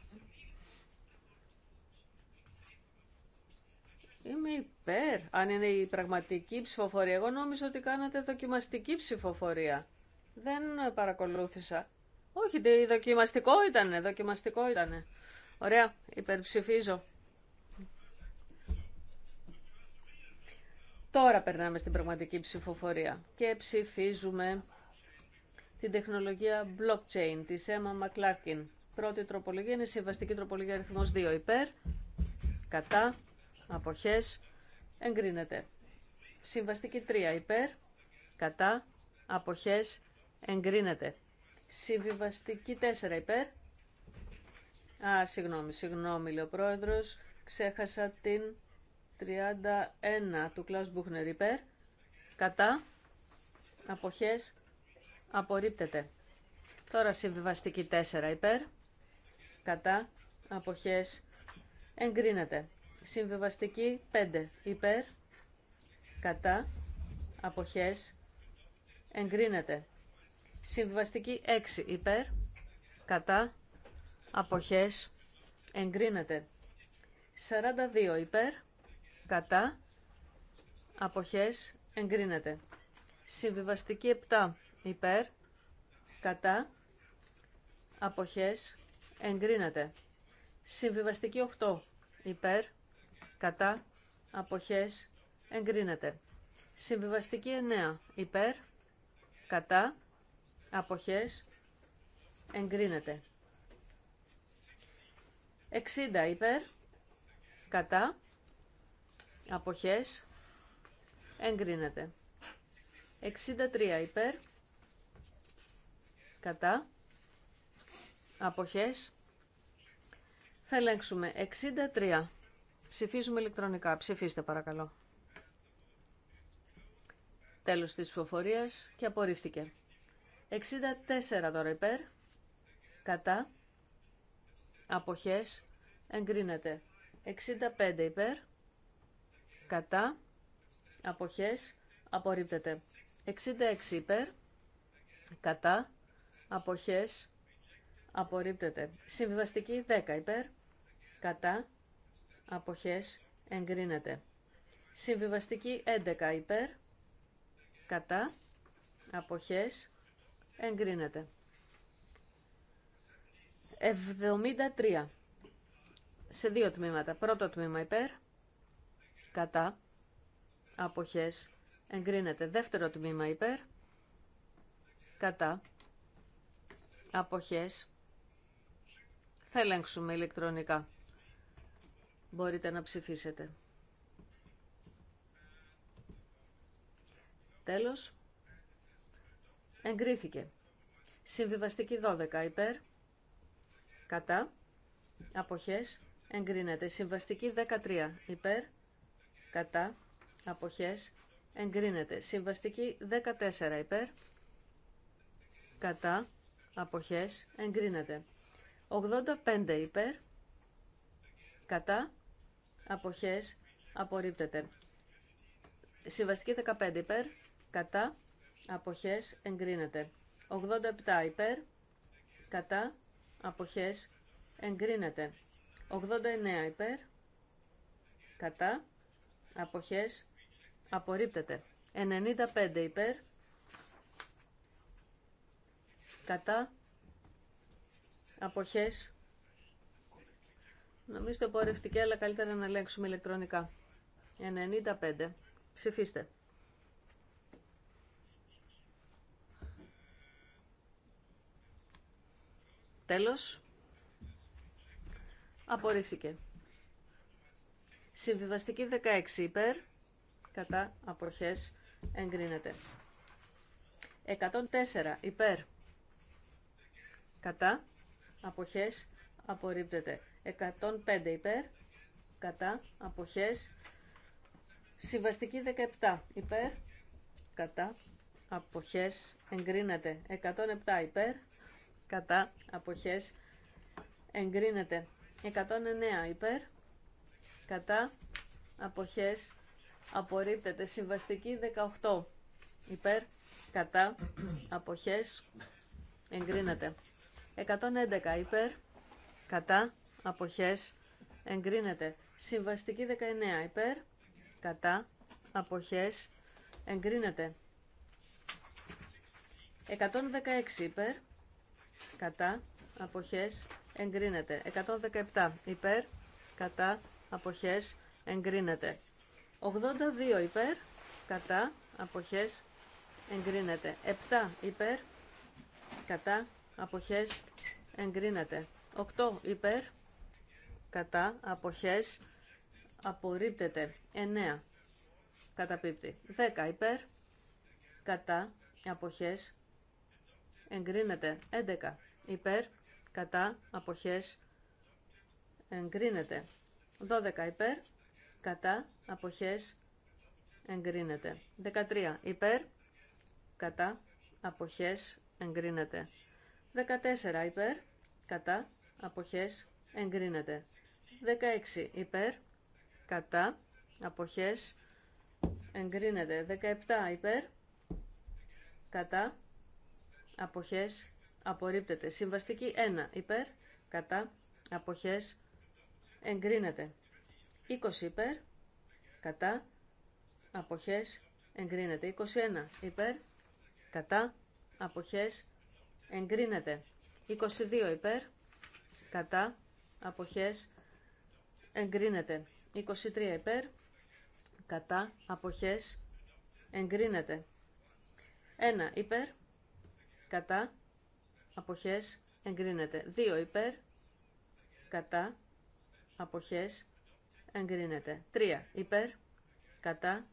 Είμαι υπέρ. Αν είναι η πραγματική ψηφοφορία. Εγώ νόμιζα ότι κάνατε δοκιμαστική ψηφοφορία. Δεν παρακολούθησα. Όχι, δοκιμαστικό ήτανε. Δοκιμαστικό ήτανε. Ωραία, υπερψηφίζω. Τώρα περνάμε στην πραγματική ψηφοφορία και ψηφίζουμε την τεχνολογία blockchain της Emma McClarkin. Πρώτη τροπολογία είναι συμβαστική τροπολογία αριθμός 2 υπέρ, κατά, αποχές, εγκρίνεται. Συμβαστική 3 υπέρ, κατά, αποχές, εγκρίνεται. Συμβιβαστική 4 υπέρ, Α, συγγνώμη, συγγνώμη, λέει ο πρόεδρο. Ξέχασα την 31 του Κλάου Μπούχνερ υπέρ. Κατά. Αποχές. Απορρίπτεται. Τώρα συμβιβαστική 4 υπέρ. Κατά. Αποχές. Εγκρίνεται. Συμβιβαστική 5 υπέρ. Κατά. Αποχές. Εγκρίνεται. Συμβιβαστική 6 υπέρ. Κατά αποχές εγκρίνεται. 42 υπέρ, κατά, αποχές εγκρίνεται. Συμβιβαστική 7 υπέρ, κατά, αποχές εγκρίνεται. Συμβιβαστική 8 υπέρ, κατά, αποχές εγκρίνεται. Συμβιβαστική 9 υπέρ, κατά, αποχές εγκρίνεται. 60 υπέρ, κατά, αποχές, εγκρίνεται. 63 υπέρ, κατά, αποχές, θα ελέγξουμε 63. Ψηφίζουμε ηλεκτρονικά. Ψηφίστε παρακαλώ. Τέλος της ψηφοφορίας και απορρίφθηκε. 64 τώρα υπέρ, κατά, αποχές εγκρίνεται. 65 υπέρ, κατά, αποχές απορρίπτεται. 66 υπέρ, κατά, αποχές απορρίπτεται. Συμβιβαστική 10 υπέρ, κατά, αποχές εγκρίνεται. Συμβιβαστική 11 υπέρ, κατά, αποχές εγκρίνεται. 73. Σε δύο τμήματα. Πρώτο τμήμα υπέρ, κατά, αποχές, εγκρίνεται. Δεύτερο τμήμα υπέρ, κατά, αποχές, θα ελέγξουμε ηλεκτρονικά. Μπορείτε να ψηφίσετε. Τέλος, εγκρίθηκε. Συμβιβαστική 12 υπέρ, κατά, αποχές, εγκρίνεται. Συμβαστική 13 υπέρ, κατά, αποχές, εγκρίνεται. Συμβαστική 14 υπέρ, κατά, αποχές, εγκρίνεται. 85 υπέρ, κατά, αποχές, απορρίπτεται. Συμβαστική 15 υπέρ, κατά, αποχές, εγκρίνεται. 87 υπέρ, κατά, αποχές εγκρίνεται. 89 υπέρ, κατά, αποχές απορρίπτεται. 95 υπέρ, κατά, αποχές Νομίζω το απορρευτικέ, αλλά καλύτερα να ελέγξουμε ηλεκτρονικά. 95. Ψηφίστε. Τέλος. Απορρίφθηκε. Συμβιβαστική 16 υπέρ. Κατά αποχές εγκρίνεται. 104 υπέρ. Κατά αποχές απορρίπτεται. 105 υπέρ. Κατά αποχές Συμβαστική 17 υπέρ. Κατά αποχές εγκρίνεται. 107 υπέρ κατά αποχές εγκρίνεται 109 υπέρ κατά αποχές απορρίπτεται συμβαστική 18 υπέρ κατά αποχές εγκρίνεται 111 υπέρ κατά αποχές εγκρίνεται συμβαστική 19 υπέρ κατά αποχές εγκρίνεται 116 υπέρ κατά, αποχές, εγκρίνεται. 117 υπέρ, κατά, αποχές, εγκρίνεται. 82 υπέρ, κατά, αποχές, εγκρίνεται. 7 υπέρ, κατά, αποχές, εγκρίνεται. 8 υπέρ, κατά, αποχές, απορρίπτεται. 9 καταπίπτει. 10 υπέρ, κατά, αποχές, εγκρίνεται. 11 υπέρ, κατά, αποχές, εγκρίνεται. 12 υπέρ, κατά, αποχές, εγκρίνεται. 13 υπέρ, κατά, αποχές, εγκρίνεται. 14 υπέρ, κατά, αποχές, εγκρίνεται. 16 υπέρ, κατά, αποχές, εγκρίνεται. 17 υπέρ, κατά, αποχές απορρίπτεται. Συμβαστική 1 υπέρ, κατά, αποχές εγκρίνεται. 20 υπέρ, κατά, αποχές εγκρίνεται. 21 υπέρ, κατά, αποχές εγκρίνεται. 22 υπέρ, κατά, αποχές εγκρίνεται. 23 υπέρ, κατά, αποχές εγκρίνεται. 1 υπέρ, κατά, αποχές, εγκρίνεται. 2 υπέρ, κατά, αποχές, εγκρίνεται. 3 υπέρ, κατά,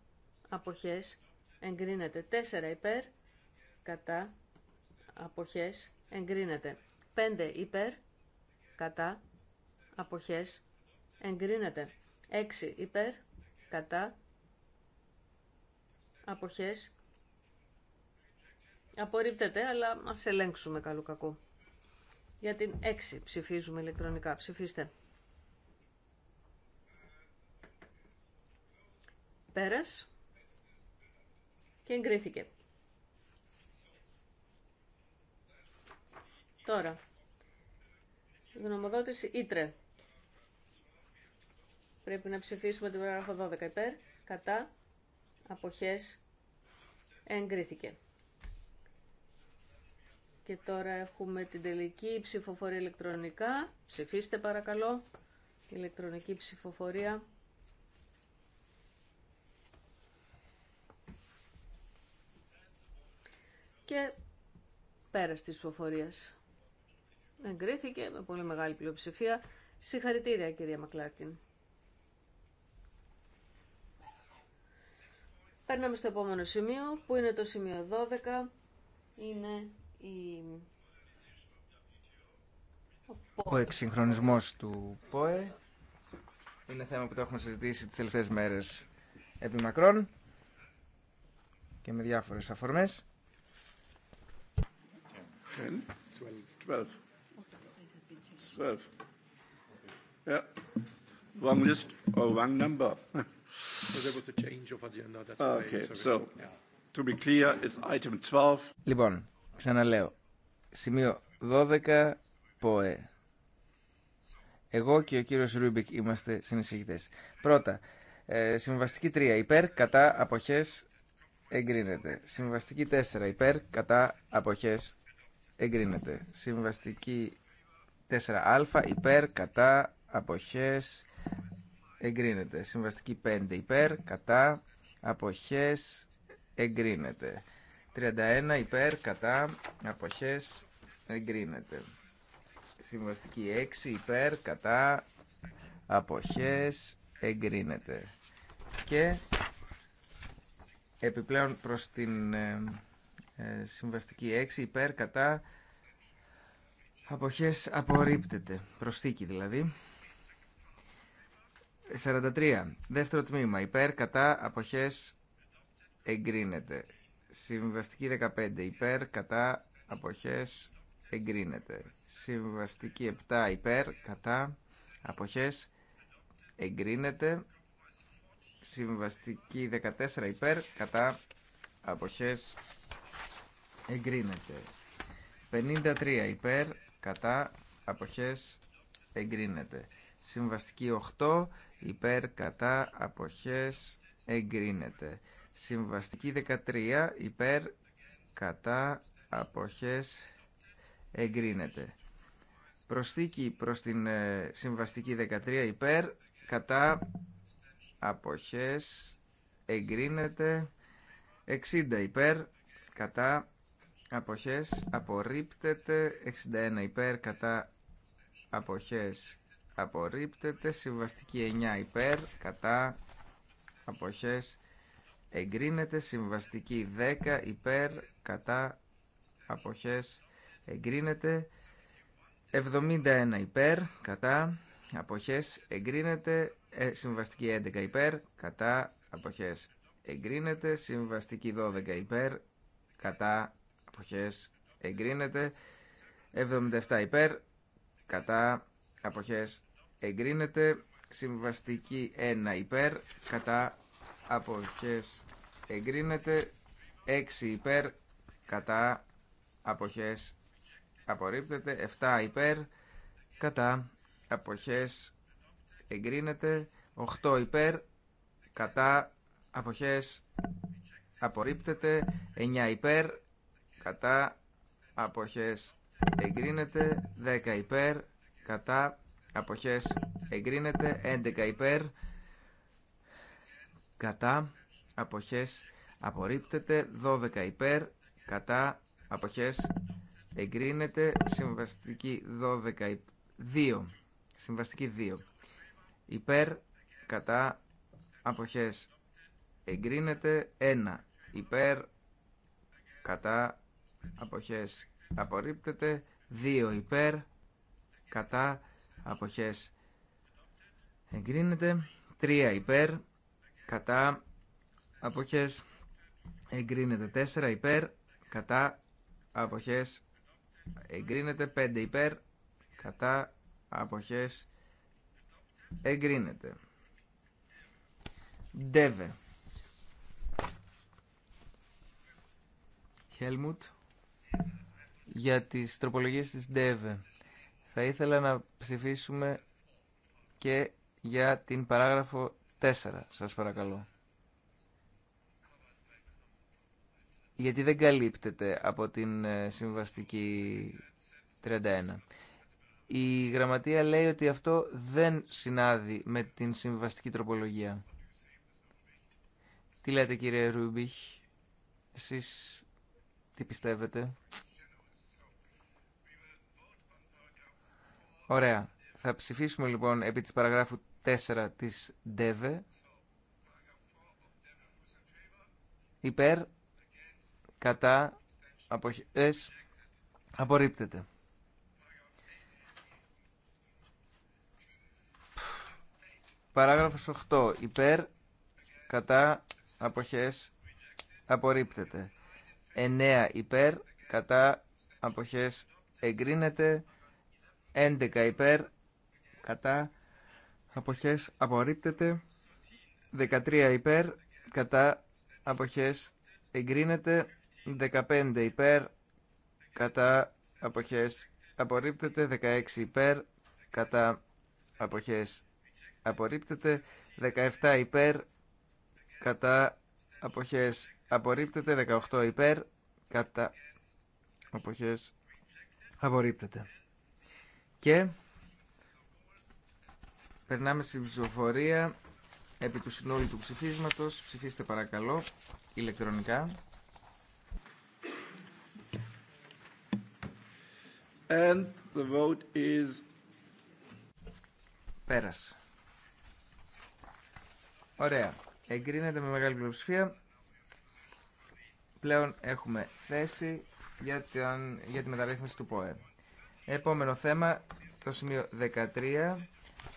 αποχές, εγκρίνεται. 4 υπέρ, κατά, αποχές, εγκρίνεται. 5 υπέρ, κατά, αποχές, εγκρίνεται. 6 υπέρ, κατά, αποχές, Απορρίπτεται, αλλά ας ελέγξουμε καλού κακού. Για την 6 ψηφίζουμε ηλεκτρονικά. Ψηφίστε. Πέρας. Και εγκρίθηκε. Τώρα. Γνωμοδότηση Ήτρε. Πρέπει να ψηφίσουμε την παράγραφο 12 υπέρ. Κατά. Αποχές. Εγκρίθηκε. Και τώρα έχουμε την τελική ψηφοφορία ηλεκτρονικά. Ψηφίστε παρακαλώ. Ηλεκτρονική ψηφοφορία. Και πέρα της ψηφοφορίας. Εγκρίθηκε με πολύ μεγάλη πλειοψηφία. Συγχαρητήρια κυρία Μακλάρκιν. Περνάμε στο επόμενο σημείο που είναι το σημείο 12. Είναι η... Ο εξυγχρονισμός του ΠΟΕ είναι θέμα που το έχουμε συζητήσει τις τελευταίες μέρες επί μακρόν και με διάφορες αφορμές. 10, 12, 12. 12. Yeah. Wrong list or wrong number. was there a change of agenda, ah, Okay, so to be clear, it's item 12. Λοιπόν, Ξαναλέω. Σημείο 12. ΠΟΕ. Εγώ και ο κύριο Ρούμπικ είμαστε συνεισηγητέ. Πρώτα, ε, συμβαστική 3. Υπέρ, κατά, αποχές, εγκρίνεται. Συμβαστική 4. Υπέρ, κατά, αποχές, εγκρίνεται. Συμβαστική 4α. Υπέρ, κατά, αποχές, εγκρίνεται. Συμβαστική 5. Υπέρ, κατά, αποχές, εγκρίνεται. 31 υπέρ, κατά, αποχές, εγκρίνεται. Συμβαστική 6 υπέρ, κατά, αποχές, εγκρίνεται. Και επιπλέον προς την ε, ε, συμβαστική 6 υπέρ, κατά, αποχές, απορρίπτεται. Προσθήκη δηλαδή. 43. Δεύτερο τμήμα. Υπέρ, κατά, αποχές, εγκρίνεται. Συμβαστική 15 υπέρ, κατά, αποχές, εγκρίνεται. Συμβαστική 7 υπέρ, κατά, αποχές, εγκρίνεται. Συμβαστική 14 υπέρ, κατά, αποχές, εγκρίνεται. 53 υπέρ, κατά, αποχές, εγκρίνεται. Συμβαστική 8 υπέρ, κατά, αποχές, εγκρίνεται. Συμβαστική 13 υπέρ κατά αποχές εγκρίνεται. Προσθήκη προς την ε, συμβαστική 13 υπέρ κατά αποχές εγκρίνεται 60 υπέρ κατά αποχές απορρίπτεται 61 υπέρ κατά αποχές απορρίπτεται συμβαστική 9 υπέρ κατά αποχές εγκρίνεται συμβαστική 10 υπέρ κατά αποχές εγκρίνεται 71 ε, υπέρ κατά αποχές εγκρίνεται συμβαστική 11 υπέρ κατά αποχές εγκρίνεται συμβαστική 12 υπέρ κατά αποχές εγκρίνεται 77 υπέρ κατά αποχές εγκρίνεται συμβαστική 1 υπέρ κατά αποχές εγκρίνεται 6 υπέρ κατά αποχές απορρίπτεται 7 υπέρ κατά αποχές εγκρίνεται 8 υπέρ κατά αποχές απορρίπτεται 9 υπέρ κατά αποχές εγκρίνεται 10 υπέρ κατά αποχές εγκρίνεται 11 υπέρ κατά αποχές απορρίπτεται 12 υπέρ κατά αποχές εγκρίνεται συμβαστική 12 2 συμβαστική 2 υπέρ κατά αποχές εγκρίνεται 1 υπέρ κατά αποχές απορρίπτεται 2 υπέρ κατά αποχές εγκρίνεται 3 υπέρ κατά αποχές εγκρίνεται 4 υπέρ κατά αποχές εγκρίνεται 5 υπέρ κατά αποχές εγκρίνεται Ντεβε Χέλμουτ για τις τροπολογίες της Ντεβε θα ήθελα να ψηφίσουμε και για την παράγραφο 4, σας παρακαλώ. Γιατί δεν καλύπτεται από την ε, συμβαστική 31. Η γραμματεία λέει ότι αυτό δεν συνάδει με την συμβαστική τροπολογία. Τι λέτε κύριε Ρούμπιχ, εσείς τι πιστεύετε. Ωραία. Θα ψηφίσουμε λοιπόν επί της παραγράφου 4 της ΔΕΒΕ υπέρ κατά αποχές απορρίπτεται. Παράγραφος 8. Υπέρ κατά αποχές απορρίπτεται. 9. Υπέρ κατά αποχές εγκρίνεται. 11. Υπέρ κατά αποχές απορρίπτεται 13 υπέρ κατά αποχές εγκρίνεται 15 υπέρ κατά αποχές απορρίπτεται 16 υπέρ κατά αποχές απορρίπτεται 17 υπέρ κατά αποχές απορρίπτεται 18 υπέρ κατά αποχές απορρίπτεται και Περνάμε στην ψηφοφορία επί του συνόλου του ψηφίσματος. Ψηφίστε παρακαλώ ηλεκτρονικά. And the vote is... Πέρασε. Ωραία. Εγκρίνεται με μεγάλη πλειοψηφία. Πλέον έχουμε θέση για, την, για τη μεταρρύθμιση του ΠΟΕ. Επόμενο θέμα, το σημείο 13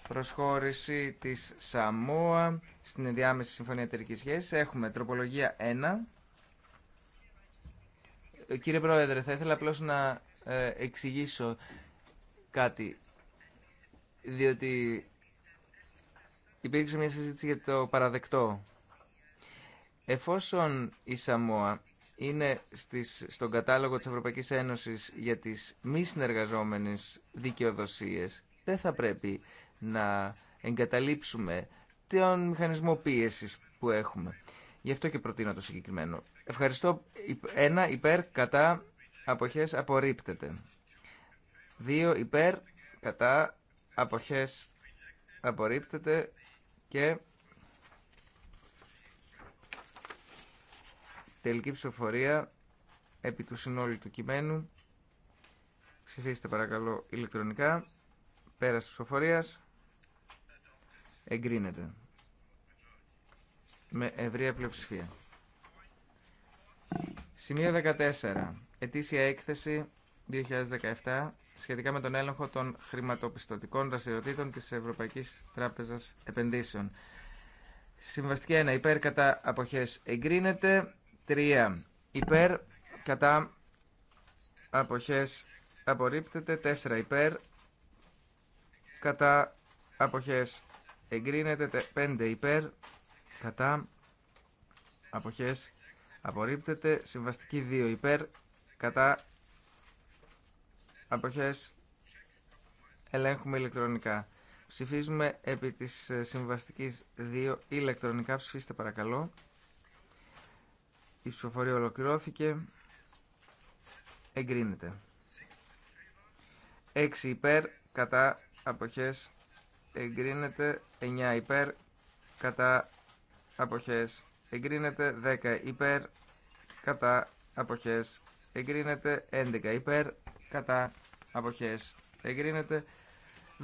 προσχώρηση της Σαμόα στην ενδιάμεση συμφωνία εταιρικής σχέσης. Έχουμε τροπολογία 1. Ε, κύριε Πρόεδρε, θα ήθελα απλώς να ε, εξηγήσω κάτι, διότι υπήρξε μια συζήτηση για το παραδεκτό. Εφόσον η Σαμόα είναι στις, στον κατάλογο της Ευρωπαϊκής Ένωσης για τις μη συνεργαζόμενες δικαιοδοσίες, δεν θα πρέπει να εγκαταλείψουμε τον μηχανισμό πίεσης που έχουμε. Γι' αυτό και προτείνω το συγκεκριμένο. Ευχαριστώ. Ένα υπέρ κατά αποχές απορρίπτεται. Δύο υπέρ κατά αποχές απορρίπτεται και τελική ψηφοφορία επί του συνόλου του κειμένου. Ψηφίστε παρακαλώ ηλεκτρονικά. Πέρας ψηφοφορίας εγκρίνεται με ευρεία πλειοψηφία. Σημείο 14. Ετήσια έκθεση 2017 σχετικά με τον έλεγχο των χρηματοπιστωτικών δραστηριοτήτων της Ευρωπαϊκής Τράπεζας Επενδύσεων. Συμβαστική 1. Υπέρ κατά αποχές εγκρίνεται. 3. Υπέρ κατά αποχές απορρίπτεται. 4. Υπέρ κατά αποχές εγκρίνεται 5 υπέρ κατά αποχές απορρίπτεται συμβαστική 2 υπέρ κατά αποχές ελέγχουμε ηλεκτρονικά ψηφίζουμε επί της ε, συμβαστικής 2 ηλεκτρονικά ψηφίστε παρακαλώ η ψηφοφορία ολοκληρώθηκε εγκρίνεται 6 υπέρ κατά αποχές εγκρίνεται 9 υπέρ κατά αποχές εγκρίνεται 10 υπέρ κατά αποχές εγκρίνεται 11 υπέρ κατά αποχές εγκρίνεται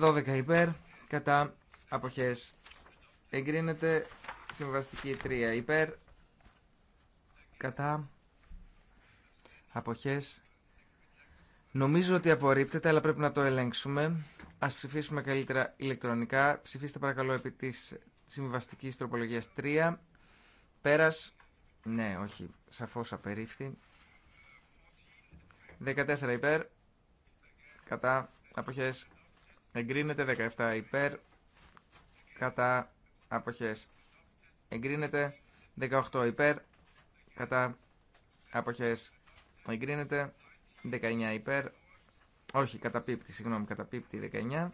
12 υπέρ κατά αποχές εγκρίνεται συμβαστική 3 υπέρ κατά αποχές νομίζω ότι απορρίπτεται αλλά πρέπει να το ελέγξουμε Α ψηφίσουμε καλύτερα ηλεκτρονικά. Ψηφίστε παρακαλώ επί τη συμβαστική τροπολογίας 3. Πέρας. Ναι, όχι. Σαφώς απερίφθη. 14 υπέρ. Κατά αποχές εγκρίνεται. 17 υπέρ. Κατά αποχές εγκρίνεται. 18 υπέρ. Κατά αποχές εγκρίνεται. 19 υπέρ. Όχι, καταπίπτει, συγγνώμη, καταπίπτει 19.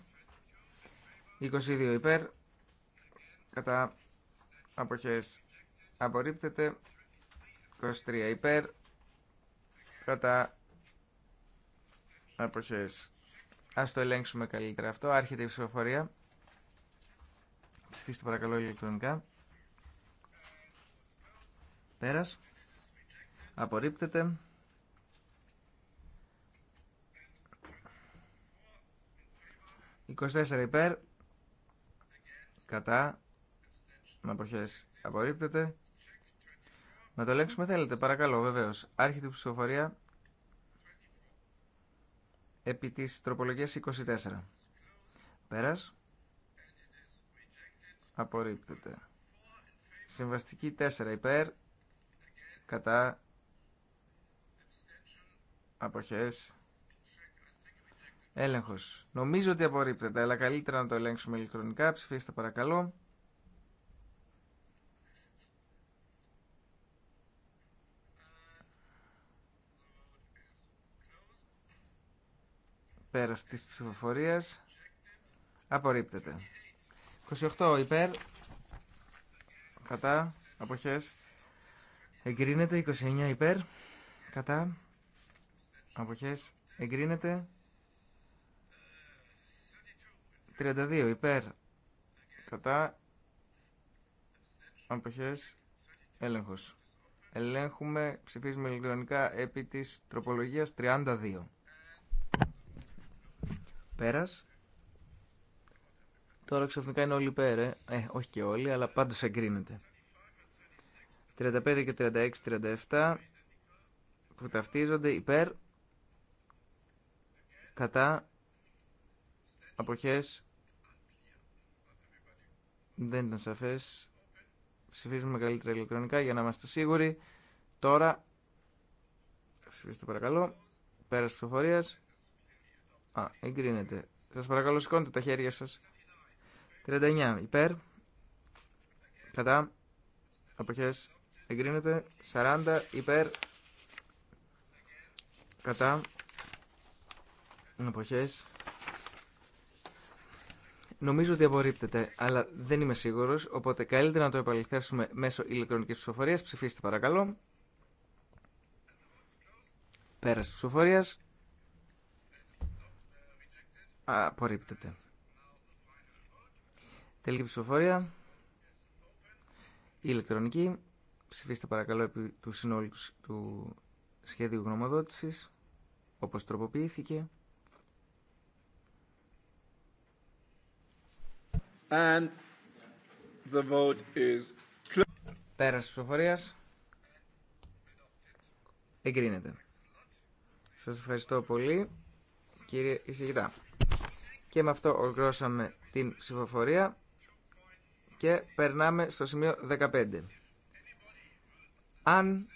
22 υπέρ. Κατά αποχές απορρίπτεται. 23 υπέρ. Κατά αποχές. Ας το ελέγξουμε καλύτερα αυτό. Άρχεται η ψηφοφορία. Ψηφίστε παρακαλώ ηλεκτρονικά. Πέρας. Απορρίπτεται. 24 υπέρ. Κατά. Με αποχέ απορρίπτεται. Να το ελέγξουμε θέλετε, παρακαλώ, βεβαίω. Άρχεται η ψηφοφορία επί τη τροπολογία 24. Πέρα. Απορρίπτεται. Συμβαστική 4 υπέρ. Κατά. Αποχές Έλεγχος. Νομίζω ότι απορρίπτεται, αλλά καλύτερα να το ελέγξουμε ηλεκτρονικά. Ψηφίστε παρακαλώ. Πέρα τη ψηφοφορία. Απορρίπτεται. 28 υπέρ. Κατά. Αποχές. Εγκρίνεται. 29 υπέρ. Κατά. Αποχές. Εγκρίνεται. 32 υπέρ κατά αποχές έλεγχος. Ελέγχουμε, ψηφίζουμε ηλεκτρονικά επί της τροπολογίας 32. Πέρας. Τώρα ξαφνικά είναι όλοι υπέρ, Ε, ε όχι και όλοι, αλλά πάντως εγκρίνεται. 35 και 36, 37 που ταυτίζονται υπέρ κατά αποχές δεν ήταν σαφές. Ψηφίζουμε καλύτερα ηλεκτρονικά για να είμαστε σίγουροι. Τώρα, ψηφίστε παρακαλώ. Πέρας ψηφοφορίας. Α, εγκρίνεται. Σας παρακαλώ σηκώντε τα χέρια σας. 39 υπέρ. Κατά. Αποχές. Εγκρίνεται. 40 υπέρ. Κατά. Αποχές. Νομίζω ότι απορρίπτεται, αλλά δεν είμαι σίγουρο, οπότε καλύτερα να το επαληθεύσουμε μέσω ηλεκτρονική ψηφοφορία. Ψηφίστε παρακαλώ. Πέραση ψηφοφορία. Απορρίπτεται. Τελική ψηφοφορία. ηλεκτρονική. Ψηφίστε παρακαλώ επί του συνόλου του σχέδιου γνωμοδότηση. όπως τροποποιήθηκε. And the vote ψηφοφορίας. Εγκρίνεται. Σας ευχαριστώ πολύ, κύριε Ισηγητά Και με αυτό ολοκληρώσαμε την ψηφοφορία και περνάμε στο σημείο 15. Αν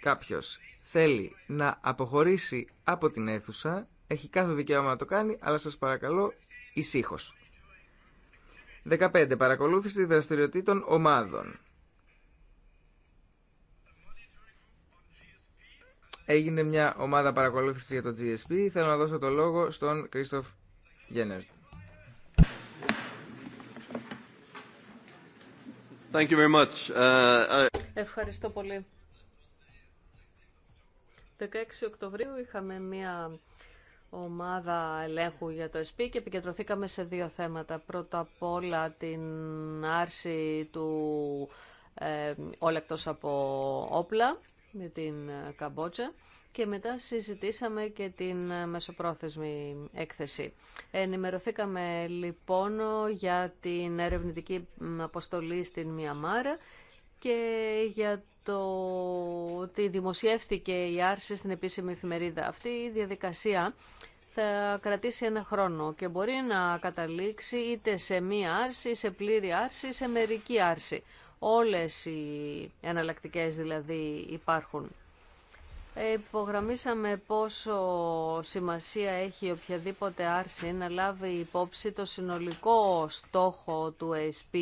κάποιος θέλει να αποχωρήσει από την αίθουσα, έχει κάθε δικαίωμα να το κάνει, αλλά σας παρακαλώ ησύχως. 15. Παρακολούθηση δραστηριοτήτων ομάδων. Έγινε μια ομάδα παρακολούθηση για το GSP. Θέλω να δώσω το λόγο στον Κρίστοφ Γένερτ. Thank you very much. Uh, Ευχαριστώ πολύ. 16 Οκτωβρίου είχαμε μια ομάδα ελέγχου για το ΕΣΠΗ και επικεντρωθήκαμε σε δύο θέματα. Πρώτα απ' όλα την άρση του ε, όλεκτος από όπλα με την ε, Καμπότζα και μετά συζητήσαμε και την ε, μεσοπρόθεσμη έκθεση. Ενημερωθήκαμε λοιπόν για την ερευνητική αποστολή στην Μιαμάρα και για το ότι δημοσιεύθηκε η άρση στην επίσημη εφημερίδα. Αυτή η διαδικασία θα κρατήσει ένα χρόνο και μπορεί να καταλήξει είτε σε μία άρση, σε πλήρη άρση, σε μερική άρση. Όλες οι εναλλακτικέ δηλαδή υπάρχουν. Υπογραμμίσαμε πόσο σημασία έχει οποιαδήποτε άρση να λάβει υπόψη το συνολικό στόχο του SP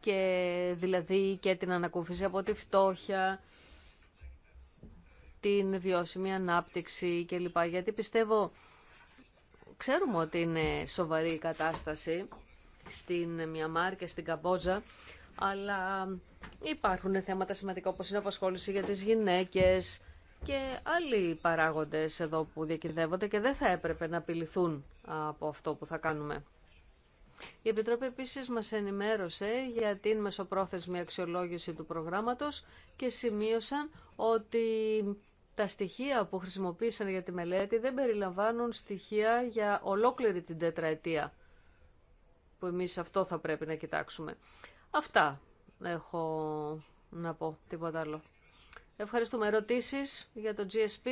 και δηλαδή και την ανακούφιση από τη φτώχεια, την βιώσιμη ανάπτυξη κλπ. Γιατί πιστεύω, ξέρουμε ότι είναι σοβαρή η κατάσταση στην Μιαμάρ και στην Καμπότζα, αλλά υπάρχουν θέματα σημαντικά όπως είναι απασχόληση για τις γυναίκες και άλλοι παράγοντες εδώ που διακυρδεύονται και δεν θα έπρεπε να απειληθούν από αυτό που θα κάνουμε. Η Επιτροπή επίσης μας ενημέρωσε για την μεσοπρόθεσμη αξιολόγηση του προγράμματος και σημείωσαν ότι τα στοιχεία που χρησιμοποίησαν για τη μελέτη δεν περιλαμβάνουν στοιχεία για ολόκληρη την τετραετία που εμείς αυτό θα πρέπει να κοιτάξουμε. Αυτά έχω να πω, τίποτα άλλο. Ευχαριστούμε. Ερωτήσεις για το GSP.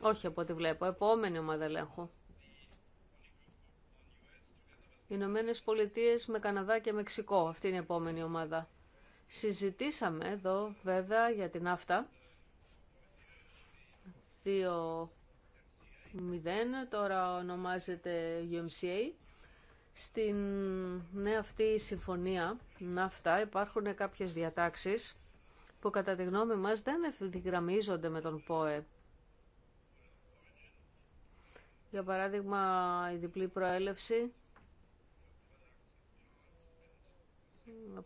Όχι από ό,τι βλέπω. Επόμενη ομάδα ελέγχου. Ηνωμένε Πολιτείε με Καναδά και Μεξικό. Αυτή είναι η επόμενη ομάδα. Συζητήσαμε εδώ βέβαια για την ΑΦΤΑ. 2-0, τώρα ονομάζεται UMCA. Στην ναι, αυτή συμφωνία ναύτα υπάρχουν κάποιες διατάξεις που κατά τη γνώμη μας δεν ευθυγραμμίζονται με τον ΠΟΕ. Για παράδειγμα η διπλή προέλευση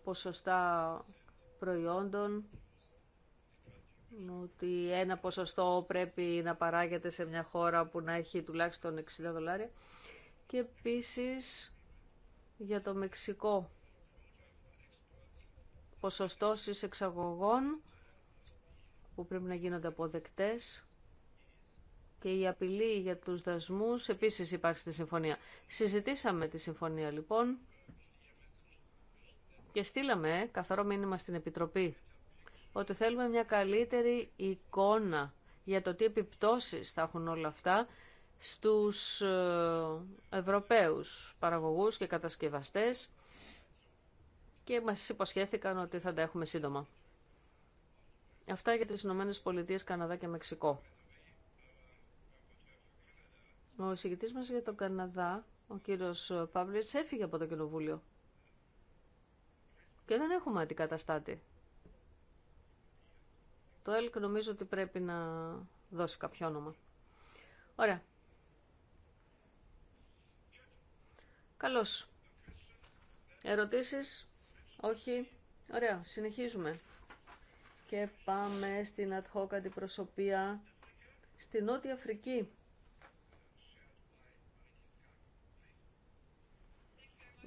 ποσοστά προϊόντων, ότι ένα ποσοστό πρέπει να παράγεται σε μια χώρα που να έχει τουλάχιστον 60 δολάρια. Και επίσης για το Μεξικό, ποσοστώσεις εξαγωγών που πρέπει να γίνονται αποδεκτές και η απειλή για τους δασμούς επίσης υπάρχει στη συμφωνία. Συζητήσαμε τη συμφωνία λοιπόν και στείλαμε καθαρό μήνυμα στην Επιτροπή ότι θέλουμε μια καλύτερη εικόνα για το τι επιπτώσεις θα έχουν όλα αυτά στους ε, Ευρωπαίους παραγωγούς και κατασκευαστές και μας υποσχέθηκαν ότι θα τα έχουμε σύντομα. Αυτά για τις Ηνωμένες Πολιτείες, Καναδά και Μεξικό. Ο εισηγητής μας για τον Καναδά, ο κύριος Παύλης, έφυγε από το Κοινοβούλιο και δεν έχουμε αντικαταστάτη. Το ΕΛΚ νομίζω ότι πρέπει να δώσει κάποιο όνομα. Ωραία. Καλώς. Ερωτήσεις. Όχι. Ωραία. Συνεχίζουμε. Και πάμε στην ad hoc αντιπροσωπεία στη Νότια Αφρική.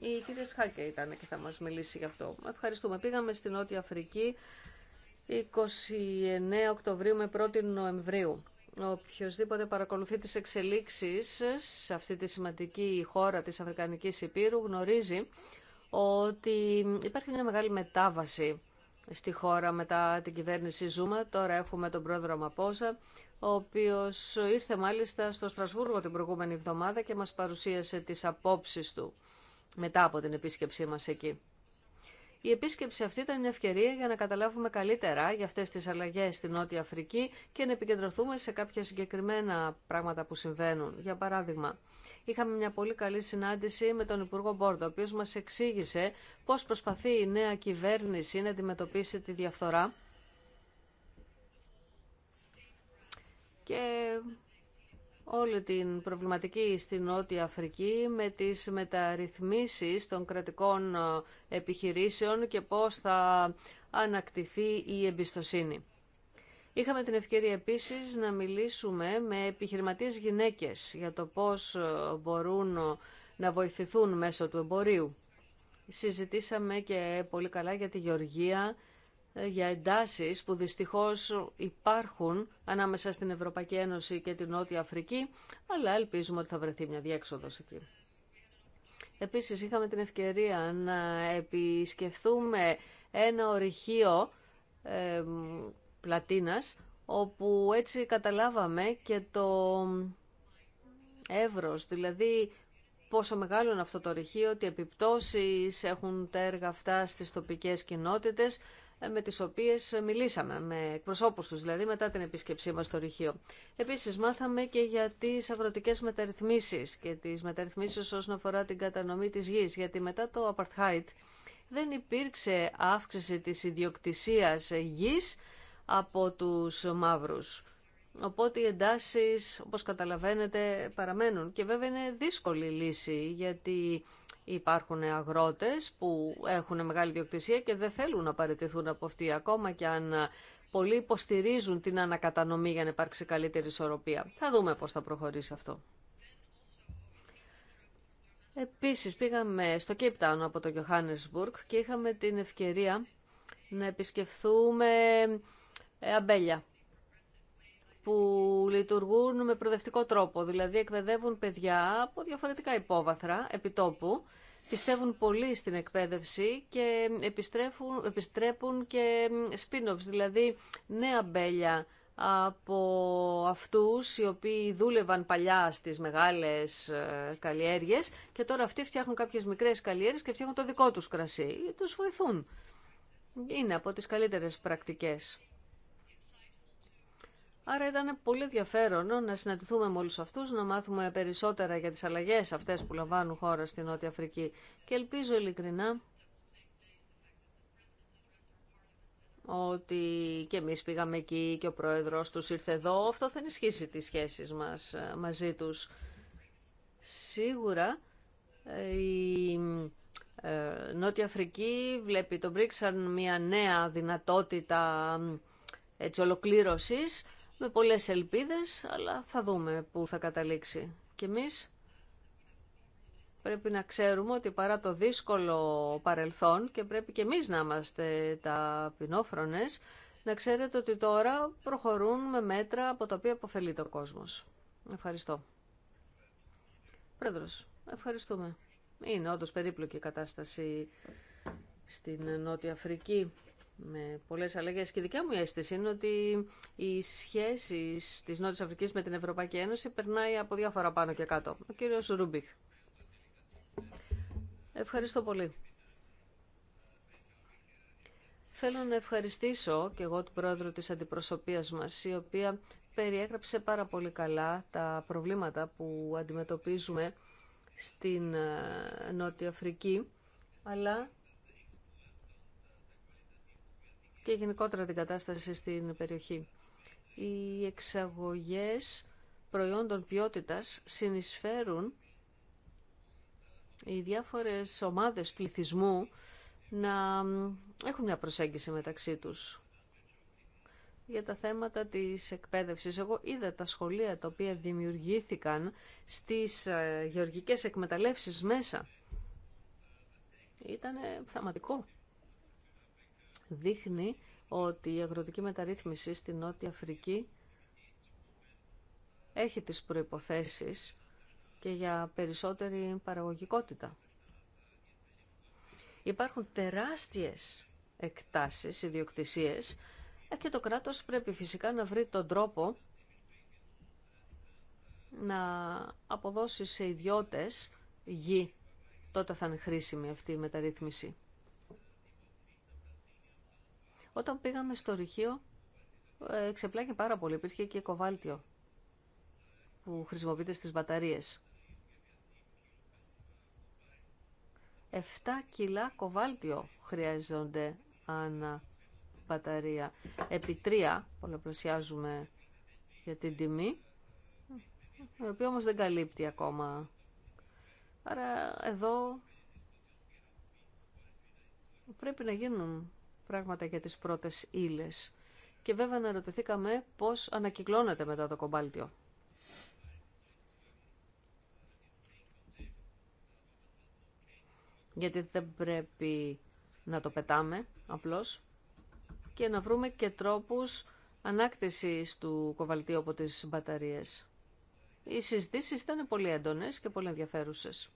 Η κυρία Σχάκια ήταν και θα μας μιλήσει γι' αυτό. Ευχαριστούμε. Πήγαμε στην Νότια Αφρική 29 Οκτωβρίου με 1η Νοεμβρίου. Οποιοςδήποτε παρακολουθεί τις εξελίξεις σε αυτή τη σημαντική χώρα της Αφρικανικής Επίρου γνωρίζει ότι υπάρχει μια μεγάλη μετάβαση στη χώρα μετά την κυβέρνηση Ζούμα. Τώρα έχουμε τον πρόεδρο Μαπόζα, ο οποίος ήρθε μάλιστα στο Στρασβούργο την προηγούμενη εβδομάδα και μας παρουσίασε τις απόψεις του μετά από την επίσκεψή μας εκεί. Η επίσκεψη αυτή ήταν μια ευκαιρία για να καταλάβουμε καλύτερα για αυτές τις αλλαγές στη Νότια Αφρική και να επικεντρωθούμε σε κάποια συγκεκριμένα πράγματα που συμβαίνουν. Για παράδειγμα, είχαμε μια πολύ καλή συνάντηση με τον Υπουργό Μπόρντο, ο οποίος μας εξήγησε πώς προσπαθεί η νέα κυβέρνηση να αντιμετωπίσει τη διαφθορά και όλη την προβληματική στην Νότια Αφρική με τις μεταρρυθμίσεις των κρατικών ε, επιχειρήσεων και πώς θα ανακτηθεί η εμπιστοσύνη. Είχαμε την ευκαιρία επίσης να μιλήσουμε με επιχειρηματίες γυναίκες για το πώς ε, μπορούν ε, να βοηθηθούν μέσω του εμπορίου. Συζητήσαμε και πολύ καλά για τη γεωργία, για εντάσεις που δυστυχώς υπάρχουν ανάμεσα στην Ευρωπαϊκή Ένωση και την Νότια Αφρική, αλλά ελπίζουμε ότι θα βρεθεί μια διέξοδος εκεί. Επίσης είχαμε την ευκαιρία να επισκεφθούμε ένα ορυχείο ε, πλατίνας, όπου έτσι καταλάβαμε και το εύρος, δηλαδή πόσο μεγάλο είναι αυτό το ορυχείο, τι επιπτώσεις έχουν τα έργα αυτά στις τοπικές κοινότητες, με τις οποίες μιλήσαμε, με εκπροσώπους τους δηλαδή, μετά την επίσκεψή μας στο Ρηχείο. Επίσης, μάθαμε και για τις αγροτικές μεταρρυθμίσεις και τις μεταρρυθμίσεις όσον αφορά την κατανομή της γης, γιατί μετά το Apartheid δεν υπήρξε αύξηση της ιδιοκτησίας γης από τους μαύρους. Οπότε οι εντάσεις, όπως καταλαβαίνετε, παραμένουν. Και βέβαια είναι δύσκολη λύση, γιατί Υπάρχουν αγρότες που έχουν μεγάλη διοκτησία και δεν θέλουν να παραιτηθούν από αυτή, ακόμα και αν πολλοί υποστηρίζουν την ανακατανομή για να υπάρξει καλύτερη ισορροπία. Θα δούμε πώς θα προχωρήσει αυτό. Επίσης πήγαμε στο Cape Town από το Johannesburg και είχαμε την ευκαιρία να επισκεφθούμε ε, αμπέλια που λειτουργούν με προοδευτικό τρόπο, δηλαδή εκπαιδεύουν παιδιά από διαφορετικά υπόβαθρα, επιτόπου, πιστεύουν πολύ στην εκπαίδευση και επιστρέφουν, επιστρέπουν και spin-offs, δηλαδή νέα μπέλια από αυτούς οι οποίοι δούλευαν παλιά στις μεγάλες ε, καλλιέργειες και τώρα αυτοί φτιάχνουν κάποιες μικρές καλλιέργειες και φτιάχνουν το δικό τους κρασί. Τους βοηθούν. Είναι από τις καλύτερες πρακτικές. Άρα ήταν πολύ ενδιαφέρον να συναντηθούμε με όλους αυτούς, να μάθουμε περισσότερα για τις αλλαγές αυτές που λαμβάνουν χώρα στη Νότια Αφρική. Και ελπίζω ειλικρινά ότι και εμείς πήγαμε εκεί και ο πρόεδρος τους ήρθε εδώ. Αυτό θα ενισχύσει τις σχέσεις μας ε, μαζί τους. Σίγουρα ε, η ε, Νότια Αφρική βλέπει τον BRICS μια νέα δυνατότητα έτσι, ολοκλήρωσης με πολλές ελπίδες, αλλά θα δούμε πού θα καταλήξει. Και εμείς πρέπει να ξέρουμε ότι παρά το δύσκολο παρελθόν και πρέπει και εμείς να είμαστε τα πινόφρονες, να ξέρετε ότι τώρα προχωρούν με μέτρα από τα οποία αποφελεί το κόσμος. Ευχαριστώ. Πρόεδρος, ευχαριστούμε. Είναι όντως περίπλοκη η κατάσταση στην Νότια Αφρική με πολλές αλλαγές. Και δικιά μου αίσθηση είναι ότι οι σχέσεις της Νότιας Αφρικής με την Ευρωπαϊκή Ένωση περνάει από διάφορα πάνω και κάτω. Ο κύριος Ρούμπιχ. Ευχαριστώ πολύ. Θέλω να ευχαριστήσω και εγώ τον πρόεδρο της αντιπροσωπείας μας, η οποία περιέγραψε πάρα πολύ καλά τα προβλήματα που αντιμετωπίζουμε στην ε, Νότια Αφρική, αλλά και γενικότερα την κατάσταση στην περιοχή. Οι εξαγωγές προϊόντων ποιότητας συνεισφέρουν οι διάφορες ομάδες πληθυσμού να έχουν μια προσέγγιση μεταξύ τους για τα θέματα της εκπαίδευσης. Εγώ είδα τα σχολεία τα οποία δημιουργήθηκαν στις ε, γεωργικές εκμεταλλεύσεις μέσα. Ήταν θεματικό δείχνει ότι η αγροτική μεταρρύθμιση στη Νότια Αφρική έχει τις προϋποθέσεις και για περισσότερη παραγωγικότητα. Υπάρχουν τεράστιες εκτάσεις, ιδιοκτησίες και το κράτος πρέπει φυσικά να βρει τον τρόπο να αποδώσει σε ιδιώτες γη. Τότε θα είναι χρήσιμη αυτή η μεταρρύθμιση. Όταν πήγαμε στο ρηχείο, εξεπλάγει πάρα πολύ. Υπήρχε και κοβάλτιο που χρησιμοποιείται στις μπαταρίες. 7 κιλά κοβάλτιο χρειάζονται ανά μπαταρία. Επί 3 πολλαπλασιάζουμε για την τιμή, η οποία όμως δεν καλύπτει ακόμα. Άρα εδώ πρέπει να γίνουν πράγματα για τις πρώτες ύλε. Και βέβαια αναρωτηθήκαμε πώς ανακυκλώνεται μετά το κομπάλτιο. Γιατί δεν πρέπει να το πετάμε απλώς και να βρούμε και τρόπους ανάκτησης του κοβαλτίου από τις μπαταρίες. Οι συζητήσεις ήταν πολύ έντονες και πολύ ενδιαφέρουσες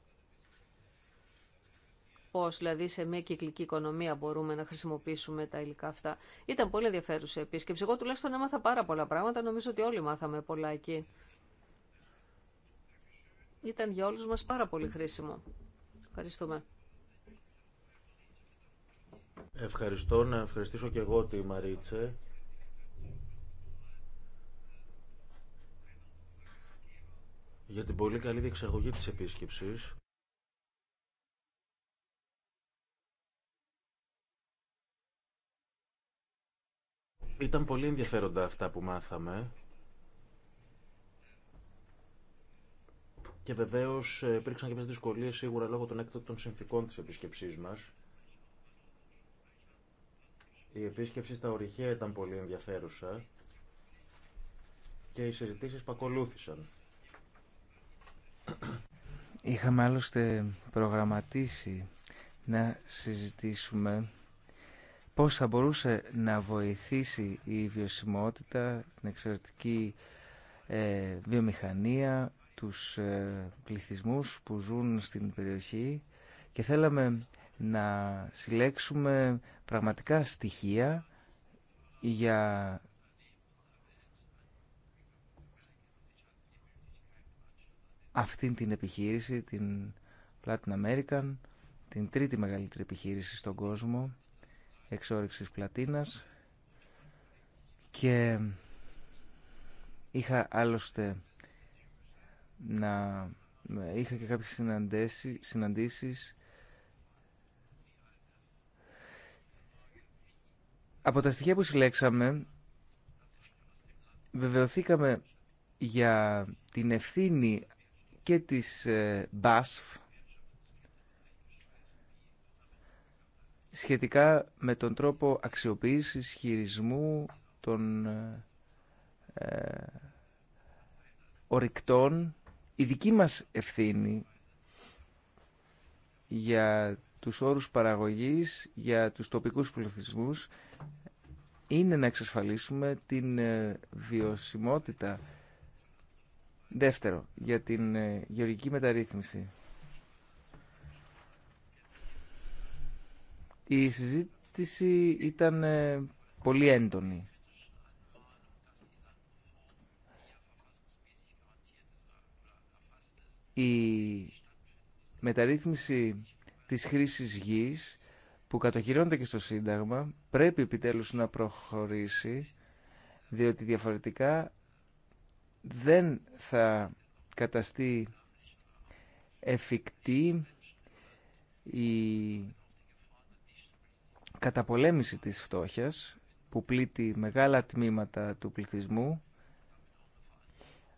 πώς δηλαδή σε μια κυκλική οικονομία μπορούμε να χρησιμοποιήσουμε τα υλικά αυτά. Ήταν πολύ ενδιαφέρουσα επίσκεψη. Εγώ τουλάχιστον έμαθα πάρα πολλά πράγματα. Νομίζω ότι όλοι μάθαμε πολλά εκεί. Ήταν για όλους μας πάρα πολύ χρήσιμο. Ευχαριστούμε. Ευχαριστώ. Να ευχαριστήσω και εγώ τη Μαρίτσε. για την πολύ καλή διεξαγωγή της επίσκεψης. Ήταν πολύ ενδιαφέροντα αυτά που μάθαμε. Και βεβαίω ε, υπήρξαν μια δυσκολίε σίγουρα λόγω των των συνθήκων τη επίσκεψή μα. Η επίσκεψη στα ορυχεία ήταν πολύ ενδιαφέρουσα και οι συζητήσεις πακολούθησαν. ακολούθησαν. Είχαμε άλλωστε προγραμματίσει να συζητήσουμε πώς θα μπορούσε να βοηθήσει η βιωσιμότητα, την εξαιρετική ε, βιομηχανία, τους ε, που ζουν στην περιοχή και θέλαμε να συλλέξουμε πραγματικά στοιχεία για αυτήν την επιχείρηση, την Latin American, την τρίτη μεγαλύτερη επιχείρηση στον κόσμο εξόρυξης πλατίνας και είχα άλλωστε να είχα και κάποιες συναντήσεις, συναντήσεις από τα στοιχεία που συλλέξαμε βεβαιωθήκαμε για την ευθύνη και της BASF ε, σχετικά με τον τρόπο αξιοποίησης, χειρισμού των ε, ε ορικτών. Η δική μας ευθύνη για τους όρους παραγωγής, για τους τοπικούς πληθυσμούς, είναι να εξασφαλίσουμε την ε, βιωσιμότητα. Δεύτερο, για την ε, γεωργική μεταρρύθμιση. Η συζήτηση ήταν ε, πολύ έντονη. Η μεταρρύθμιση της χρήσης γης που κατοχυρώνεται και στο Σύνταγμα πρέπει επιτέλους να προχωρήσει διότι διαφορετικά δεν θα καταστεί εφικτή η καταπολέμηση της φτώχειας που πλήττει μεγάλα τμήματα του πληθυσμού.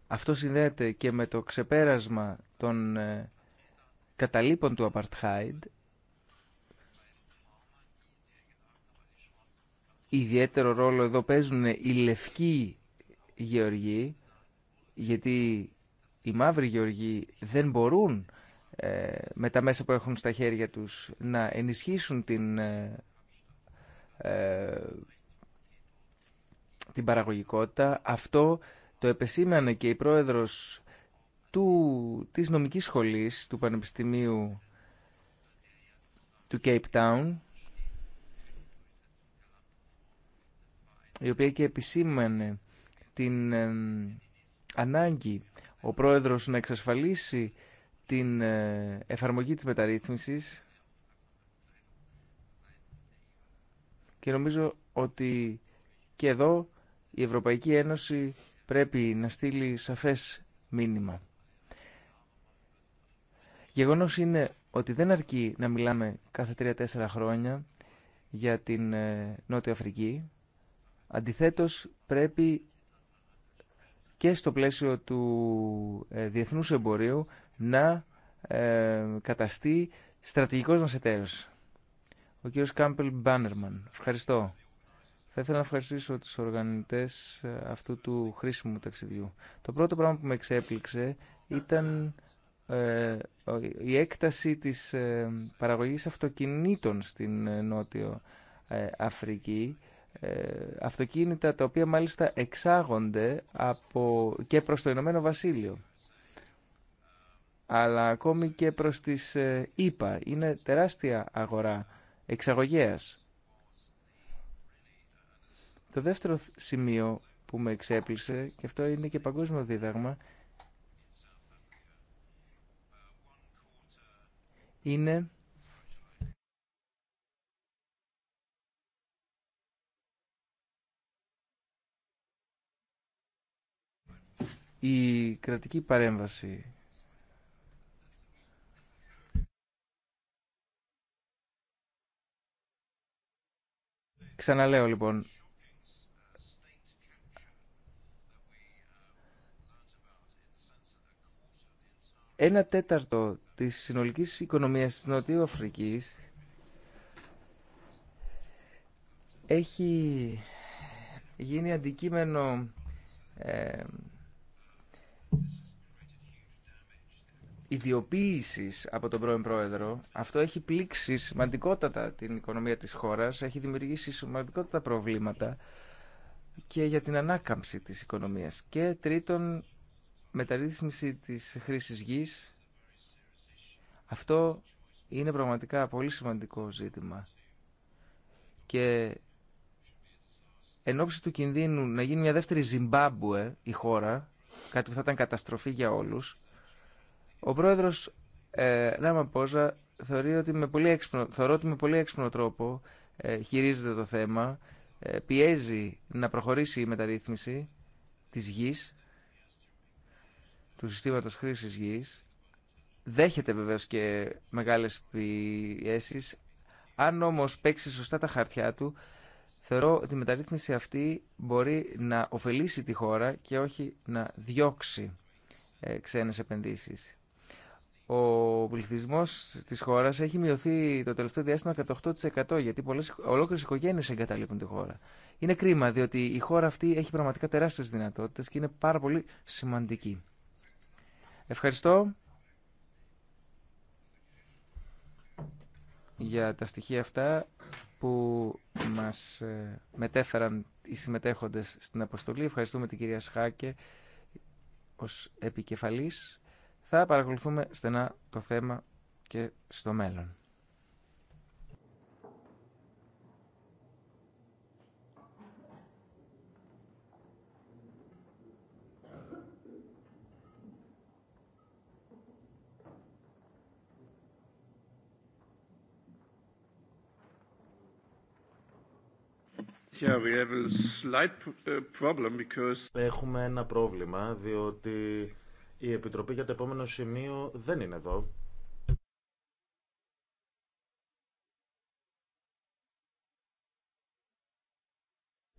Αυτό συνδέεται και με το ξεπέρασμα των ε, καταλήπων του Απαρτχάιντ, ιδιαίτερο ρόλο εδώ παίζουν οι λευκοί γεωργοί, γιατί οι μαύροι γεωργοί δεν μπορούν ε, με τα μέσα που έχουν στα χέρια τους να ενισχύσουν την ε, ε, την παραγωγικότητα. Αυτό το επεσήμανε και η πρόεδρος του, της νομικής σχολής του Πανεπιστημίου του Cape Town, η οποία και επισήμανε την ανάγκη ο πρόεδρος να εξασφαλίσει την ε, εφαρμογή της μεταρρύθμισης και νομίζω ότι και εδώ η Ευρωπαϊκή Ένωση πρέπει να στείλει σαφές μήνυμα. Γεγονός είναι ότι δεν αρκεί να μιλάμε κάθε τρία-τέσσερα χρόνια για την ε, Νότια Αφρική. Αντιθέτως πρέπει και στο πλαίσιο του ε, διεθνούς εμπορίου να ε, καταστεί στρατηγικός μας εταίρος ο κύριο Κάμπελ Μπάνερμαν. Ευχαριστώ. Θα ήθελα να ευχαριστήσω τους οργανωτές ε, αυτού του χρήσιμου ταξιδιού. Το πρώτο πράγμα που με εξέπληξε ήταν ε, η έκταση της ε, παραγωγής αυτοκινήτων στην ε, Νότιο Αφρική. Αυτοκίνητα τα οποία μάλιστα εξάγονται από, και προς το Ηνωμένο Βασίλειο αλλά ακόμη και προς τις ΗΠΑ. Είναι τεράστια αγορά εξαγωγέας. Το δεύτερο σημείο που με εξέπλησε, και αυτό είναι και παγκόσμιο δίδαγμα, είναι η κρατική παρέμβαση Ξαναλέω λοιπόν, ένα τέταρτο της συνολικής οικονομίας της Νοτιού Αφρικής έχει γίνει αντικείμενο ε, ιδιοποίησης από τον πρώην πρόεδρο, αυτό έχει πλήξει σημαντικότατα την οικονομία της χώρας, έχει δημιουργήσει σημαντικότατα προβλήματα και για την ανάκαμψη της οικονομίας. Και τρίτον, μεταρρύθμιση της χρήσης γης. Αυτό είναι πραγματικά πολύ σημαντικό ζήτημα. Και εν ώψη του κινδύνου να γίνει μια δεύτερη Ζιμπάμπουε η χώρα, κάτι που θα ήταν καταστροφή για όλους, ο πρόεδρο ε, Ράμα Πόζα θεωρεί ότι με πολύ έξυπνο, θεωρώ ότι με πολύ έξυπνο τρόπο ε, χειρίζεται το θέμα, ε, πιέζει να προχωρήσει η μεταρρύθμιση της γης, του συστήματος χρήσης γης, δέχεται βεβαίως και μεγάλες πιέσεις, αν όμως παίξει σωστά τα χαρτιά του, θεωρώ ότι η μεταρρύθμιση αυτή μπορεί να ωφελήσει τη χώρα και όχι να διώξει ε, ξένες επενδύσεις ο πληθυσμό τη χώρα έχει μειωθεί το τελευταίο διάστημα κατά 8% γιατί πολλέ ολόκληρε οικογένειε εγκαταλείπουν τη χώρα. Είναι κρίμα διότι η χώρα αυτή έχει πραγματικά τεράστιε δυνατότητε και είναι πάρα πολύ σημαντική. Ευχαριστώ για τα στοιχεία αυτά που μας ε, μετέφεραν οι συμμετέχοντες στην αποστολή. Ευχαριστούμε την κυρία Σχάκε ως επικεφαλής θα παρακολουθούμε στενά το θέμα και στο μέλλον. Uh, Έχουμε ένα πρόβλημα διότι η Επιτροπή για το επόμενο σημείο δεν είναι εδώ.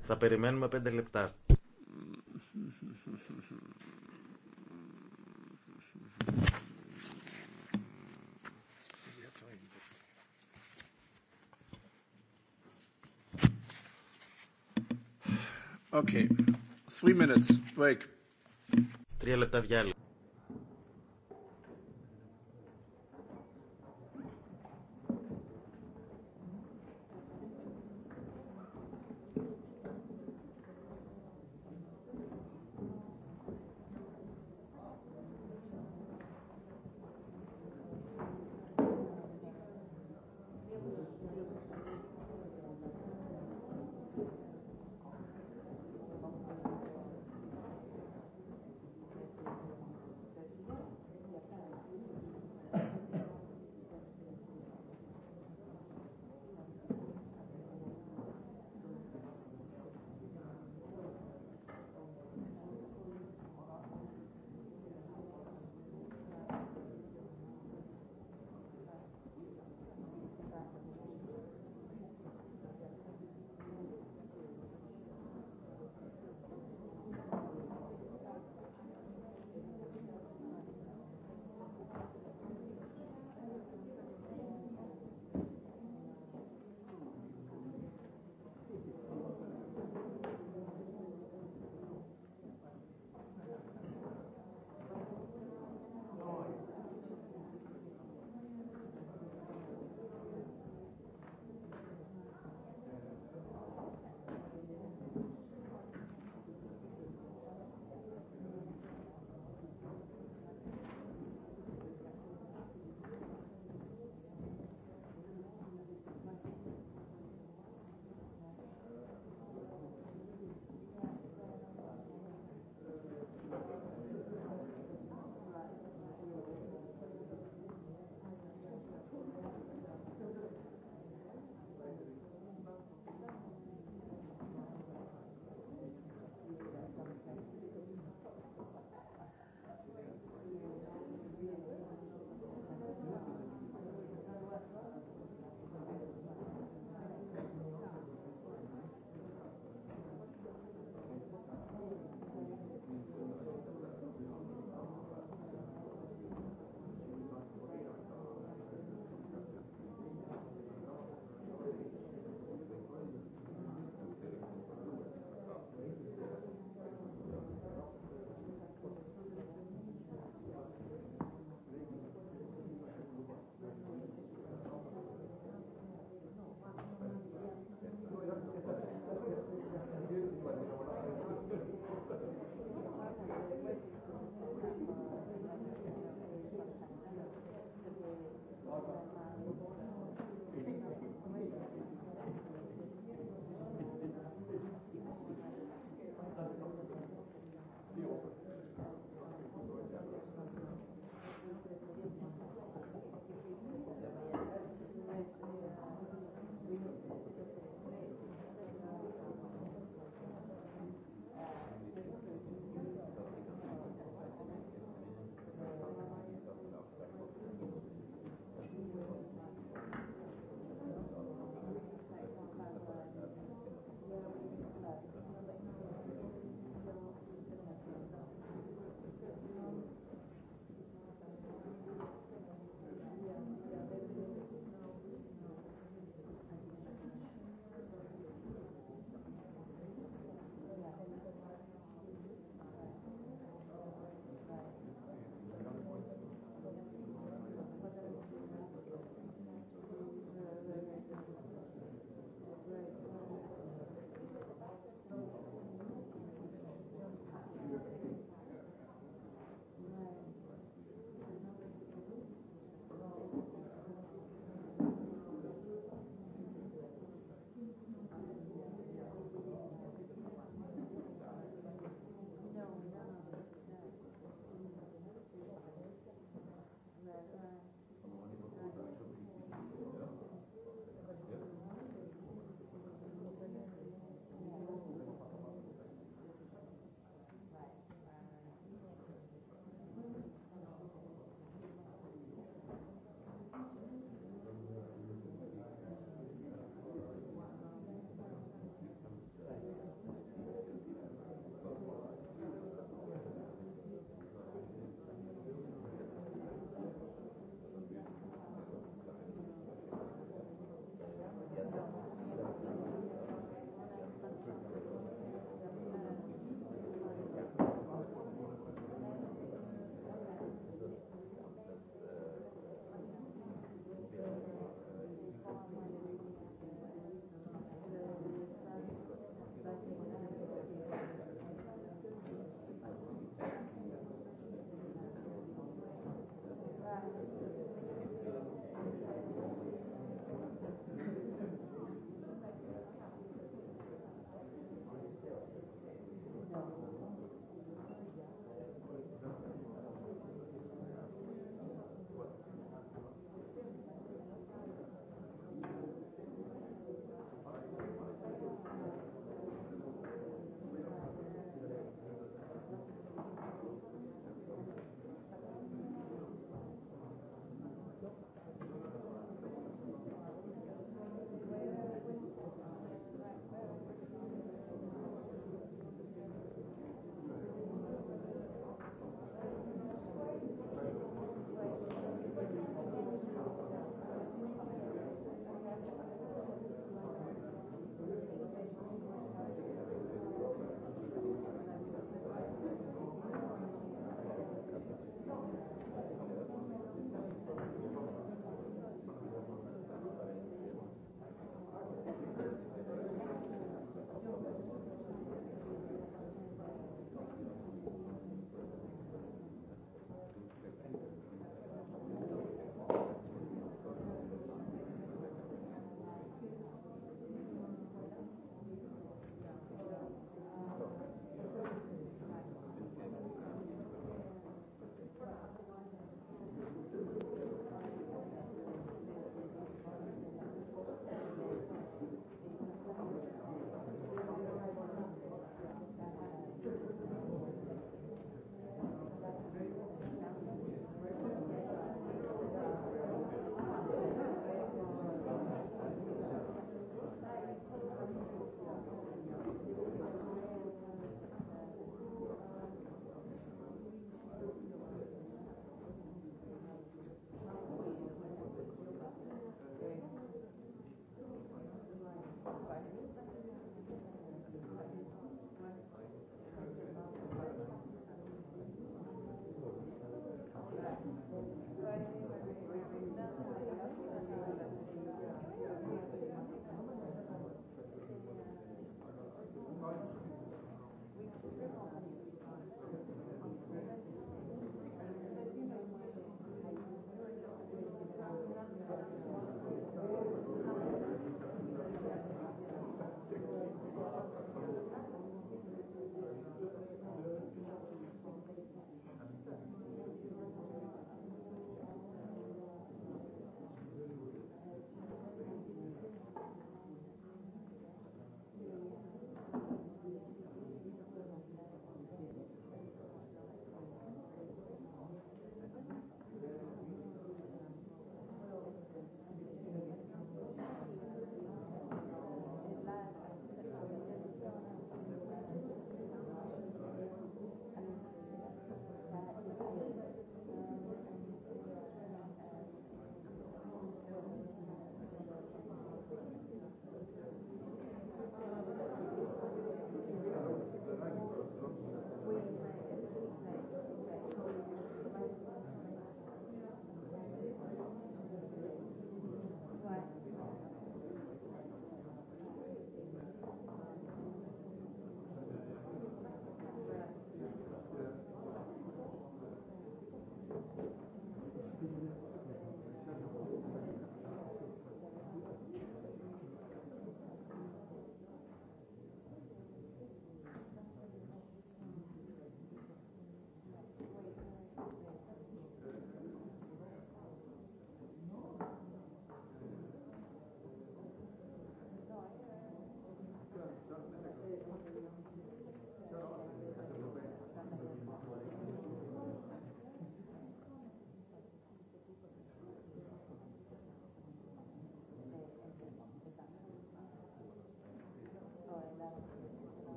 Θα περιμένουμε πέντε λεπτά. Okay. Three minutes break. Τρία λεπτά διάλειμμα.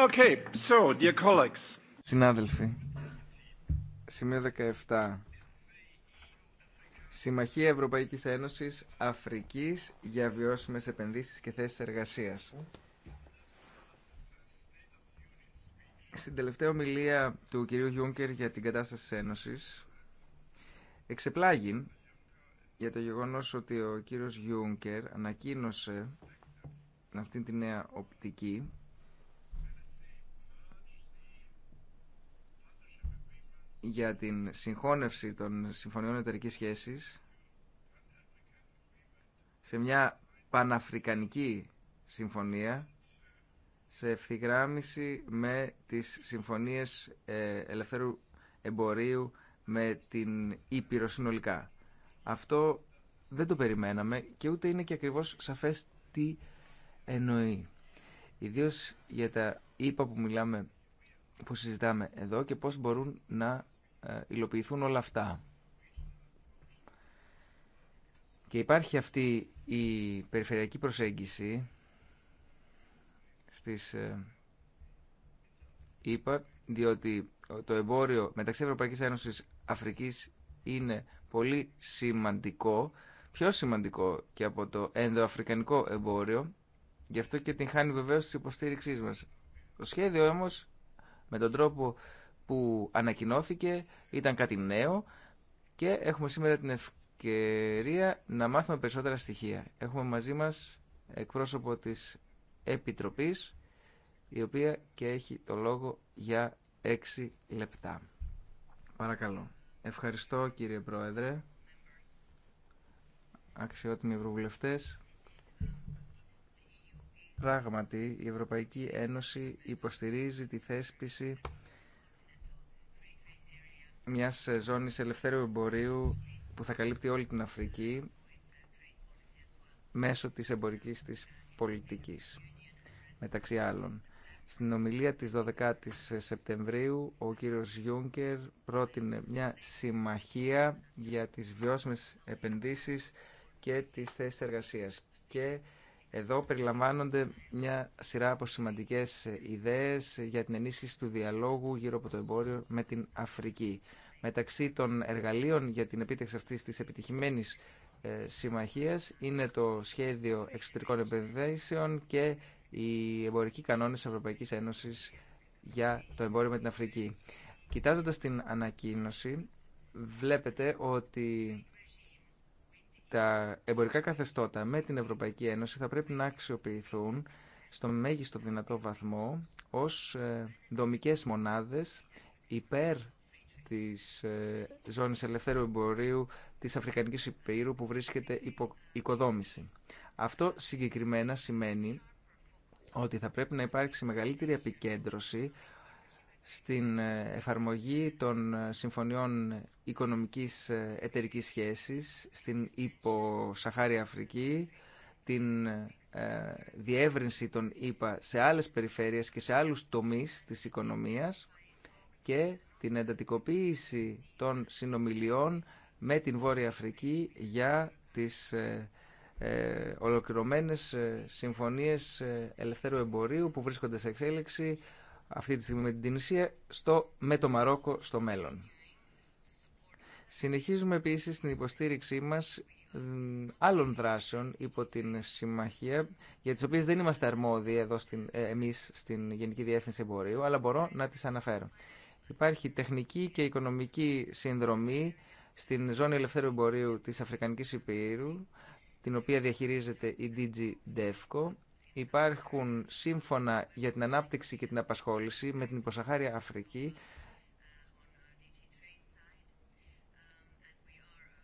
Okay, so, dear colleagues. Συνάδελφοι, σημείο 17. Συμμαχία Ευρωπαϊκής Ένωσης Αφρικής για βιώσιμες επενδύσεις και θέσεις εργασίας. Στην τελευταία ομιλία του κυρίου Γιούνκερ για την κατάσταση της Ένωσης, εξεπλάγει για το γεγονός ότι ο κύριος Γιούνκερ ανακοίνωσε αυτή την νέα οπτική για την συγχώνευση των συμφωνιών εταιρικής σχέσης σε μια παναφρικανική συμφωνία σε ευθυγράμμιση με τις συμφωνίες ε, ελευθέρου εμπορίου με την Ήπειρο συνολικά. Αυτό δεν το περιμέναμε και ούτε είναι και ακριβώς σαφές τι εννοεί. Ιδίως για τα ΗΠΑ που μιλάμε, που συζητάμε εδώ και πώς μπορούν να ε, υλοποιηθούν όλα αυτά. Και υπάρχει αυτή η περιφερειακή προσέγγιση στις είπα διότι το εμπόριο μεταξύ Ευρωπαϊκής Ένωσης Αφρικής είναι πολύ σημαντικό, πιο σημαντικό και από το ενδοαφρικανικό εμπόριο, γι' αυτό και την χάνει βεβαίως της υποστήριξής μας. Το σχέδιο όμως, με τον τρόπο που ανακοινώθηκε, ήταν κάτι νέο και έχουμε σήμερα την ευκαιρία να μάθουμε περισσότερα στοιχεία. Έχουμε μαζί μας εκπρόσωπο της Επιτροπής, η οποία και έχει το λόγο για 6 λεπτά. Παρακαλώ. Ευχαριστώ κύριε Πρόεδρε, αξιότιμοι ευρωβουλευτές. Πράγματι, η Ευρωπαϊκή Ένωση υποστηρίζει τη θέσπιση μια ζώνη ελευθέρου εμπορίου που θα καλύπτει όλη την Αφρική μέσω της εμπορικής της πολιτικής, μεταξύ άλλων. Στην ομιλία της 12 η Σεπτεμβρίου, ο κύριος Γιούνκερ πρότεινε μια συμμαχία για τις βιώσιμες επενδύσεις και τις θέσεις εργασίας και εδώ περιλαμβάνονται μια σειρά από σημαντικές ιδέες για την ενίσχυση του διαλόγου γύρω από το εμπόριο με την Αφρική. Μεταξύ των εργαλείων για την επίτευξη αυτής της επιτυχημένης ε, συμμαχίας είναι το σχέδιο εξωτερικών επενδύσεων και οι εμπορικοί κανόνες Ευρωπαϊκής Ένωσης για το εμπόριο με την Αφρική. Κοιτάζοντας την ανακοίνωση, βλέπετε ότι τα εμπορικά καθεστώτα με την Ευρωπαϊκή Ένωση θα πρέπει να αξιοποιηθούν στο μέγιστο δυνατό βαθμό ως ε, δομικές μονάδες υπέρ της ε, ζώνης ελευθέρου εμπορίου της Αφρικανικής Υπήρου που βρίσκεται υπό οικοδόμηση. Αυτό συγκεκριμένα σημαίνει ότι θα πρέπει να υπάρξει μεγαλύτερη επικέντρωση στην ε, εφαρμογή των ε, συμφωνιών οικονομικής ε, εταιρικής σχέσης στην υποσαχάρια Αφρική, την διεύρυνση των ΗΠΑ σε άλλες περιφέρειες και σε άλλους τομείς της οικονομίας και την εντατικοποίηση των συνομιλιών με την Βόρεια Αφρική για τις ε, ολοκληρωμένες συμφωνίες ελευθέρου εμπορίου που βρίσκονται σε εξέλιξη αυτή τη στιγμή με την Τινησία στο, με το Μαρόκο στο μέλλον. Συνεχίζουμε επίσης την υποστήριξή μας άλλων δράσεων υπό την Συμμαχία, για τις οποίες δεν είμαστε αρμόδιοι εδώ στην, ε, εμείς στην Γενική Διεύθυνση Εμπορίου, αλλά μπορώ να τις αναφέρω. Υπάρχει τεχνική και οικονομική συνδρομή στην ζώνη ελευθέρου εμπορίου της Αφρικανικής Υπήρου, την οποία διαχειρίζεται η DG DEFCO υπάρχουν σύμφωνα για την ανάπτυξη και την απασχόληση με την υποσαχάρια Αφρική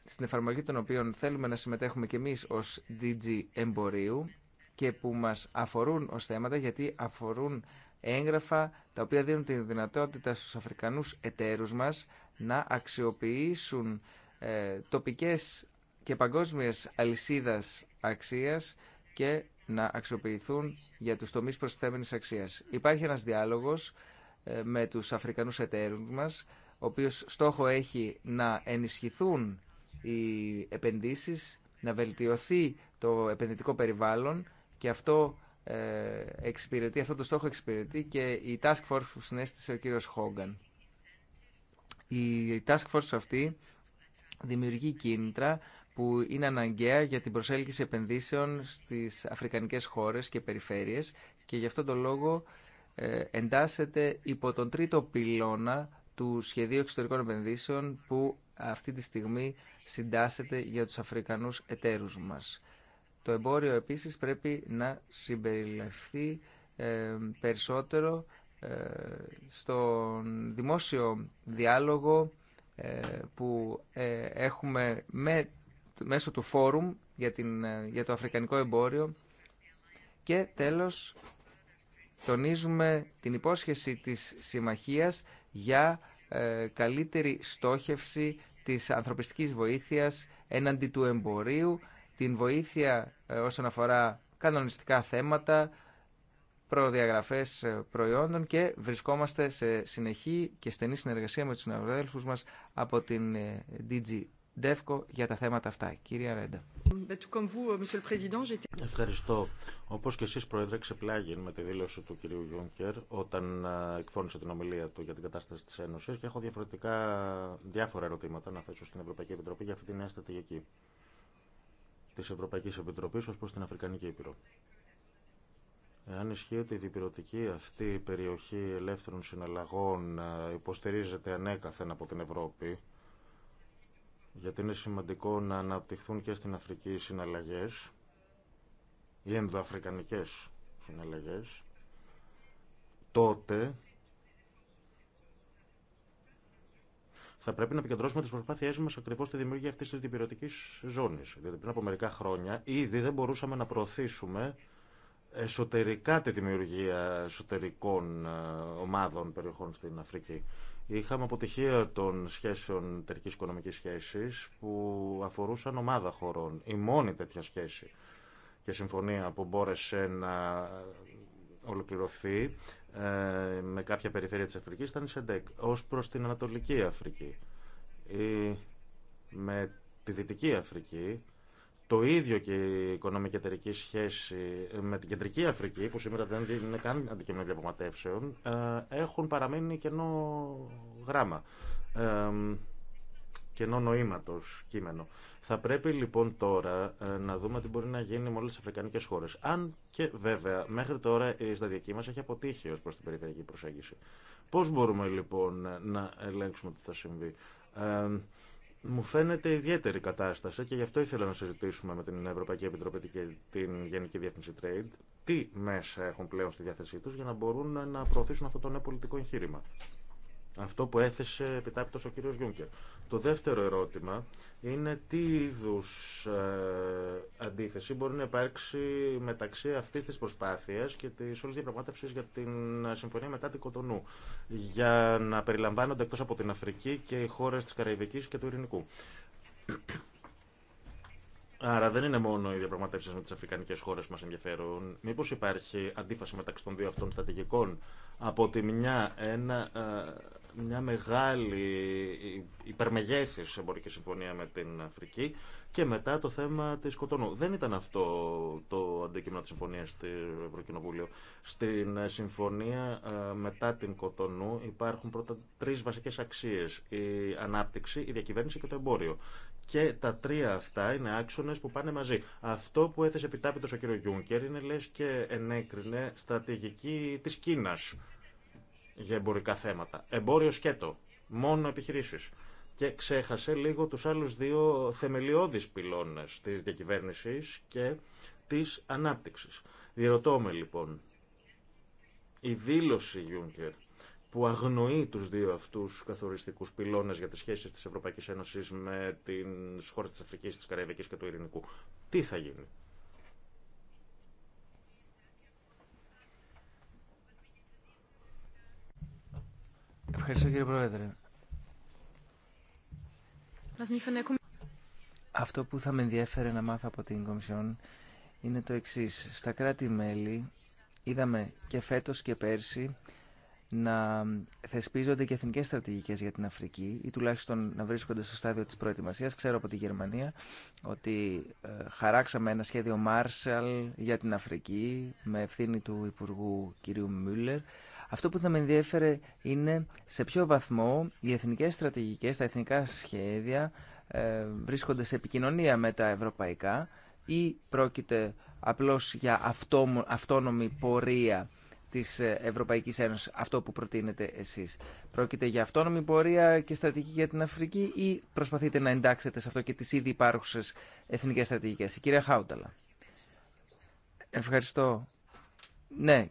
στην εφαρμογή των οποίων θέλουμε να συμμετέχουμε και εμείς ως DG εμπορίου και που μας αφορούν ως θέματα γιατί αφορούν έγγραφα τα οποία δίνουν τη δυνατότητα στους Αφρικανούς εταίρους μας να αξιοποιήσουν ε, τοπικές και παγκόσμιες αλυσίδας αξίας και να αξιοποιηθούν για τους τομείς προσθέμενης αξίας. Υπάρχει ένας διάλογος ε, με τους Αφρικανούς εταίρους μας, ο οποίος στόχο έχει να ενισχυθούν οι επενδύσεις, να βελτιωθεί το επενδυτικό περιβάλλον και αυτό ε, εξυπηρετεί, αυτό το στόχο εξυπηρετεί και η task force που συνέστησε ο κύριος Χόγκαν. Η task force αυτή δημιουργεί κίνητρα που είναι αναγκαία για την προσέλκυση επενδύσεων στις αφρικανικές χώρες και περιφέρειες και γι' αυτόν τον λόγο ε, εντάσσεται υπό τον τρίτο πυλώνα του Σχεδίου Εξωτερικών Επενδύσεων που αυτή τη στιγμή συντάσσεται για τους Αφρικανούς εταίρους μας. Το εμπόριο επίσης πρέπει να συμπεριληφθεί ε, περισσότερο ε, στον δημόσιο διάλογο που έχουμε με μέσω του φόρουμ για, ε, για το αφρικανικό εμπόριο και τέλος τονίζουμε την υπόσχεση της συμμαχίας για ε, καλύτερη στόχευση της ανθρωπιστικής βοήθειας έναντι του εμπορίου, την βοήθεια ε, όσον αφορά κανονιστικά θέματα, προδιαγραφές ε, προϊόντων και βρισκόμαστε σε συνεχή και στενή συνεργασία με τους συναδέλφους μας από την DG ΔΕΦΚΟ για τα θέματα αυτά. Κυρία Ρέντα. Euh, Ευχαριστώ. Όπω και εσεί, Πρόεδρε, ξεπλάγει με τη δήλωση του κυρίου Γιούνκερ όταν ε, εκφώνησε την ομιλία του για την κατάσταση τη Ένωση και έχω διαφορετικά, διάφορα ερωτήματα να θέσω στην Ευρωπαϊκή Επιτροπή για αυτή την νέα στρατηγική τη Ευρωπαϊκή Επιτροπή ω προ την Αφρικανική Ήπειρο. Εάν ισχύει ότι η διπυρωτική αυτή περιοχή ελεύθερων συναλλαγών ε, υποστηρίζεται ανέκαθεν από την Ευρώπη, γιατί είναι σημαντικό να αναπτυχθούν και στην Αφρική οι συναλλαγές, οι ενδοαφρικανικές συναλλαγές, τότε θα πρέπει να επικεντρώσουμε τις προσπάθειές μας ακριβώς στη δημιουργία αυτής της διπυρωτική ζώνης. Διότι πριν από μερικά χρόνια ήδη δεν μπορούσαμε να προωθήσουμε εσωτερικά τη δημιουργία εσωτερικών ε, ομάδων περιοχών στην Αφρική. Είχαμε αποτυχία των σχέσεων τερική οικονομική σχέση που αφορούσαν ομάδα χωρών. Η μόνη τέτοια σχέση και συμφωνία που μπόρεσε να ολοκληρωθεί ε, με κάποια περιφέρεια της Αφρικής ήταν η ΣΕΝΤΕΚ. Ως προς την Ανατολική Αφρική ή με τη Δυτική Αφρική το ίδιο και η οικονομική εταιρική σχέση με την Κεντρική Αφρική, που σήμερα δεν είναι καν αντικείμενο διαπραγματεύσεων, ε, έχουν παραμείνει κενό γράμμα, ε, κενό νοήματος κείμενο. Θα πρέπει λοιπόν τώρα ε, να δούμε τι μπορεί να γίνει με όλε τι αφρικανικέ χώρε. Αν και βέβαια μέχρι τώρα η σταδιακή μα έχει αποτύχει ω προ την περιφερειακή προσέγγιση. Πώ μπορούμε λοιπόν να ελέγξουμε τι θα συμβεί. Μου φαίνεται ιδιαίτερη κατάσταση και γι' αυτό ήθελα να συζητήσουμε με την Ευρωπαϊκή Επιτροπή και την Γενική Διεύθυνση Trade τι μέσα έχουν πλέον στη διάθεσή τους για να μπορούν να προωθήσουν αυτό το νέο πολιτικό εγχείρημα. Αυτό που έθεσε επιτάπητος ο κύριος Γιούγκερ. Το δεύτερο ερώτημα είναι τι είδους ε, αντίθεση μπορεί να υπάρξει μεταξύ αυτής της προσπάθειας και της όλης διαπραγμάτευσης για την συμφωνία μετά την Κοτονού για να περιλαμβάνονται εκτός από την Αφρική και οι χώρες της Καραϊβικής και του Ειρηνικού. Άρα δεν είναι μόνο οι διαπραγματεύσει με τι αφρικανικέ χώρε που μα ενδιαφέρουν. Μήπω υπάρχει αντίφαση μεταξύ των δύο αυτών στρατηγικών. Από τη μια, ένα ε, μια μεγάλη υπερμεγέθης εμπορική συμφωνία με την Αφρική και μετά το θέμα της Κοτονού. Δεν ήταν αυτό το αντικείμενο της συμφωνίας στο Ευρωκοινοβούλιο. Στην συμφωνία ε, μετά την Κοτονού υπάρχουν πρώτα τρεις βασικές αξίες. Η ανάπτυξη, η διακυβέρνηση και το εμπόριο. Και τα τρία αυτά είναι άξονε που πάνε μαζί. Αυτό που έθεσε επιτάπητο ο κ. Γιούγκερ είναι λε και ενέκρινε στρατηγική τη Κίνα για εμπορικά θέματα. Εμπόριο σκέτο. Μόνο επιχειρήσει. Και ξέχασε λίγο του άλλου δύο θεμελιώδει πυλώνε τη διακυβέρνηση και τη ανάπτυξη. Διερωτώ με λοιπόν, η δήλωση Γιούγκερ που αγνοεί τους δύο αυτούς καθοριστικούς πυλώνες για τις σχέσεις της Ευρωπαϊκής Ένωσης με τις χώρες της Αφρικής, της Καραϊβικής και του Ειρηνικού. Τι θα γίνει. Ευχαριστώ κύριε Πρόεδρε. Αυτό που θα με ενδιέφερε να μάθω από την Κομισιόν είναι το εξής. Στα κράτη-μέλη είδαμε και φέτος και πέρσι να θεσπίζονται και εθνικέ στρατηγικέ για την Αφρική ή τουλάχιστον να βρίσκονται στο στάδιο τη προετοιμασία. Ξέρω από τη Γερμανία ότι ε, χαράξαμε ένα σχέδιο Marshall για την Αφρική με ευθύνη του Υπουργού κ. Μούλερ αυτό που θα με ενδιέφερε είναι σε ποιο βαθμό οι εθνικές στρατηγικές, τα εθνικά σχέδια ε, βρίσκονται σε επικοινωνία με τα ευρωπαϊκά ή πρόκειται απλώς για αυτό, αυτόνομη πορεία της ε, Ευρωπαϊκής Ένωσης, αυτό που προτείνετε εσείς. Πρόκειται για αυτόνομη πορεία και στρατηγική για την Αφρική ή προσπαθείτε να εντάξετε σε αυτό και τις ήδη υπάρχουσες εθνικές στρατηγικές. Η κυρία Χάουταλα. Ευχαριστώ. Ναι,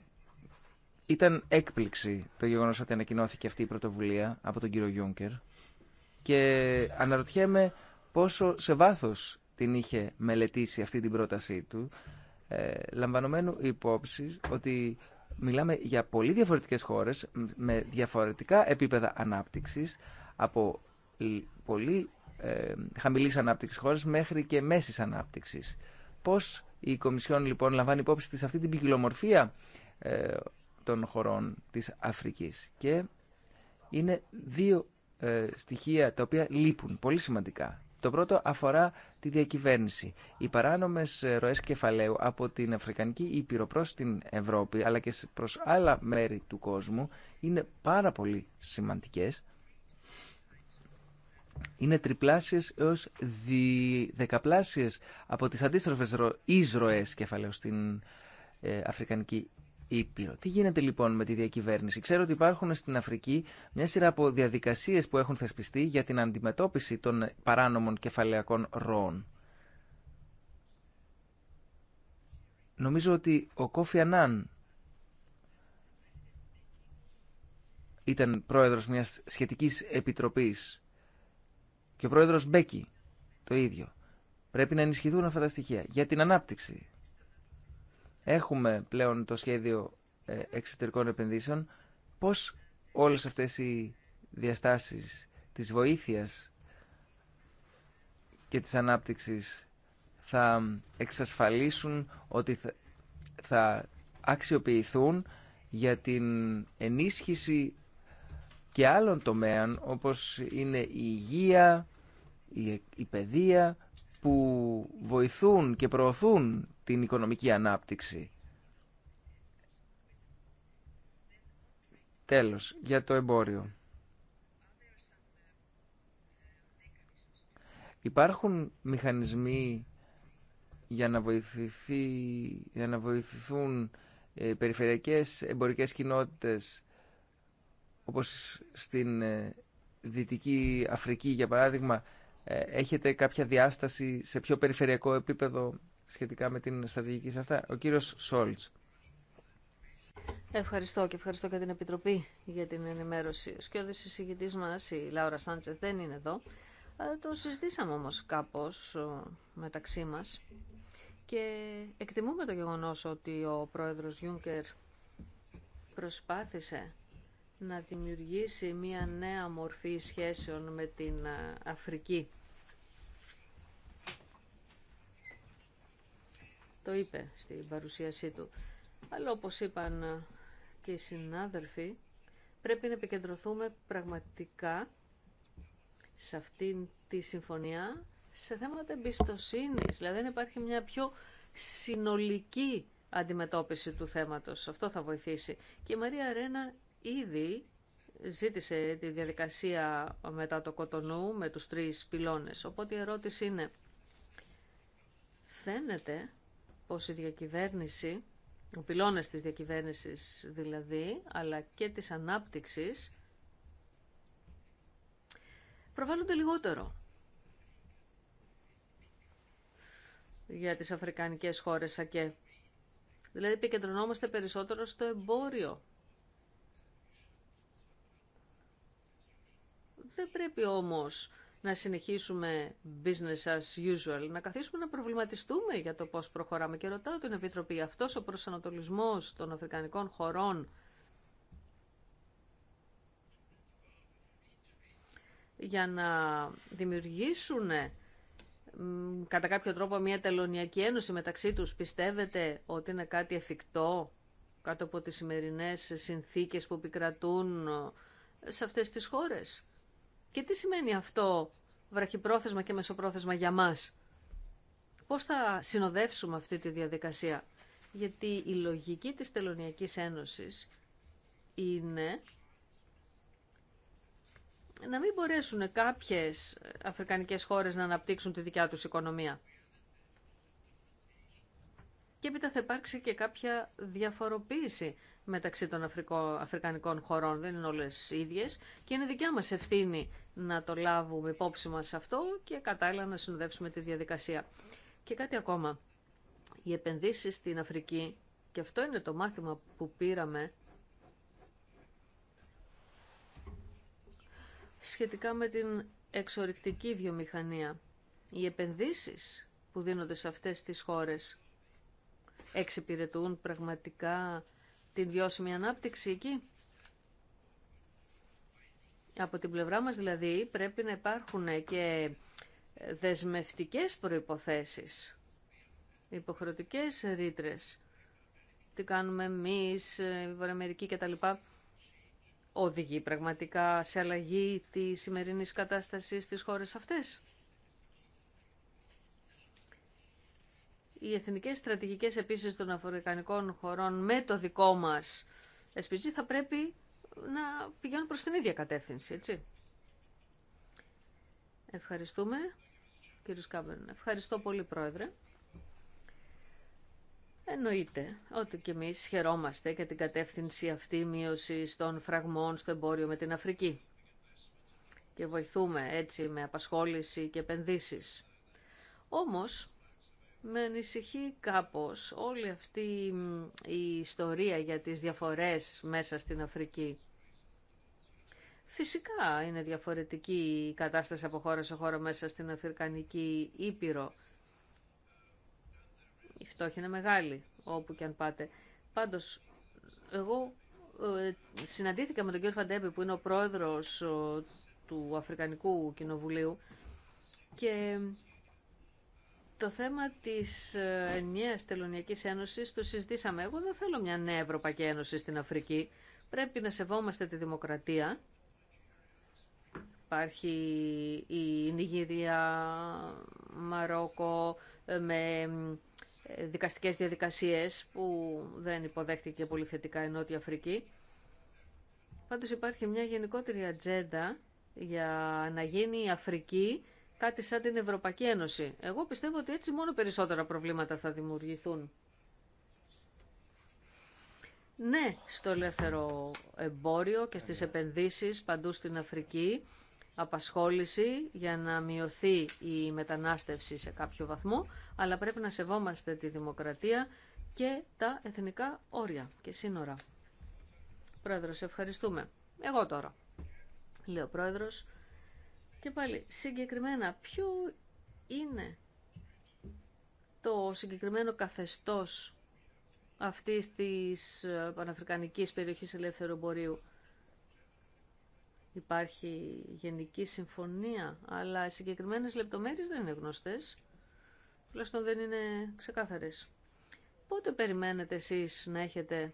ήταν έκπληξη το γεγονός ότι ανακοινώθηκε αυτή η πρωτοβουλία από τον κύριο Γιούνκερ και αναρωτιέμαι πόσο σε βάθος την είχε μελετήσει αυτή την πρότασή του ε, λαμβανομένου υπόψη ότι μιλάμε για πολύ διαφορετικές χώρες με διαφορετικά επίπεδα ανάπτυξης από πολύ ε, χαμηλής ανάπτυξης χώρες μέχρι και μέσης ανάπτυξης. Πώς η Κομισιόν λοιπόν λαμβάνει υπόψη της αυτή την ποικιλομορφία ε, των χωρών της Αφρικής. Και είναι δύο ε, στοιχεία τα οποία λείπουν πολύ σημαντικά. Το πρώτο αφορά τη διακυβέρνηση. Οι παράνομες ε, ροές κεφαλαίου από την Αφρικανική Ήπειρο προς την Ευρώπη αλλά και προς άλλα μέρη του κόσμου είναι πάρα πολύ σημαντικές. Είναι τριπλάσιες έως δι... δεκαπλάσιες από τις αντίστροφες ροές κεφαλαίου στην ε, Αφρικανική τι γίνεται λοιπόν με τη διακυβέρνηση. Ξέρω ότι υπάρχουν στην Αφρική μια σειρά από διαδικασίε που έχουν θεσπιστεί για την αντιμετώπιση των παράνομων κεφαλαιακών ροών. Νομίζω ότι ο Κόφι Ανάν ήταν πρόεδρος μιας σχετικής επιτροπής και ο πρόεδρος Μπέκι το ίδιο. Πρέπει να ενισχυθούν αυτά τα στοιχεία για την ανάπτυξη Έχουμε πλέον το σχέδιο ε, εξωτερικών επενδύσεων. Πώς όλες αυτές οι διαστάσεις της βοήθειας και της ανάπτυξης θα εξασφαλίσουν ότι θα αξιοποιηθούν για την ενίσχυση και άλλων τομέων όπως είναι η υγεία, η παιδεία που βοηθούν και προωθούν την οικονομική ανάπτυξη. Τέλος, για το εμπόριο. Υπάρχουν μηχανισμοί για να, βοηθηθεί, για να βοηθηθούν ε, περιφερειακές εμπορικές κοινότητες όπως στην ε, Δυτική Αφρική για παράδειγμα ε, έχετε κάποια διάσταση σε πιο περιφερειακό επίπεδο σχετικά με την στρατηγική σε αυτά. Ο κύριος Σόλτς. Ευχαριστώ και ευχαριστώ και την Επιτροπή για την ενημέρωση. Ο σκιώδης εισηγητής μας, η Λάουρα Σάντσες, δεν είναι εδώ. Ε, το συζητήσαμε όμως κάπως μεταξύ μας και εκτιμούμε το γεγονός ότι ο πρόεδρος Γιούνκερ προσπάθησε να δημιουργήσει μια νέα μορφή σχέσεων με την ε, Αφρική το είπε στην παρουσίασή του. Αλλά όπως είπαν ε, και οι συνάδελφοι, πρέπει να επικεντρωθούμε πραγματικά σε αυτήν τη συμφωνία σε θέματα εμπιστοσύνη. Δηλαδή να υπάρχει μια πιο συνολική αντιμετώπιση του θέματος. Αυτό θα βοηθήσει. Και η Μαρία Ρένα ήδη ζήτησε τη διαδικασία μετά το Κοτονού με τους τρεις πυλώνες. Οπότε η ερώτηση είναι, φαίνεται πως η διακυβέρνηση, ο πυλώνας της διακυβέρνησης δηλαδή, αλλά και της ανάπτυξης, προβάλλονται λιγότερο για τις αφρικανικές χώρες ΑΚΕ. Δηλαδή επικεντρωνόμαστε περισσότερο στο εμπόριο. Δεν πρέπει όμως να συνεχίσουμε business as usual, να καθίσουμε να προβληματιστούμε για το πώς προχωράμε. Και ρωτάω την Επιτροπή, αυτός ο προσανατολισμός των Αφρικανικών χωρών για να δημιουργήσουν κατά κάποιο τρόπο μια τελωνιακή ένωση μεταξύ τους, πιστεύετε ότι είναι κάτι εφικτό κάτω από τις σημερινές συνθήκες που επικρατούν ε, σε αυτές τις χώρες. Και τι σημαίνει αυτό βραχυπρόθεσμα και μεσοπρόθεσμα για μας. Πώς θα συνοδεύσουμε αυτή τη διαδικασία. Γιατί η λογική της Τελωνιακής Ένωσης είναι να μην μπορέσουν κάποιες αφρικανικές χώρες να αναπτύξουν τη δικιά τους οικονομία. Και έπειτα θα υπάρξει και κάποια διαφοροποίηση μεταξύ των Αφρικανικών χωρών. Δεν είναι όλες ίδιες και είναι δικιά μας ευθύνη να το λάβουμε υπόψη μας αυτό και κατάλληλα να συνοδεύσουμε τη διαδικασία. Και κάτι ακόμα. Οι επενδύσεις στην Αφρική, και αυτό είναι το μάθημα που πήραμε σχετικά με την εξορρυκτική βιομηχανία. Οι επενδύσεις που δίνονται σε αυτές τις χώρες εξυπηρετούν πραγματικά την βιώσιμη ανάπτυξη εκεί. Από την πλευρά μας δηλαδή πρέπει να υπάρχουν και δεσμευτικές προϋποθέσεις, υποχρεωτικές ρήτρε. τι κάνουμε εμείς, ε, η Βορειοαμερική κτλ. Οδηγεί πραγματικά σε αλλαγή τη σημερινής κατάστασης στις χώρες αυτές. Οι εθνικές στρατηγικές επίσης των αφορικανικών χωρών με το δικό μας SPG θα πρέπει να πηγαίνουν προς την ίδια κατεύθυνση, έτσι. Ευχαριστούμε. Κύριε Σκάβερν. ευχαριστώ πολύ Πρόεδρε. Εννοείται ότι και εμείς χαιρόμαστε για την κατεύθυνση αυτή μείωση των φραγμών στο εμπόριο με την Αφρική και βοηθούμε έτσι με απασχόληση και επενδύσεις. Όμως, με ανησυχεί κάπως όλη αυτή η ιστορία για τις διαφορές μέσα στην Αφρική. Φυσικά είναι διαφορετική η κατάσταση από χώρα σε χώρα μέσα στην Αφρικανική Ήπειρο. Η φτώχεια είναι μεγάλη όπου και αν πάτε. Πάντως, εγώ ε, συναντήθηκα με τον κύριο Φαντέμπη που είναι ο πρόεδρος ε, του Αφρικανικού Κοινοβουλίου και το θέμα της ε, ενιαίας τελωνιακής ένωσης το συζητήσαμε. Εγώ δεν θέλω μια νέα Ευρωπαϊκή Ένωση στην Αφρική. Πρέπει να σεβόμαστε τη δημοκρατία. Υπάρχει η Νιγηρία, Μαρόκο ε, με ε, δικαστικές διαδικασίες που δεν υποδέχτηκε πολύ θετικά η Νότια Αφρική. Πάντως υπάρχει μια γενικότερη ατζέντα για να γίνει η Αφρική κάτι σαν την Ευρωπαϊκή Ένωση. Εγώ πιστεύω ότι έτσι μόνο περισσότερα προβλήματα θα δημιουργηθούν. Ναι, στο ελεύθερο εμπόριο και στις επενδύσεις παντού στην Αφρική, απασχόληση για να μειωθεί η μετανάστευση σε κάποιο βαθμό, αλλά πρέπει να σεβόμαστε τη δημοκρατία και τα εθνικά όρια και σύνορα. Πρόεδρος, ευχαριστούμε. Εγώ τώρα, λέει ο και πάλι, συγκεκριμένα, ποιο είναι το συγκεκριμένο καθεστώς αυτής της ε, Παναφρικανικής περιοχής ελεύθερου εμπορίου. Υπάρχει γενική συμφωνία, αλλά οι συγκεκριμένες λεπτομέρειες δεν είναι γνωστές. Τουλάχιστον δεν είναι ξεκάθαρες. Πότε περιμένετε εσείς να έχετε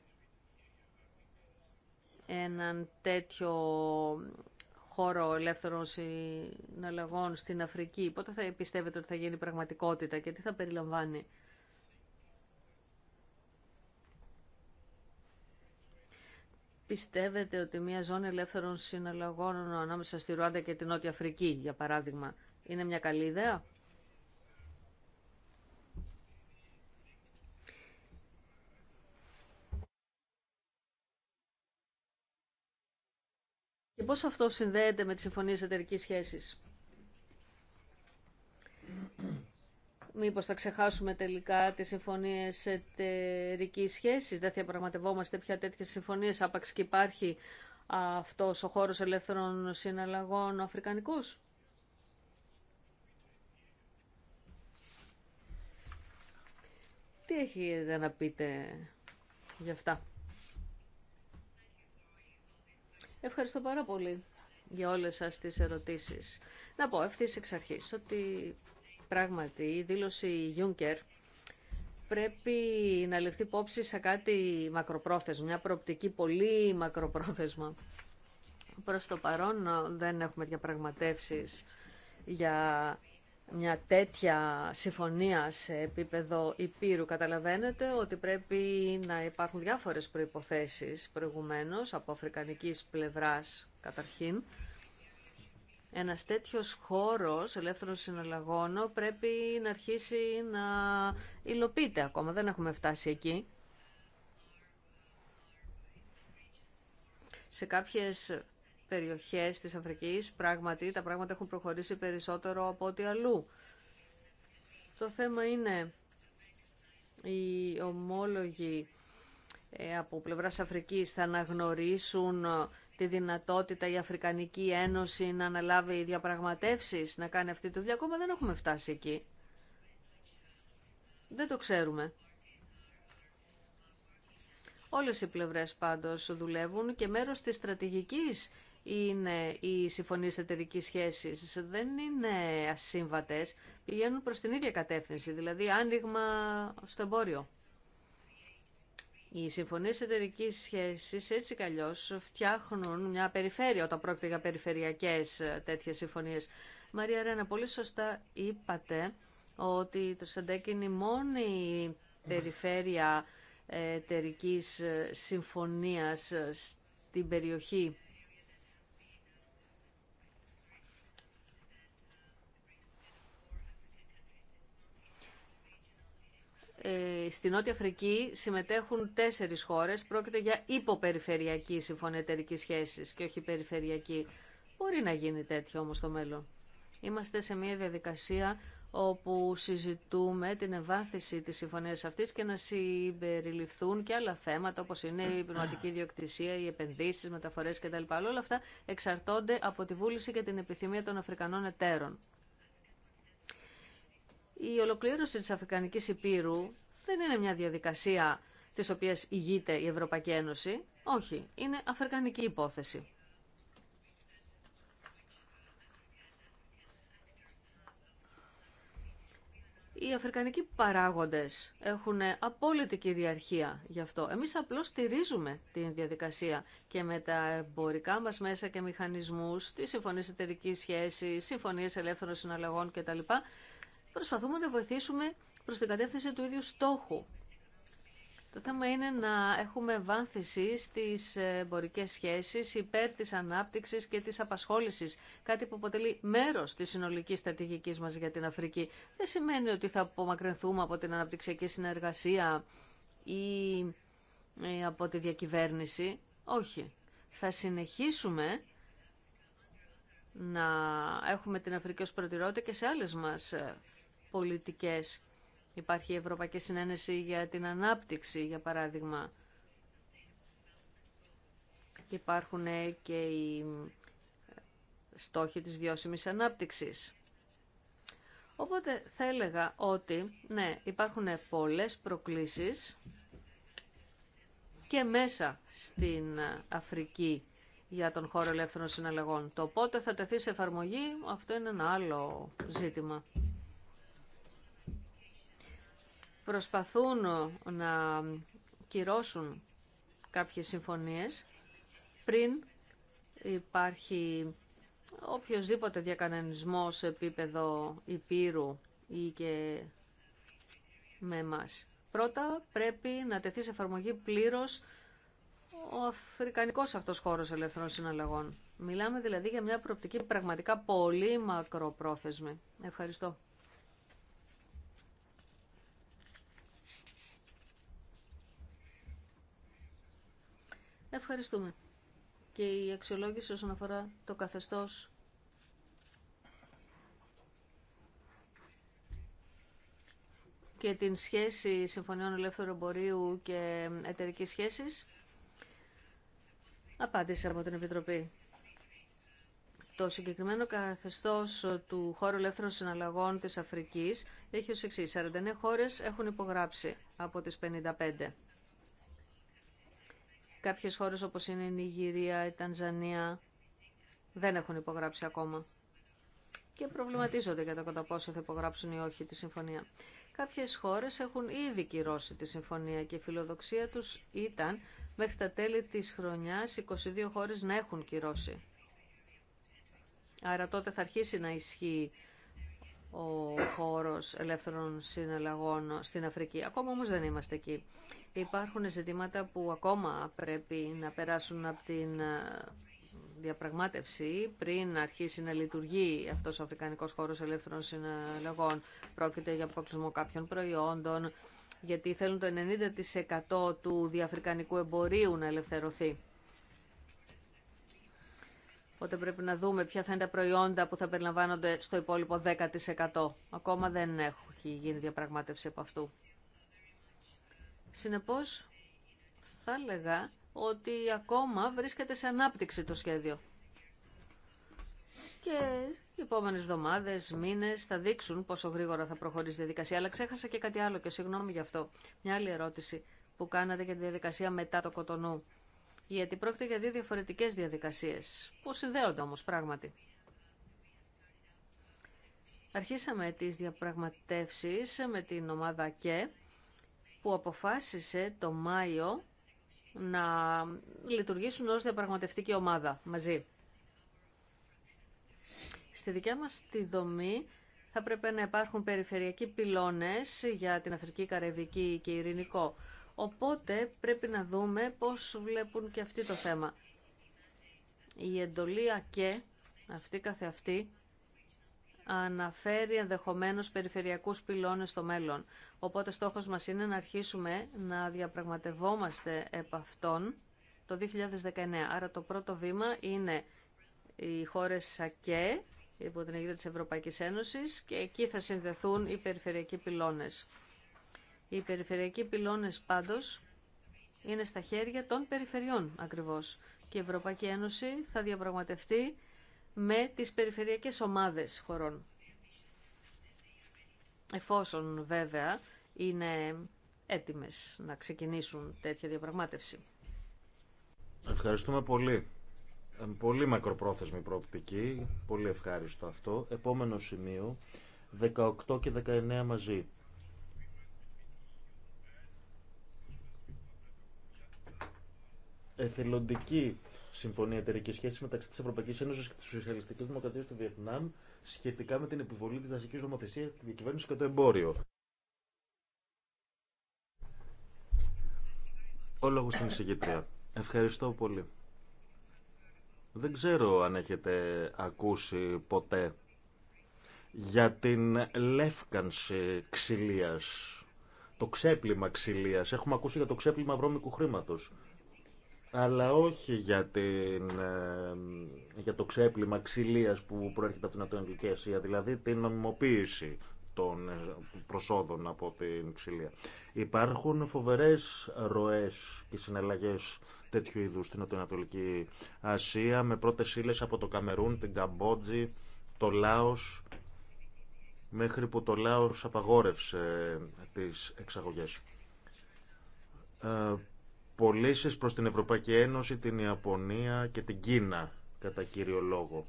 έναν τέτοιο χώρο ελεύθερων συναλλαγών στην Αφρική. Πότε θα πιστεύετε ότι θα γίνει πραγματικότητα και τι θα περιλαμβάνει. Πιστεύετε ότι μια ζώνη ελεύθερων συναλλαγών ανάμεσα στη Ρουάντα και την Νότια Αφρική, για παράδειγμα, είναι μια καλή ιδέα. πώς αυτό συνδέεται με τις συμφωνίες εταιρική σχέσης. Μήπως θα ξεχάσουμε τελικά τις συμφωνίες εταιρική σχέσης, δεν θα πραγματευόμαστε πια τέτοιες συμφωνίες, άπαξ και υπάρχει αυτός ο χώρος ελεύθερων συναλλαγών αφρικανικούς. Τι έχετε να πείτε γι' αυτά. Ευχαριστώ πάρα πολύ για όλες σας τις ερωτήσεις. Να πω ευθύς εξ αρχής ότι πράγματι η δήλωση Juncker πρέπει να λεφτεί υπόψη σε κάτι μακροπρόθεσμο, μια προοπτική πολύ μακροπρόθεσμα. Προς το παρόν ε, δεν έχουμε διαπραγματεύσεις για μια τέτοια συμφωνία σε επίπεδο υπήρου καταλαβαίνετε ότι πρέπει να υπάρχουν διάφορες προϋποθέσεις προηγουμένως από αφρικανικής πλευράς καταρχήν. Ένας τέτοιος χώρος ελεύθερων συναλλαγών πρέπει να αρχίσει να υλοποιείται ακόμα. Δεν έχουμε φτάσει εκεί. Σε κάποιες περιοχές της Αφρικής πράγματι τα πράγματα έχουν προχωρήσει περισσότερο από ό,τι αλλού. Το θέμα είναι οι ομόλογοι ε, από πλευράς Αφρικής θα αναγνωρίσουν ε, τη δυνατότητα η Αφρικανική Ένωση να αναλάβει διαπραγματεύσεις, να κάνει αυτή τη δουλειά. Ακόμα δεν έχουμε φτάσει εκεί. Δεν το ξέρουμε. Όλες οι πλευρές πάντως δουλεύουν και μέρος της στρατηγικής είναι οι συμφωνίε εταιρική σχέσης, δεν είναι ασύμβατες, πηγαίνουν προς την ίδια κατεύθυνση, δηλαδή άνοιγμα στο εμπόριο. Οι συμφωνίε εταιρική σχέση έτσι κι φτιάχνουν μια περιφέρεια όταν πρόκειται για περιφερειακέ τέτοιε συμφωνίε. Μαρία Ρένα, πολύ σωστά είπατε ότι το Σαντέκ είναι η μόνη περιφέρεια εταιρική συμφωνία στην περιοχή Ε, Στη Νότια Αφρική συμμετέχουν τέσσερι χώρε Πρόκειται για υποπεριφερειακή συμφωνία σχέση και όχι περιφερειακή. Μπορεί να γίνει τέτοιο όμω στο μέλλον. Είμαστε σε μια διαδικασία όπου συζητούμε την ευάθυνση της συμφωνίας αυτής και να συμπεριληφθούν και άλλα θέματα όπως είναι η πνευματική ιδιοκτησία, οι επενδύσεις, μεταφορές κτλ. Όλα αυτά εξαρτώνται από τη βούληση και την επιθυμία των Αφρικανών εταίρων. Η ολοκλήρωση της Αφρικανικής Υπήρου δεν είναι μια διαδικασία της οποίας ηγείται η Ευρωπαϊκή Ένωση. Όχι, είναι αφρικανική υπόθεση. Οι αφρικανικοί παράγοντες έχουν απόλυτη κυριαρχία γι' αυτό. Εμείς απλώς στηρίζουμε την διαδικασία και με τα εμπορικά μας μέσα και μηχανισμούς, τη συμφωνία εταιρικής σχέσης, συμφωνίες ελεύθερων συναλλαγών κτλ προσπαθούμε να βοηθήσουμε προς την κατεύθυνση του ίδιου στόχου. Το θέμα είναι να έχουμε βάνθηση στις εμπορικέ σχέσεις υπέρ της ανάπτυξης και της απασχόλησης, κάτι που αποτελεί μέρος της συνολικής στρατηγικής μας για την Αφρική. Δεν σημαίνει ότι θα απομακρυνθούμε από την αναπτυξιακή συνεργασία ή από τη διακυβέρνηση. Όχι. Θα συνεχίσουμε να έχουμε την Αφρική ως προτεραιότητα και σε άλλες μας πολιτικές. Υπάρχει η Ευρωπαϊκή Συνένεση για την Ανάπτυξη, για παράδειγμα. Υπάρχουν και οι στόχοι της βιώσιμης ανάπτυξης. Οπότε θα έλεγα ότι, ναι, υπάρχουν πολλές προκλήσεις και μέσα στην Αφρική για τον χώρο ελεύθερων συναλλαγών. Το πότε θα τεθεί σε εφαρμογή, αυτό είναι ένα άλλο ζήτημα προσπαθούν να κυρώσουν κάποιες συμφωνίες πριν υπάρχει οποιοδήποτε διακανονισμό σε επίπεδο υπήρου ή και με εμάς. Πρώτα πρέπει να τεθεί σε εφαρμογή πλήρως ο αφρικανικός αυτός χώρος ελεύθερων συναλλαγών. Μιλάμε δηλαδή για μια προοπτική πραγματικά πολύ μακροπρόθεσμη. Ευχαριστώ. Ευχαριστούμε. Και η αξιολόγηση όσον αφορά το καθεστώς και την σχέση Συμφωνιών Ελεύθερου Εμπορίου και εταιρική σχέσης. Απάντηση από την Επιτροπή. Το συγκεκριμένο καθεστώς του χώρου ελεύθερων συναλλαγών της Αφρικής έχει ως εξής. 49 χώρες έχουν υπογράψει από τις 55. Κάποιες χώρες όπως είναι η Νιγηρία, η Τανζανία δεν έχουν υπογράψει ακόμα και προβληματίζονται για το κατά πόσο θα υπογράψουν ή όχι τη συμφωνία. Κάποιες χώρες έχουν ήδη κυρώσει τη συμφωνία και η φιλοδοξία τους ήταν μέχρι τα τέλη της χρονιάς 22 χώρες να έχουν κυρώσει. Άρα τότε θα αρχίσει να ισχύει ο χώρος ελεύθερων συναλλαγών στην Αφρική. Ακόμα όμως δεν είμαστε εκεί. Υπάρχουν ζητήματα που ακόμα πρέπει να περάσουν από την ε, διαπραγμάτευση πριν αρχίσει να λειτουργεί αυτός ο Αφρικανικός χώρος ελεύθερων συναλλαγών. Πρόκειται για αποκλεισμό κάποιων προϊόντων, γιατί θέλουν το 90% του διαφρικανικού εμπορίου να ελευθερωθεί. Οπότε πρέπει να δούμε ποια θα είναι τα προϊόντα που θα περιλαμβάνονται στο υπόλοιπο 10%. Ακόμα δεν έχει γίνει διαπραγμάτευση από αυτού. Συνεπώς, θα έλεγα ότι ακόμα βρίσκεται σε ανάπτυξη το σχέδιο. Και οι επόμενες εβδομάδες, μήνες θα δείξουν πόσο γρήγορα θα προχωρήσει η διαδικασία. Αλλά ξέχασα και κάτι άλλο και συγγνώμη γι' αυτό. Μια άλλη ερώτηση που κάνατε για τη διαδικασία μετά το κοτονού γιατί πρόκειται για δύο διαφορετικές διαδικασίες, που συνδέονται όμως πράγματι. Αρχίσαμε τις διαπραγματεύσεις με την ομάδα ΚΕ, που αποφάσισε το Μάιο να λειτουργήσουν ως διαπραγματευτική ομάδα μαζί. Στη δικιά μας τη δομή θα πρέπει να υπάρχουν περιφερειακοί πυλώνες για την Αφρική, Καρεβική και Ειρηνικό. Οπότε πρέπει να δούμε πώς βλέπουν και αυτοί το θέμα. Η εντολή ΑΚΕ, αυτή καθεαυτή, αναφέρει ενδεχομένω περιφερειακούς πυλώνες στο μέλλον. Οπότε στόχος μας είναι να αρχίσουμε να διαπραγματευόμαστε επ' αυτών το 2019. Άρα το πρώτο βήμα είναι οι χώρες ΑΚΕ υπό την αιγύδα της Ευρωπαϊκής Ένωσης και εκεί θα συνδεθούν οι περιφερειακοί πυλώνες. Οι περιφερειακοί πυλώνες πάντως είναι στα χέρια των περιφερειών ακριβώς. Και η Ευρωπαϊκή Ένωση θα διαπραγματευτεί με τις περιφερειακές ομάδες χωρών. Εφόσον βέβαια είναι έτοιμες να ξεκινήσουν τέτοια διαπραγμάτευση. Ευχαριστούμε πολύ. Ε, πολύ μακροπρόθεσμη προοπτική. Πολύ ευχάριστο αυτό. Επόμενο σημείο, 18 και 19 μαζί. εθελοντική συμφωνία εταιρική σχέση μεταξύ τη Ευρωπαϊκή Ένωση και τη Σοσιαλιστική Δημοκρατία του Βιετνάμ σχετικά με την επιβολή τη δασική νομοθεσία, τη διακυβέρνηση και το εμπόριο. Ο λόγο στην εισηγήτρια. Ευχαριστώ πολύ. Δεν ξέρω αν έχετε ακούσει ποτέ για την λεύκανση ξυλίας, το ξέπλυμα ξυλίας. Έχουμε ακούσει για το ξέπλυμα βρώμικου χρήματος αλλά όχι για, για το ξέπλυμα ξυλίας που προέρχεται από την Ανατολική Ασία, δηλαδή την νομιμοποίηση των ε, προσόδων από την ξυλία. Υπάρχουν φοβερές ροές και συναλλαγές τέτοιου είδους στην Ανατολική Ασία με πρώτες ύλες από το Καμερούν, την Καμπότζη, το Λάος μέχρι που το Λάος απαγόρευσε τις εξαγωγές ε, πωλήσει προς την Ευρωπαϊκή Ένωση, την Ιαπωνία και την Κίνα, κατά κύριο λόγο.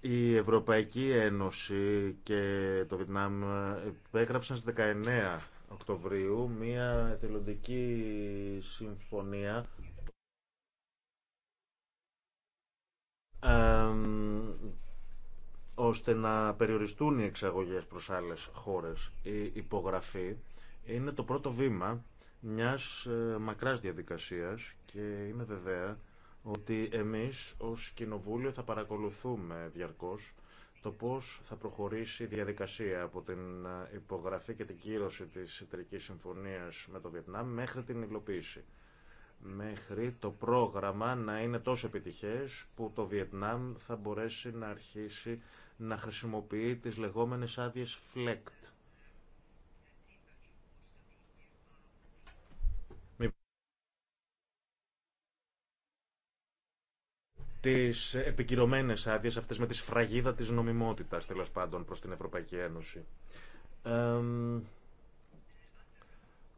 Η Ευρωπαϊκή Ένωση και το Βιετνάμ υπέγραψαν στις 19 Οκτωβρίου μια εθελοντική συμφωνία ώστε να περιοριστούν οι εξαγωγές προς άλλες χώρες. Η υπογραφή είναι το πρώτο βήμα μιας ε, μακράς διαδικασίας και είναι βεβαία ότι εμείς ως Κοινοβούλιο θα παρακολουθούμε διαρκώς το πώς θα προχωρήσει η διαδικασία από την ε, υπογραφή και την κύρωση της εταιρική συμφωνίας με το Βιετνάμ μέχρι την υλοποίηση. Μέχρι το πρόγραμμα να είναι τόσο επιτυχές που το Βιετνάμ θα μπορέσει να αρχίσει να χρησιμοποιεί τις λεγόμενες άδειες FLECT Τι επικυρωμένε άδειε αυτέ με τη σφραγίδα τη νομιμότητα τέλο πάντων, προ την Ευρωπαϊκή Ένωση. Ε,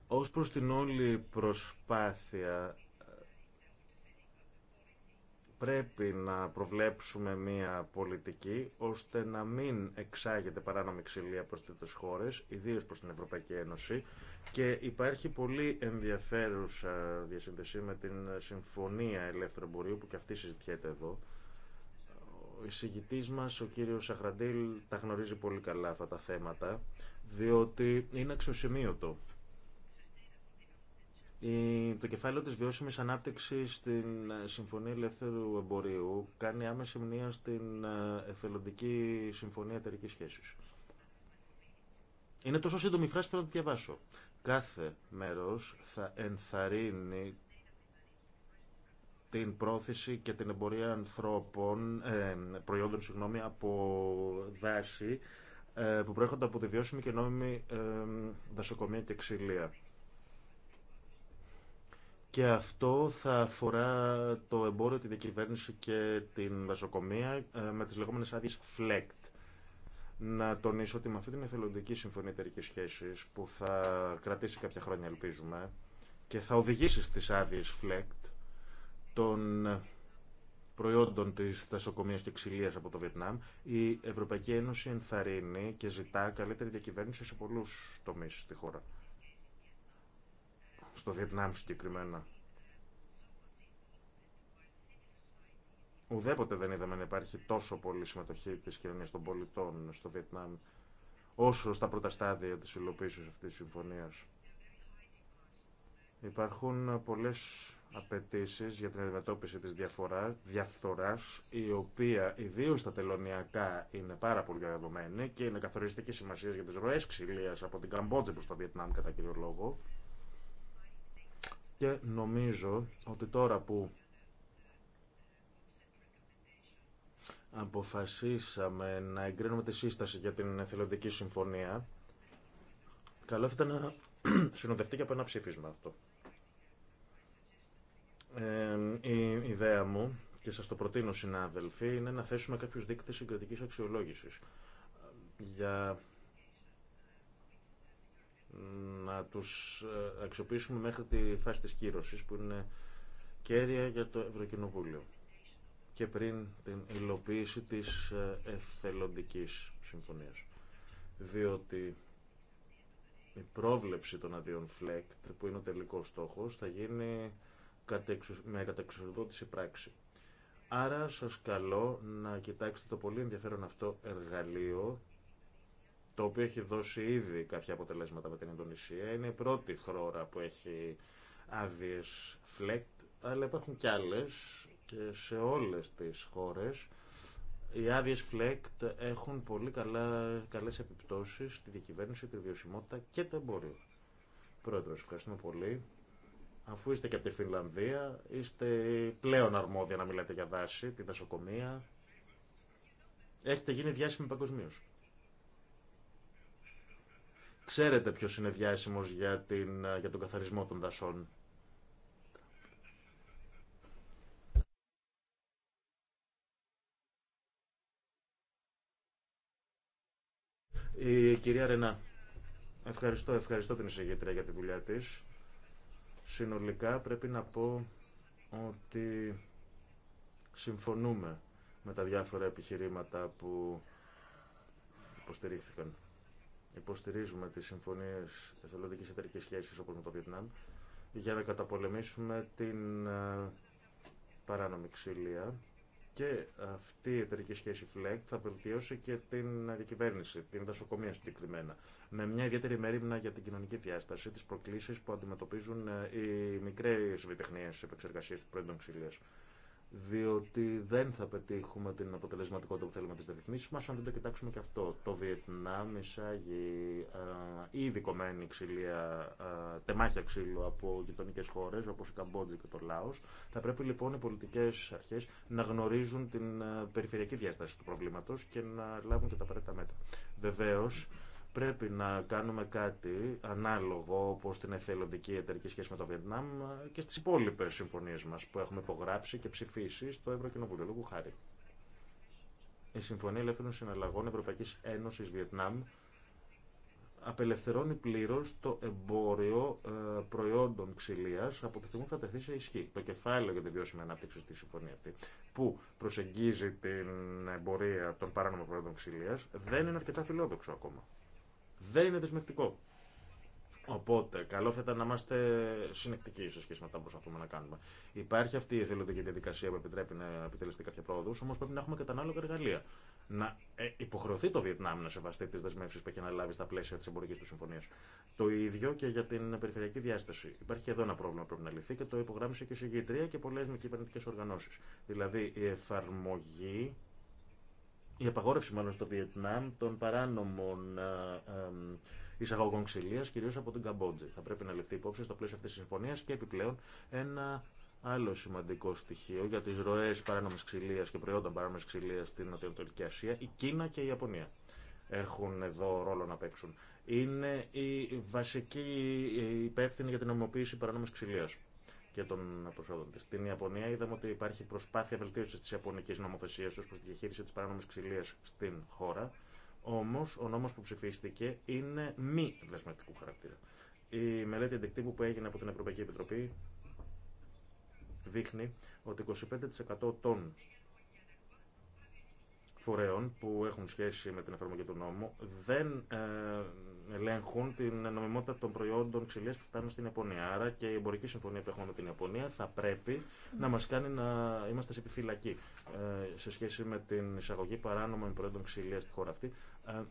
ως προς την όλη προσπάθεια πρέπει να προβλέψουμε μια πολιτική ώστε να μην εξάγεται παράνομη ξυλία προς τέτοιες χώρες, ιδίως προς την Ευρωπαϊκή Ένωση και υπάρχει πολύ ενδιαφέρουσα διασύνδεση με την Συμφωνία Ελεύθερου μπορείου που και αυτή συζητιέται εδώ. Ο εισηγητής μας, ο κύριος Σαχραντήλ, τα γνωρίζει πολύ καλά αυτά τα θέματα, διότι είναι αξιοσημείωτο το κεφάλαιο της βιώσιμης ανάπτυξης στην ε, Συμφωνία Ελεύθερου Εμπορίου κάνει άμεση μνήμα στην ε, Εθελοντική Συμφωνία Εταιρικής Σχέσης. Είναι τόσο σύντομη φράση θέλω να τη διαβάσω. Κάθε μέρος θα ενθαρρύνει την πρόθεση και την εμπορία ανθρώπων, ε, προϊόντων συγγνώμη, από δάση που προέρχονται από τη βιώσιμη και νόμιμη δασοκομεία και ξυλία. Και αυτό θα αφορά το εμπόριο, τη διακυβέρνηση και την δασοκομεία ε, με τις λεγόμενες άδειε FLECT. Να τονίσω ότι με αυτή την εθελοντική συμφωνία εταιρική σχέση που θα κρατήσει κάποια χρόνια, ελπίζουμε, και θα οδηγήσει στις άδειε FLECT των προϊόντων της δασοκομείας και ξυλία από το Βιετνάμ, η Ευρωπαϊκή Ένωση ενθαρρύνει και ζητά καλύτερη διακυβέρνηση σε πολλούς τομείς στη χώρα στο Βιετνάμ συγκεκριμένα. Ουδέποτε δεν είδαμε να υπάρχει τόσο πολύ συμμετοχή τη κοινωνία των πολιτών στο Βιετνάμ όσο στα πρώτα στάδια της υλοποίηση αυτής της συμφωνίας. Υπάρχουν πολλές απαιτήσει για την αντιμετώπιση της διαφορά, διαφθοράς, η οποία ιδίω στα τελωνιακά είναι πάρα πολύ διαδεδομένη και είναι καθοριστική σημασία για τις ροές ξυλίας από την Καμπότζη προς το Βιετνάμ κατά κύριο λόγο. Και νομίζω ότι τώρα που αποφασίσαμε να εγκρίνουμε τη σύσταση για την εθελοντική συμφωνία, καλό θα ήταν να [clears throat] συνοδευτεί και από ένα ψήφισμα αυτό. η ιδέα μου, και σας το προτείνω συνάδελφοι, είναι να θέσουμε κάποιους δείκτες συγκριτικής αξιολόγησης για να τους ε, αξιοποιήσουμε μέχρι τη φάση της κύρωσης που είναι κέρια για το Ευρωκοινοβούλιο και πριν την υλοποίηση της ε, εθελοντικής συμφωνίας. Διότι η πρόβλεψη των αδειών φλεκτ που είναι ο τελικός στόχος, θα γίνει με κατεξοδότηση πράξη. Άρα σας καλώ να κοιτάξετε το πολύ ενδιαφέρον αυτό εργαλείο το οποίο έχει δώσει ήδη κάποια αποτελέσματα με την Ινδονησία. Είναι η πρώτη χώρα που έχει άδειε φλεκτ, αλλά υπάρχουν κι άλλε. και σε όλε τι χώρε. Οι άδειε φλεκτ έχουν πολύ καλά, καλές επιπτώσεις στη διακυβέρνηση, τη βιωσιμότητα και το εμπόριο. Πρόεδρος, ευχαριστούμε πολύ. Αφού είστε και από τη Φινλανδία, είστε πλέον αρμόδια να μιλάτε για δάση, τη δασοκομεία. Έχετε γίνει διάσημοι παγκοσμίω. Ξέρετε ποιος είναι διάσημος για, την, για τον καθαρισμό των δασών. Η κυρία Ρενά, ευχαριστώ, ευχαριστώ την εισηγήτρια για τη δουλειά της. Συνολικά πρέπει να πω ότι συμφωνούμε με τα διάφορα επιχειρήματα που υποστηρίχθηκαν. Υποστηρίζουμε τις συμφωνίες εθελοντικής εταιρικής σχέσης όπως με το Βιετνάμ για να καταπολεμήσουμε την ε, παράνομη ξυλία και αυτή η εταιρική σχέση FLEG θα βελτιώσει και την διακυβέρνηση, την δασοκομεία συγκεκριμένα. Με μια ιδιαίτερη μερίμνα για την κοινωνική διάσταση, της προκλήσει που αντιμετωπίζουν ε, οι μικρές βιτεχνίες επεξεργασία του προϊόντων ξυλία διότι δεν θα πετύχουμε την αποτελεσματικότητα που θέλουμε τις ρυθμίσεις μας αν δεν το κοιτάξουμε και αυτό. Το Βιετνάμ εισάγει ήδη κομμένη ξυλία, τεμάχια ξύλου από γειτονικέ χώρες όπως η Καμπότζη και το Λάος. Θα πρέπει λοιπόν οι πολιτικές αρχές να γνωρίζουν την περιφερειακή διάσταση του προβλήματος και να λάβουν και τα απαραίτητα μέτρα. Βεβαίως, πρέπει να κάνουμε κάτι ανάλογο όπω την εθελοντική εταιρική σχέση με το Βιετνάμ και στι υπόλοιπε συμφωνίε μα που έχουμε υπογράψει και ψηφίσει στο Ευρωκοινοβούλιο λόγου χάρη. Η Συμφωνία Ελεύθερων Συναλλαγών Ευρωπαϊκή Ένωση Βιετνάμ απελευθερώνει πλήρω το εμπόριο ε, προϊόντων ξυλία από τη στιγμή που θα τεθεί σε ισχύ. Το κεφάλαιο για τη βιώσιμη ανάπτυξη στη συμφωνία αυτή, που προσεγγίζει την εμπορία των παράνομων προϊόντων ξυλία, δεν είναι αρκετά φιλόδοξο ακόμα δεν είναι δεσμευτικό. Οπότε, καλό θα ήταν να είμαστε συνεκτικοί σε σχέση με αυτά που προσπαθούμε να κάνουμε. Υπάρχει αυτή η εθελοντική διαδικασία που επιτρέπει να επιτελεστεί κάποια πρόοδο, όμω πρέπει να έχουμε κατανάλογα εργαλεία. Να ε, υποχρεωθεί το Βιετνάμ να σεβαστεί τι δεσμεύσει που έχει αναλάβει στα πλαίσια τη εμπορική του συμφωνία. Το ίδιο και για την περιφερειακή διάσταση. Υπάρχει και εδώ ένα πρόβλημα που πρέπει να λυθεί και το υπογράμμισε και η συγγετρία και πολλέ μη κυβερνητικέ οργανώσει. Δηλαδή, η εφαρμογή η απαγόρευση μάλλον στο Βιετνάμ των παράνομων ε, εισαγωγών ξυλία, κυρίω από την Καμπότζη. Θα πρέπει να ληφθεί υπόψη στο πλαίσιο αυτή τη συμφωνία και επιπλέον ένα άλλο σημαντικό στοιχείο για τι ροέ παράνομη ξυλία και προϊόντα παράνομη ξυλία στην Νοτιοανατολική Ασία, η Κίνα και η Ιαπωνία έχουν εδώ ρόλο να παίξουν. Είναι η βασική υπεύθυνη για την νομιμοποίηση παράνομη ξυλία και των Στην Ιαπωνία είδαμε ότι υπάρχει προσπάθεια βελτίωση τη Ιαπωνική νομοθεσία ω προ τη διαχείριση τη παράνομη ξυλία στην χώρα. Όμω, ο νόμο που ψηφίστηκε είναι μη δεσμευτικού χαρακτήρα. Η μελέτη αντικτύπου που έγινε από την Ευρωπαϊκή Επιτροπή δείχνει ότι 25% των φορέων που έχουν σχέση με την εφαρμογή του νόμου δεν ε, ελέγχουν την νομιμότητα των προϊόντων ξυλία που φτάνουν στην Ιαπωνία. Άρα και η εμπορική συμφωνία που έχουμε με την Ιαπωνία θα πρέπει να μα κάνει να είμαστε σε επιφυλακή ε, σε σχέση με την εισαγωγή παράνομων προϊόντων ξυλία στη χώρα αυτή, ε,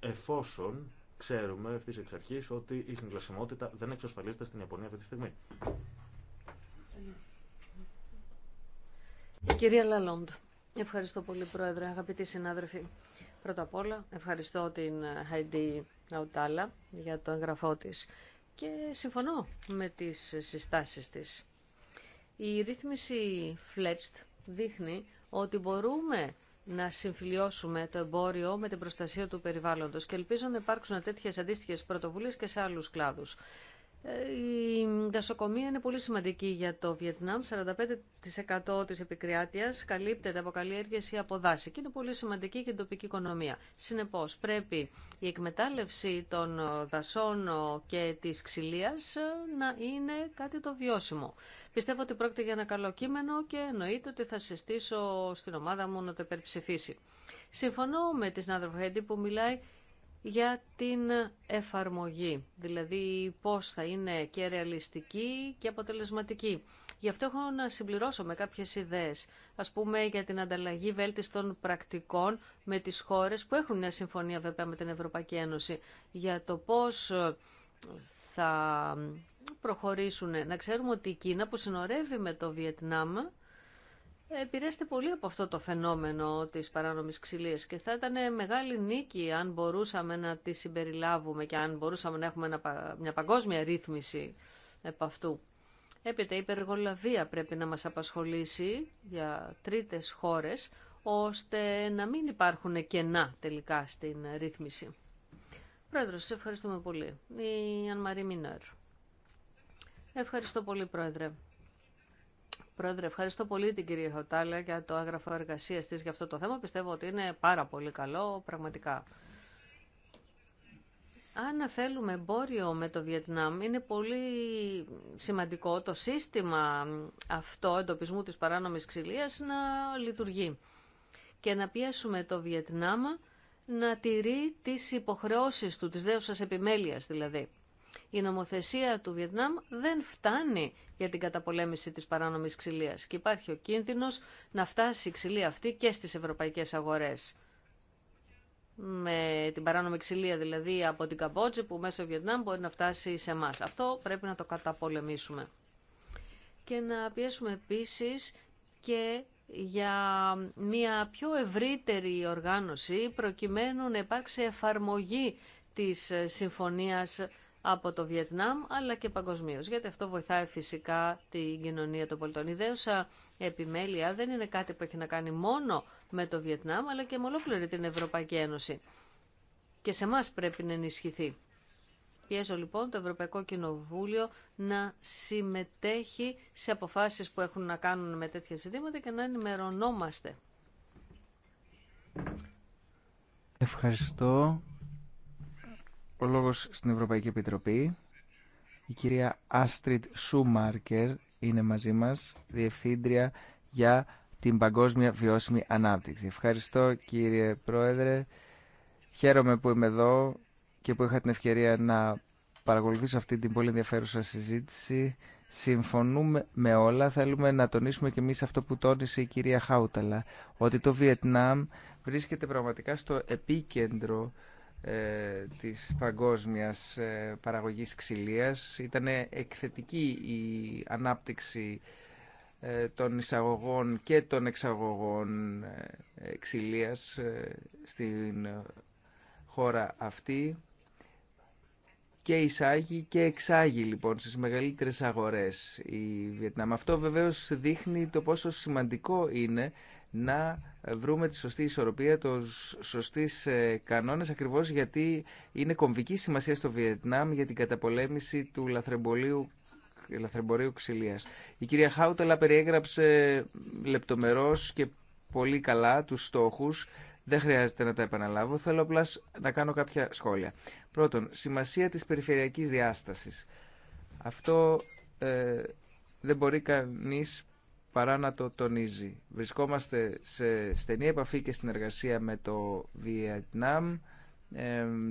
εφόσον ξέρουμε ευθύ εξ αρχή ότι η συγκλασιμότητα δεν εξασφαλίζεται στην Ιαπωνία αυτή τη στιγμή. κυρία Λαλόντ. Ευχαριστώ πολύ, Πρόεδρε, αγαπητοί συνάδελφοι. Πρώτα απ' όλα, ευχαριστώ την Χαϊντή Ναουτάλα για το εγγραφό τη. και συμφωνώ με τις συστάσεις της. Η ρύθμιση Fletched δείχνει ότι μπορούμε να συμφιλιώσουμε το εμπόριο με την προστασία του περιβάλλοντος και ελπίζω να υπάρξουν τέτοιες αντίστοιχες πρωτοβουλίες και σε άλλους κλάδους. Ε, η δασοκομεία είναι πολύ σημαντική για το Βιετνάμ. 45% της επικράτειας καλύπτεται από καλλιέργειες ή από δάση και είναι πολύ σημαντική για την τοπική οικονομία. Συνεπώς, πρέπει η εκμετάλλευση των δασών και της ξυλίας να είναι κάτι το βιώσιμο. Πιστεύω ότι πρόκειται για ένα καλό κείμενο και εννοείται ότι θα συστήσω στην ομάδα μου να το υπερψηφίσει. Συμφωνώ με τη συνάδελφο Χέντι που μιλάει για την εφαρμογή, δηλαδή πώς θα είναι και ρεαλιστική και αποτελεσματική. Γι' αυτό έχω να συμπληρώσω με κάποιες ιδέες, ας πούμε για την ανταλλαγή βέλτιστων πρακτικών με τις χώρες που έχουν μια συμφωνία βέβαια με την Ευρωπαϊκή Ένωση, για το πώς ε, θα προχωρήσουν. Να ξέρουμε ότι η Κίνα που συνορεύει με το Βιετνάμ επηρέαστε πολύ από αυτό το φαινόμενο της παράνομης ξυλίας και θα ήταν μεγάλη νίκη αν μπορούσαμε να τη συμπεριλάβουμε και αν μπορούσαμε να έχουμε μια παγκόσμια ρύθμιση από αυτού. Έπειτα η υπεργολαβία πρέπει να μας απασχολήσει για τρίτες χώρες ώστε να μην υπάρχουν κενά τελικά στην ρύθμιση. Πρόεδρος, σας ευχαριστούμε πολύ. Η Ανμαρή Μινέρ. Ευχαριστώ πολύ, Πρόεδρε. Πρόεδρε, ευχαριστώ πολύ την κυρία Χωτάλα για το άγραφο εργασία τη για αυτό το θέμα. Πιστεύω ότι είναι πάρα πολύ καλό, πραγματικά. Αν θέλουμε εμπόριο με το Βιετνάμ, είναι πολύ σημαντικό το σύστημα αυτό εντοπισμού της παράνομης ξυλίας να λειτουργεί και να πιέσουμε το Βιετνάμ να τηρεί τις υποχρεώσεις του, τις δέουσας επιμέλειας δηλαδή. Η νομοθεσία του Βιετνάμ δεν φτάνει για την καταπολέμηση της παράνομης ξυλίας και υπάρχει ο κίνδυνος να φτάσει η ξυλία αυτή και στις ευρωπαϊκές αγορές. Με την παράνομη ξυλία δηλαδή από την Καμπότζη που μέσω Βιετνάμ μπορεί να φτάσει σε εμά. Αυτό πρέπει να το καταπολεμήσουμε. Και να πιέσουμε επίσης και για μια πιο ευρύτερη οργάνωση προκειμένου να υπάρξει εφαρμογή της συμφωνίας από το Βιετνάμ αλλά και παγκοσμίω. Γιατί αυτό βοηθάει φυσικά την κοινωνία των πολιτών. Η δέουσα επιμέλεια δεν είναι κάτι που έχει να κάνει μόνο με το Βιετνάμ αλλά και με ολόκληρη την Ευρωπαϊκή Ένωση. Και σε εμά πρέπει να ενισχυθεί. Πιέζω λοιπόν το Ευρωπαϊκό Κοινοβούλιο να συμμετέχει σε αποφάσεις που έχουν να κάνουν με τέτοια ζητήματα και να ενημερωνόμαστε. Ευχαριστώ ο λόγος στην Ευρωπαϊκή Επιτροπή. Η κυρία Άστριτ Σούμαρκερ είναι μαζί μας, Διευθύντρια για την Παγκόσμια Βιώσιμη Ανάπτυξη. Ευχαριστώ κύριε Πρόεδρε. Χαίρομαι που είμαι εδώ και που είχα την ευκαιρία να παρακολουθήσω αυτή την πολύ ενδιαφέρουσα συζήτηση. Συμφωνούμε με όλα. Θέλουμε να τονίσουμε και εμείς αυτό που τόνισε η κυρία Χάουταλα, ότι το Βιετνάμ βρίσκεται πραγματικά στο επίκεντρο ε, της παγκόσμιας ε, παραγωγής ξυλίας. Ήταν εκθετική η ανάπτυξη ε, των εισαγωγών και των εξαγωγών ξυλίας στην χώρα αυτή και εισάγει και εξάγει λοιπόν στις μεγαλύτερες αγορές η Βιετνάμ. Αυτό βεβαίως δείχνει το πόσο σημαντικό είναι να βρούμε τη σωστή ισορροπία, τους σωστής ε, κανόνες, ακριβώς γιατί είναι κομβική σημασία στο Βιετνάμ για την καταπολέμηση του λαθρεμπολίου λαθρεμπορίου ξυλίας. Η κυρία Χάουτελα περιέγραψε ε, λεπτομερώς και πολύ καλά τους στόχους. Δεν χρειάζεται να τα επαναλάβω. Θέλω απλά να κάνω κάποια σχόλια. Πρώτον, σημασία της περιφερειακής διάστασης. Αυτό ε, δεν μπορεί κανείς παρά να το τονίζει. Βρισκόμαστε σε στενή επαφή και συνεργασία με το Βιετνάμ.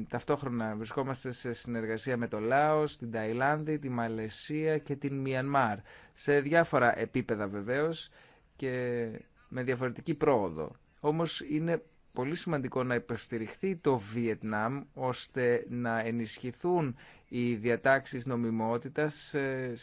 ταυτόχρονα βρισκόμαστε σε συνεργασία με το Λάος, την Ταϊλάνδη, τη Μαλαισία και την Μιανμάρ. Σε διάφορα επίπεδα βεβαίως και με διαφορετική πρόοδο. Όμως είναι πολύ σημαντικό να υποστηριχθεί το Βιετνάμ ώστε να ενισχυθούν οι διατάξεις νομιμότητας ε,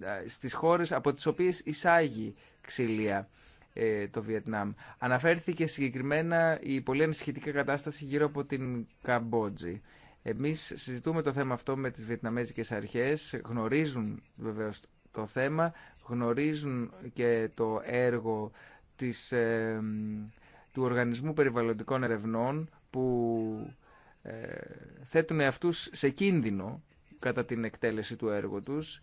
ε, στις χώρες από τις οποίες εισάγει ξυλία ε, το Βιετνάμ. Αναφέρθηκε συγκεκριμένα η πολύ ανησυχητική κατάσταση γύρω από την Καμπότζη. Εμείς συζητούμε το θέμα αυτό με τις βιετναμέζικες αρχές, γνωρίζουν βεβαίως το θέμα, γνωρίζουν και το έργο της, ε, του Οργανισμού Περιβαλλοντικών Ερευνών που ε, θέτουν αυτούς σε κίνδυνο κατά την εκτέλεση του έργου τους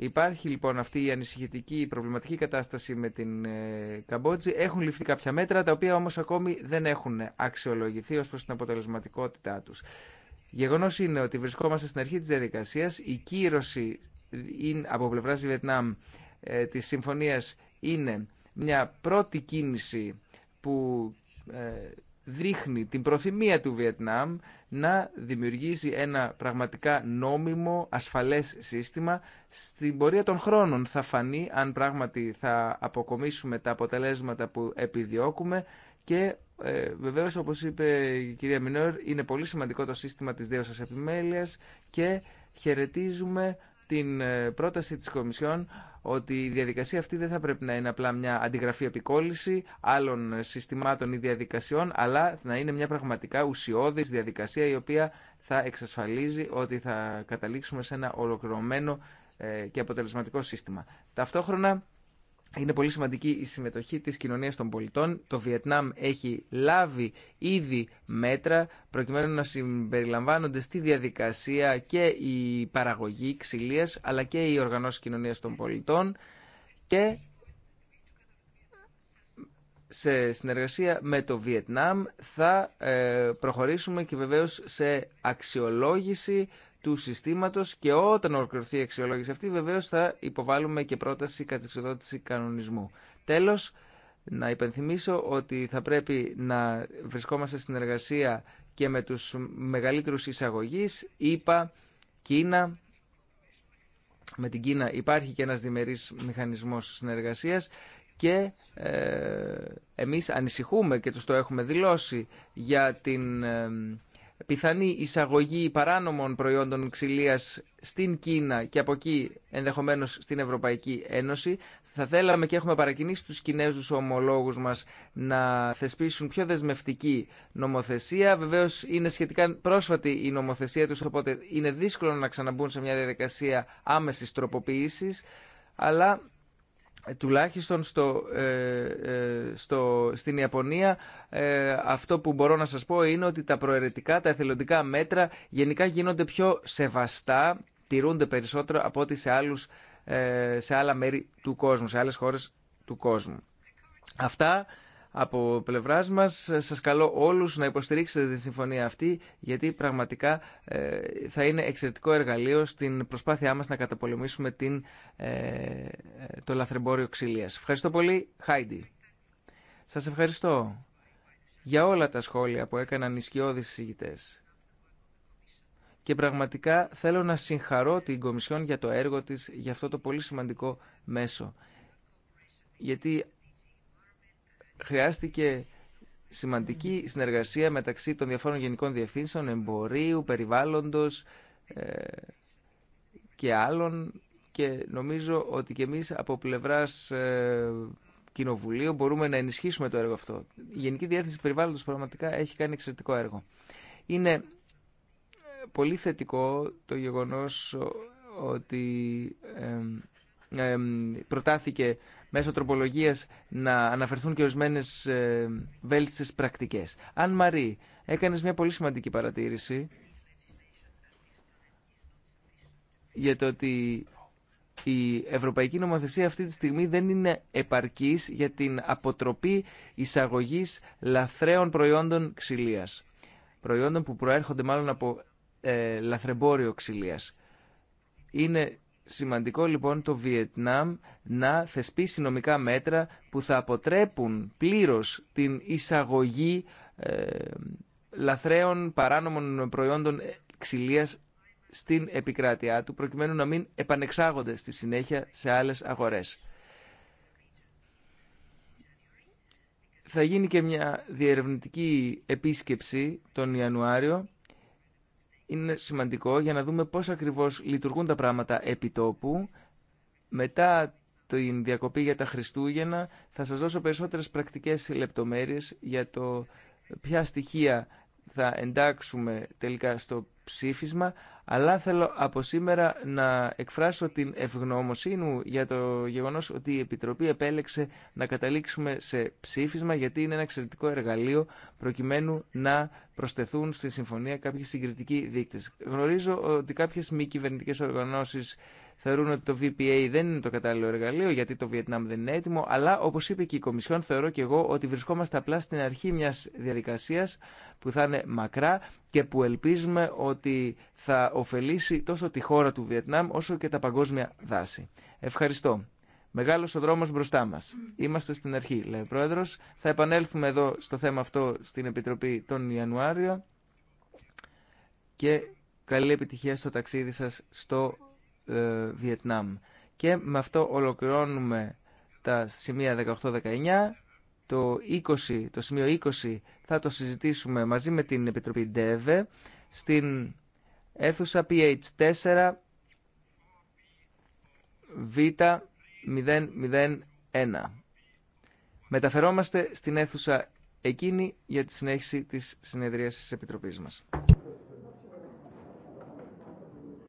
Υπάρχει λοιπόν αυτή η ανησυχητική, η προβληματική κατάσταση με την ε, Καμπότζη. Έχουν ληφθεί κάποια μέτρα, τα οποία όμως ακόμη δεν έχουν αξιολογηθεί ως προς την αποτελεσματικότητά τους. Γεγονός είναι ότι βρισκόμαστε στην αρχή της διαδικασίας. Η κύρωση είναι, από πλευρά Βιετνάμ ε, της συμφωνίας είναι μια πρώτη κίνηση που ε, δείχνει την προθυμία του Βιετνάμ να δημιουργήσει ένα πραγματικά νόμιμο, ασφαλές σύστημα. Στην πορεία των χρόνων θα φανεί αν πράγματι θα αποκομίσουμε τα αποτελέσματα που επιδιώκουμε και ε, βεβαίως όπως είπε η κυρία Μινόρ είναι πολύ σημαντικό το σύστημα της δέωσας επιμέλειας και χαιρετίζουμε την ε, πρόταση της Κομισιόν ότι η διαδικασία αυτή δεν θα πρέπει να είναι απλά μια αντιγραφή επικόλυση άλλων συστημάτων ή διαδικασιών, αλλά να είναι μια πραγματικά ουσιώδης διαδικασία η οποία θα εξασφαλίζει ότι θα καταλήξουμε σε ένα ολοκληρωμένο ε, και αποτελεσματικό σύστημα. Ταυτόχρονα είναι πολύ σημαντική η συμμετοχή της κοινωνίας των πολιτών. Το Βιετνάμ έχει λάβει ήδη μέτρα προκειμένου να συμπεριλαμβάνονται στη διαδικασία και η παραγωγή ξυλίας αλλά και η οργανώση κοινωνίας των πολιτών και σε συνεργασία με το Βιετνάμ θα ε, προχωρήσουμε και βεβαίως σε αξιολόγηση του συστήματος και όταν ολοκληρωθεί η αξιολόγηση αυτή βεβαίω θα υποβάλουμε και πρόταση κατεξοδότηση κανονισμού. Τέλος, να υπενθυμίσω ότι θα πρέπει να βρισκόμαστε στην εργασία και με τους μεγαλύτερους εισαγωγείς, είπα, Κίνα, με την Κίνα υπάρχει και ένας διμερής μηχανισμός συνεργασίας και ε, εμείς ανησυχούμε και του το έχουμε δηλώσει για την ε, πιθανή εισαγωγή παράνομων προϊόντων ξυλίας στην Κίνα και από εκεί ενδεχομένως στην Ευρωπαϊκή Ένωση. Θα θέλαμε και έχουμε παρακινήσει τους Κινέζους ομολόγους μας να θεσπίσουν πιο δεσμευτική νομοθεσία. Βεβαίως είναι σχετικά πρόσφατη η νομοθεσία τους, οπότε είναι δύσκολο να ξαναμπούν σε μια διαδικασία άμεσης τροποποίησης, αλλά τουλάχιστον στο, ε, ε, στο, στην Ιαπωνία ε, αυτό που μπορώ να σας πω είναι ότι τα προαιρετικά, τα εθελοντικά μέτρα γενικά γίνονται πιο σεβαστά, τηρούνται περισσότερο από ό,τι σε, ε, σε άλλα μέρη του κόσμου, σε άλλες χώρες του κόσμου. Αυτά από πλευρά μα. Σα καλώ όλου να υποστηρίξετε τη συμφωνία αυτή, γιατί πραγματικά ε, θα είναι εξαιρετικό εργαλείο στην προσπάθειά μα να καταπολεμήσουμε την, ε, το λαθρεμπόριο ξυλία. Ευχαριστώ πολύ, Χάιντι. Σας ευχαριστώ για όλα τα σχόλια που έκαναν οι σκιώδεις συζητητές. Και πραγματικά θέλω να συγχαρώ την Κομισιόν για το έργο της, για αυτό το πολύ σημαντικό μέσο. Γιατί χρειάστηκε σημαντική συνεργασία μεταξύ των διαφόρων γενικών διευθύνσεων, εμπορίου, περιβάλλοντος ε, και άλλων και νομίζω ότι και εμείς από πλευράς ε, Κοινοβουλίου μπορούμε να ενισχύσουμε το έργο αυτό. Η Γενική Διεύθυνση Περιβάλλοντος πραγματικά έχει κάνει εξαιρετικό έργο. Είναι ε, πολύ θετικό το γεγονός ότι... Ε, προτάθηκε μέσω τροπολογίας να αναφερθούν και ορισμένε βέλτιστες πρακτικές. Αν Μαρή, έκανες μια πολύ σημαντική παρατήρηση για το ότι η ευρωπαϊκή νομοθεσία αυτή τη στιγμή δεν είναι επαρκής για την αποτροπή εισαγωγής λαθρέων προϊόντων ξυλίας. Προϊόντων που προέρχονται μάλλον από ε, λαθρεμπόριο ξυλίας. Είναι σημαντικό λοιπόν το Βιετνάμ να θεσπίσει νομικά μέτρα που θα αποτρέπουν πλήρως την εισαγωγή ε, λαθρέων παράνομων προϊόντων ξυλίας στην επικράτειά του προκειμένου να μην επανεξάγονται στη συνέχεια σε άλλες αγορές. Θα γίνει και μια διερευνητική επίσκεψη τον Ιανουάριο είναι σημαντικό για να δούμε πώς ακριβώς λειτουργούν τα πράγματα επί τόπου. Μετά την διακοπή για τα Χριστούγεννα θα σας δώσω περισσότερες πρακτικές λεπτομέρειες για το ποια στοιχεία θα εντάξουμε τελικά στο ψήφισμα, αλλά θέλω από σήμερα να εκφράσω την ευγνωμοσύνη μου για το γεγονός ότι η Επιτροπή επέλεξε να καταλήξουμε σε ψήφισμα, γιατί είναι ένα εξαιρετικό εργαλείο προκειμένου να προσθεθούν στη συμφωνία κάποιοι συγκριτικοί δείκτες. Γνωρίζω ότι κάποιες μη κυβερνητικέ οργανώσεις θεωρούν ότι το VPA δεν είναι το κατάλληλο εργαλείο γιατί το Βιετνάμ δεν είναι έτοιμο, αλλά όπως είπε και η Κομισιόν θεωρώ και εγώ ότι βρισκόμαστε απλά στην αρχή μιας διαδικασίας που θα είναι μακρά και που ελπίζουμε ότι θα ωφελήσει τόσο τη χώρα του Βιετνάμ όσο και τα παγκόσμια δάση. Ευχαριστώ. Μεγάλος ο δρόμος μπροστά μας. Είμαστε στην αρχή, λέει ο Πρόεδρος. Θα επανέλθουμε εδώ στο θέμα αυτό στην Επιτροπή τον Ιανουάριο και καλή επιτυχία στο ταξίδι σας στο ε, Βιετνάμ. Και με αυτό ολοκληρώνουμε τα σημεία 18-19. Το, 20, το σημείο 20 θα το συζητήσουμε μαζί με την Επιτροπή ΔΕΒΕ στην αίθουσα PH4 Β 1. Μεταφερόμαστε στην αίθουσα εκείνη για τη συνέχιση της συνεδρίασης της Επιτροπής μας.